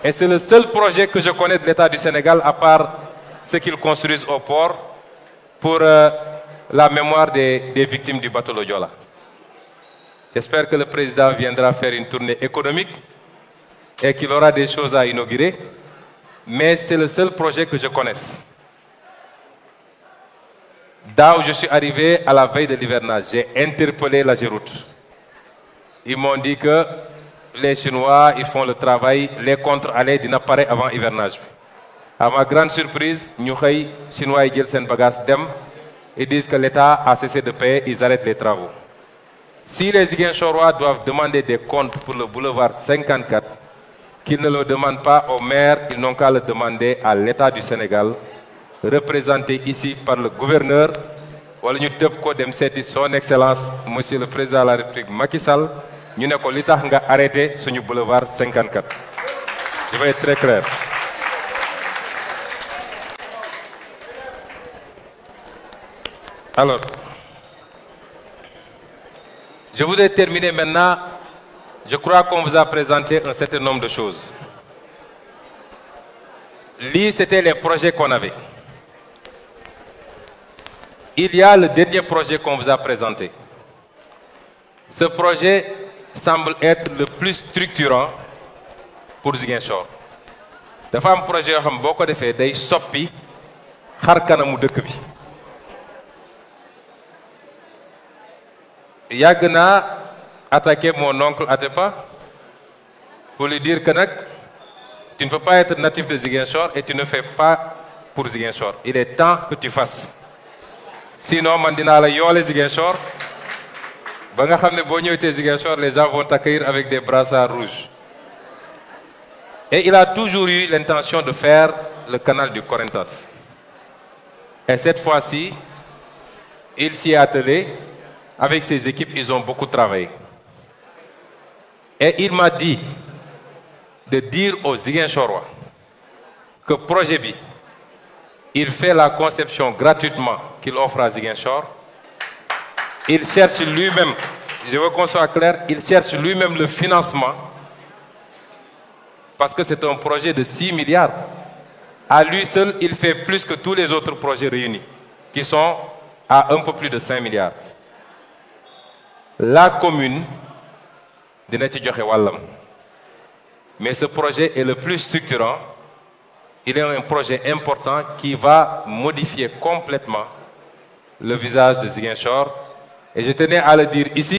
Et c'est le seul projet que je connais de l'État du Sénégal, à part ce qu'ils construisent au port pour euh, la mémoire des, victimes du bateau Lodiola. J'espère que le président viendra faire une tournée économique et qu'il aura des choses à inaugurer. Mais c'est le seul projet que je connaisse. Là je suis arrivé à la veille de l'hivernage, j'ai interpellé la Géroute. Ils m'ont dit que les Chinois, ils font le travail, les contre-allées appareil avant l'hivernage. À ma grande surprise, nous les Chinois, ils sen ils disent que l'État a cessé de payer, ils arrêtent les travaux. Si les Iguinchorois doivent demander des comptes pour le boulevard 54, qu'ils ne le demandent pas au maire, ils n'ont qu'à le demander à l'État du Sénégal représenté ici par le gouverneur wala son excellence monsieur le président de la république Macky Sall nous ne arrêté sur le arrêté boulevard 54. je vais être très clair. alors je voudrais terminer maintenant je crois qu'on vous a présenté un certain nombre de choses. L'I, c'était les projets qu'on avait il y a le dernier projet qu'on vous a présenté. Ce projet semble être le plus structurant pour Ziguinchor dafa a projet xam day soppi a attaqué mon oncle Atepa pour lui dire que tu ne peux pas être natif de Ziguinchor et tu ne fais pas pour Ziguinchor il est temps que tu fasses sinon Mandina, les gens vont t'accueillir avec des brassards rouges et il a toujours eu l'intention de faire le canal du Corentas et cette fois-ci il s'y est attelé avec ses équipes ils ont beaucoup travaillé et il m'a dit de dire aux Ziguinchorois que projet B, il fait la conception gratuitement qu'il offre à Ziguinchor. Il cherche lui-même, je veux qu'on soit clair, il cherche lui-même le financement parce que c'est un projet de 6 milliards. À lui seul, il fait plus que tous les autres projets réunis qui sont à un peu plus de 5 milliards. La commune de Netidjoche Wallam. mais ce projet est le plus structurant il est un projet important qui va modifier complètement le visage de Ziguinchor. Et je tenais à le dire ici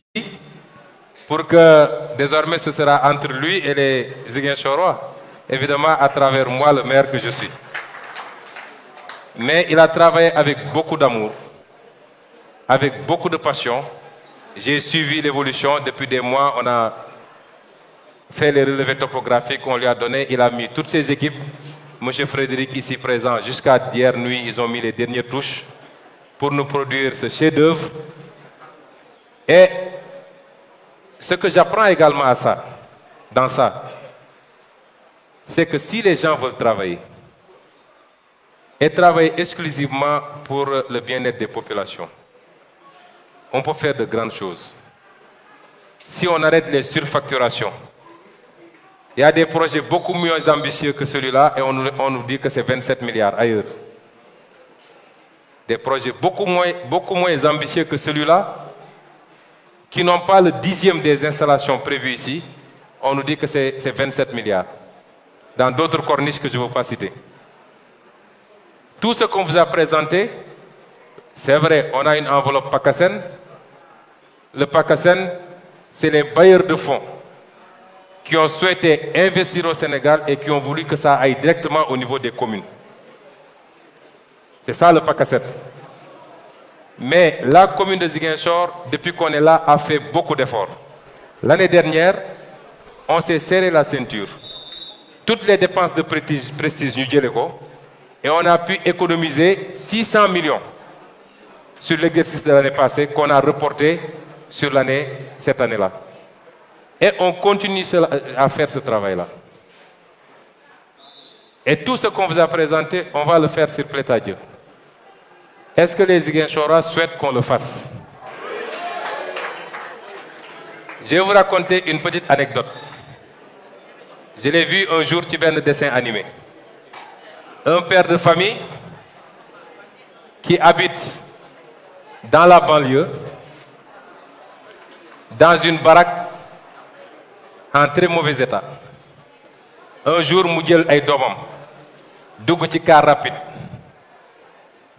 pour que désormais ce sera entre lui et les Ziguinchorois, évidemment à travers moi, le maire que je suis. Mais il a travaillé avec beaucoup d'amour, avec beaucoup de passion. J'ai suivi l'évolution depuis des mois. On a fait les relevés topographiques qu'on lui a donnés. Il a mis toutes ses équipes. Monsieur Frédéric, ici présent, jusqu'à hier nuit, ils ont mis les dernières touches pour nous produire ce chef-d'œuvre. Et ce que j'apprends également à ça, dans ça, c'est que si les gens veulent travailler, et travailler exclusivement pour le bien-être des populations, on peut faire de grandes choses. Si on arrête les surfacturations, il y a des projets beaucoup mieux ambitieux que celui-là et on, on nous dit que c'est 27 milliards ailleurs des projets beaucoup moins, ambitieux que celui-là, qui n'ont pas le dixième des installations prévues ici, on nous dit que c'est 27 milliards. Dans d'autres corniches que je ne veux pas citer. Tout ce qu'on vous a présenté, c'est vrai, on a une enveloppe PACASEN. Le PACASEN, c'est les bailleurs de fonds qui ont souhaité investir au Sénégal et qui ont voulu que ça aille directement au niveau des communes. C'est ça le 7. Mais la commune de Ziguinchor, depuis qu'on est là, a fait beaucoup d'efforts. L'année dernière, on s'est serré la ceinture. Toutes les dépenses de prestige, et on a pu économiser 600 millions sur l'exercice de l'année passée qu'on a reporté sur l'année, cette année-là. Et on continue à faire ce travail-là. Et tout ce qu'on vous a présenté, on va le faire sur Plétadieu. Est-ce que les Ziguinchora souhaitent qu'on le fasse Je vais vous raconter une petite anecdote. Je l'ai vu un jour sur un dessin animé. Un père de famille qui habite dans la banlieue, dans une baraque en très mauvais état. Un jour, Moudjel jël ay deux rapide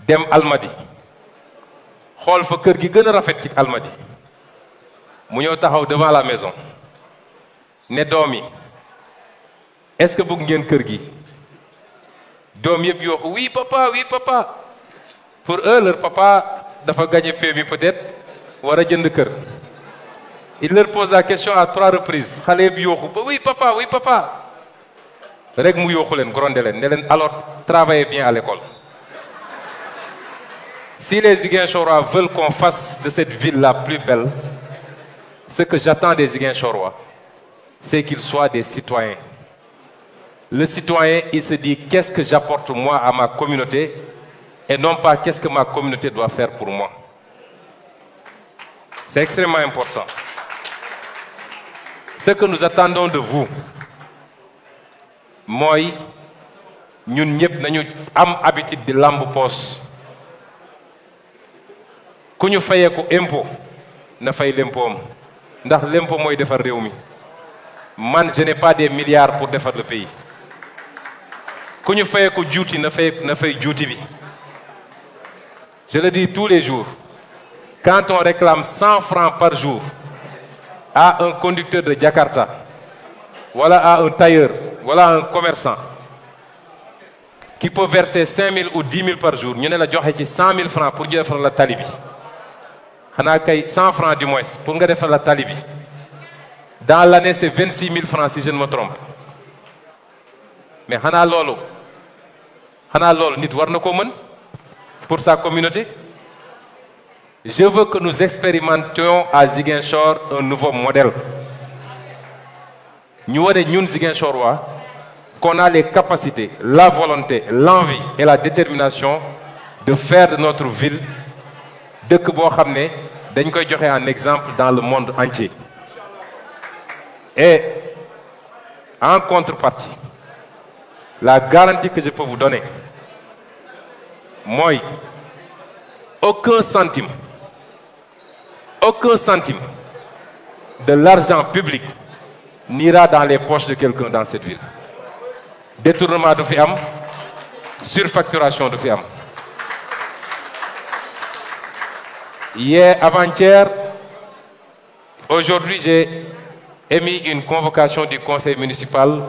dem almadi xool fa kër gi gën a rafet ci almadi mu ñëw taxaw devant la maison ne doom yi est-ce que bëgg ngeen kër gi doom yëpp yoo oui papa oui papa pour eux leur papa dafa gagné bi peut-être war a jënd kër il leur pose la question à trois reprises xale bi yooxu ba oui papa oui papa rek mu yooxu leen grondé leen ne leen alors travaillez bien à l'école si les Chorois veulent qu'on fasse de cette ville la plus belle, ce que j'attends des Chorois, c'est qu'ils soient des citoyens. Le citoyen, il se dit qu'est-ce que j'apporte moi à ma communauté et non pas qu'est-ce que ma communauté doit faire pour moi. C'est extrêmement important. Ce que nous attendons de vous, moi, nous avons l'habitude de poste. Si on faisons ko impôts, na fay l'impôt ndax l'impôt moi il man je n'ai pas des milliards pour défendre le pays Si on fait ko duty, na fay na fay je le dis tous les jours quand on réclame 100 francs par jour à un conducteur de Jakarta voilà à un tailleur voilà à un commerçant qui peut verser 5 000 ou 10 000 par jour on avons 100 000 francs pour défendre la tali 100 francs du moins pour nga la talibi. dans l'année c'est 26 000 francs si je ne me trompe mais xanaa a nit war pour sa communauté je veux que nous expérimentions à Ziguinchor un nouveau modèle Nous, sommes ñun qu'on a les capacités la volonté l'envie et la détermination de faire de notre ville de que vous ne dañ koy exemple dans le monde entier et en contrepartie la garantie que je peux vous donner moi, aucun centime aucun centime de l'argent public n'ira dans les poches de quelqu'un dans cette ville détournement de FIAM, surfacturation de FIAM. hier, avant-hier, aujourd'hui, j'ai émis une convocation du conseil municipal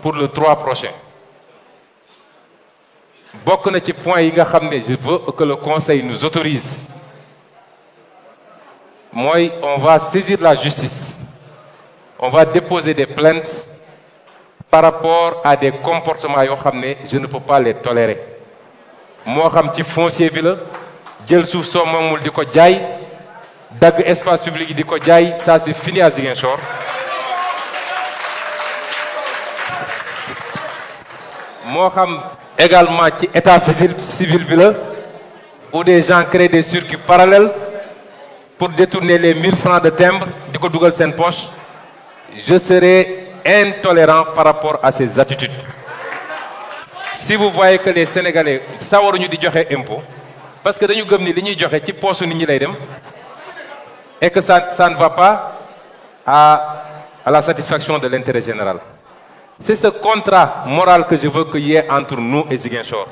pour le 3 prochain. ci point je veux que le conseil nous autorise Moi, on va saisir la justice on va déposer des plaintes par rapport à des comportements à xamné je ne peux pas les tolérer Moi, xam ci foncier bi jël suuf soo moomul di ko jaay dagg espace public de di ko ça c'est fini à Ziguinchor moo xam également ci état civil bi où des gens créent des circuits parallèles pour détourner les 1000 francs de timbre de ko dugal poche je serai intolérant par rapport à ces attitudes si vous voyez que les Sénégalais sawaruñu di un impôt parce que dañu gëm ni li ñuy ci ñi et que ça ne va pas à la satisfaction de l'intérêt général c'est ce contrat moral que je veux qu'il y ait entre nous et Ziguinchor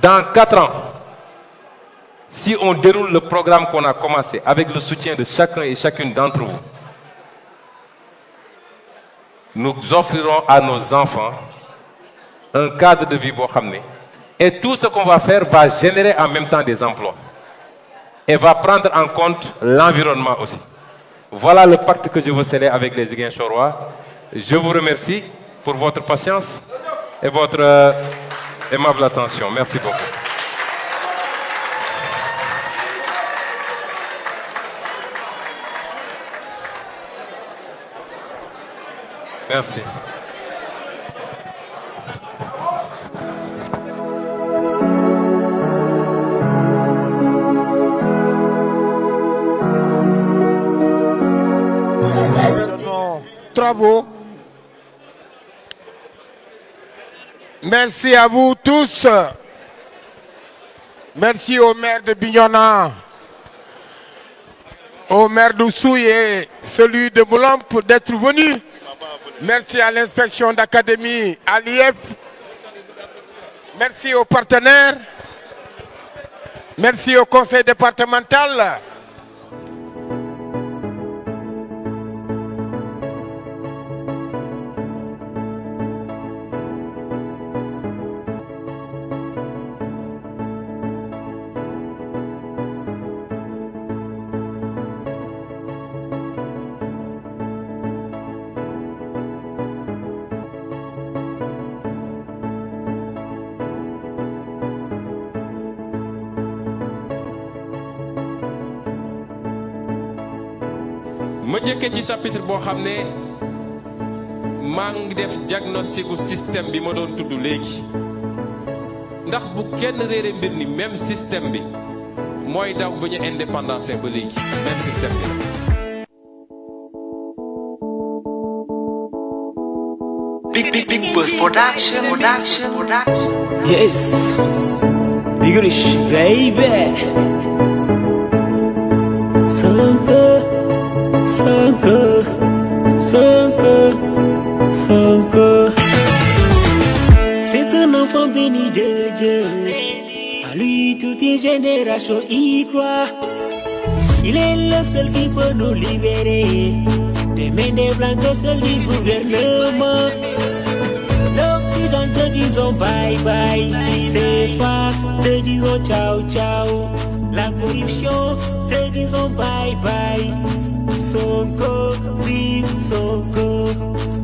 dans quatre ans si on déroule le programme qu'on a commencé avec le soutien de chacun et chacune d'entre vous nous offrirons à nos enfants un cadre de vie pour ramener. Et tout ce qu'on va faire va générer en même temps des emplois. Et va prendre en compte l'environnement aussi. Voilà le pacte que je veux sceller avec les Chorois. Je vous remercie pour votre patience et votre euh, aimable attention. Merci beaucoup. Merci. travaux. Merci à vous tous. Merci au maire de Bignona, au maire d'Oussouy et celui de Moulam pour d'être venu. Merci à l'inspection d'académie à l'IF. Merci aux partenaires. Merci au conseil départemental. njëkke ci chapitre boo xam ne maa ngi def diagnostic système bi ma doon tudd léegi ndax bu kenn réere mbir ni même système bi mooy daw ñu indépendance ba léegi même système bi Big big big buzz production production production Yes Big Rich baby So good sans cœur, sans C'est un enfant béni de Dieu. À lui, tout génération générations y croit Il est le seul qui peut nous libérer des mains des blancs de celui du gouvernement. L'Occident te disons bye bye, c'est fort, te disons ciao ciao. La corruption te disons bye bye. so good, feel so good.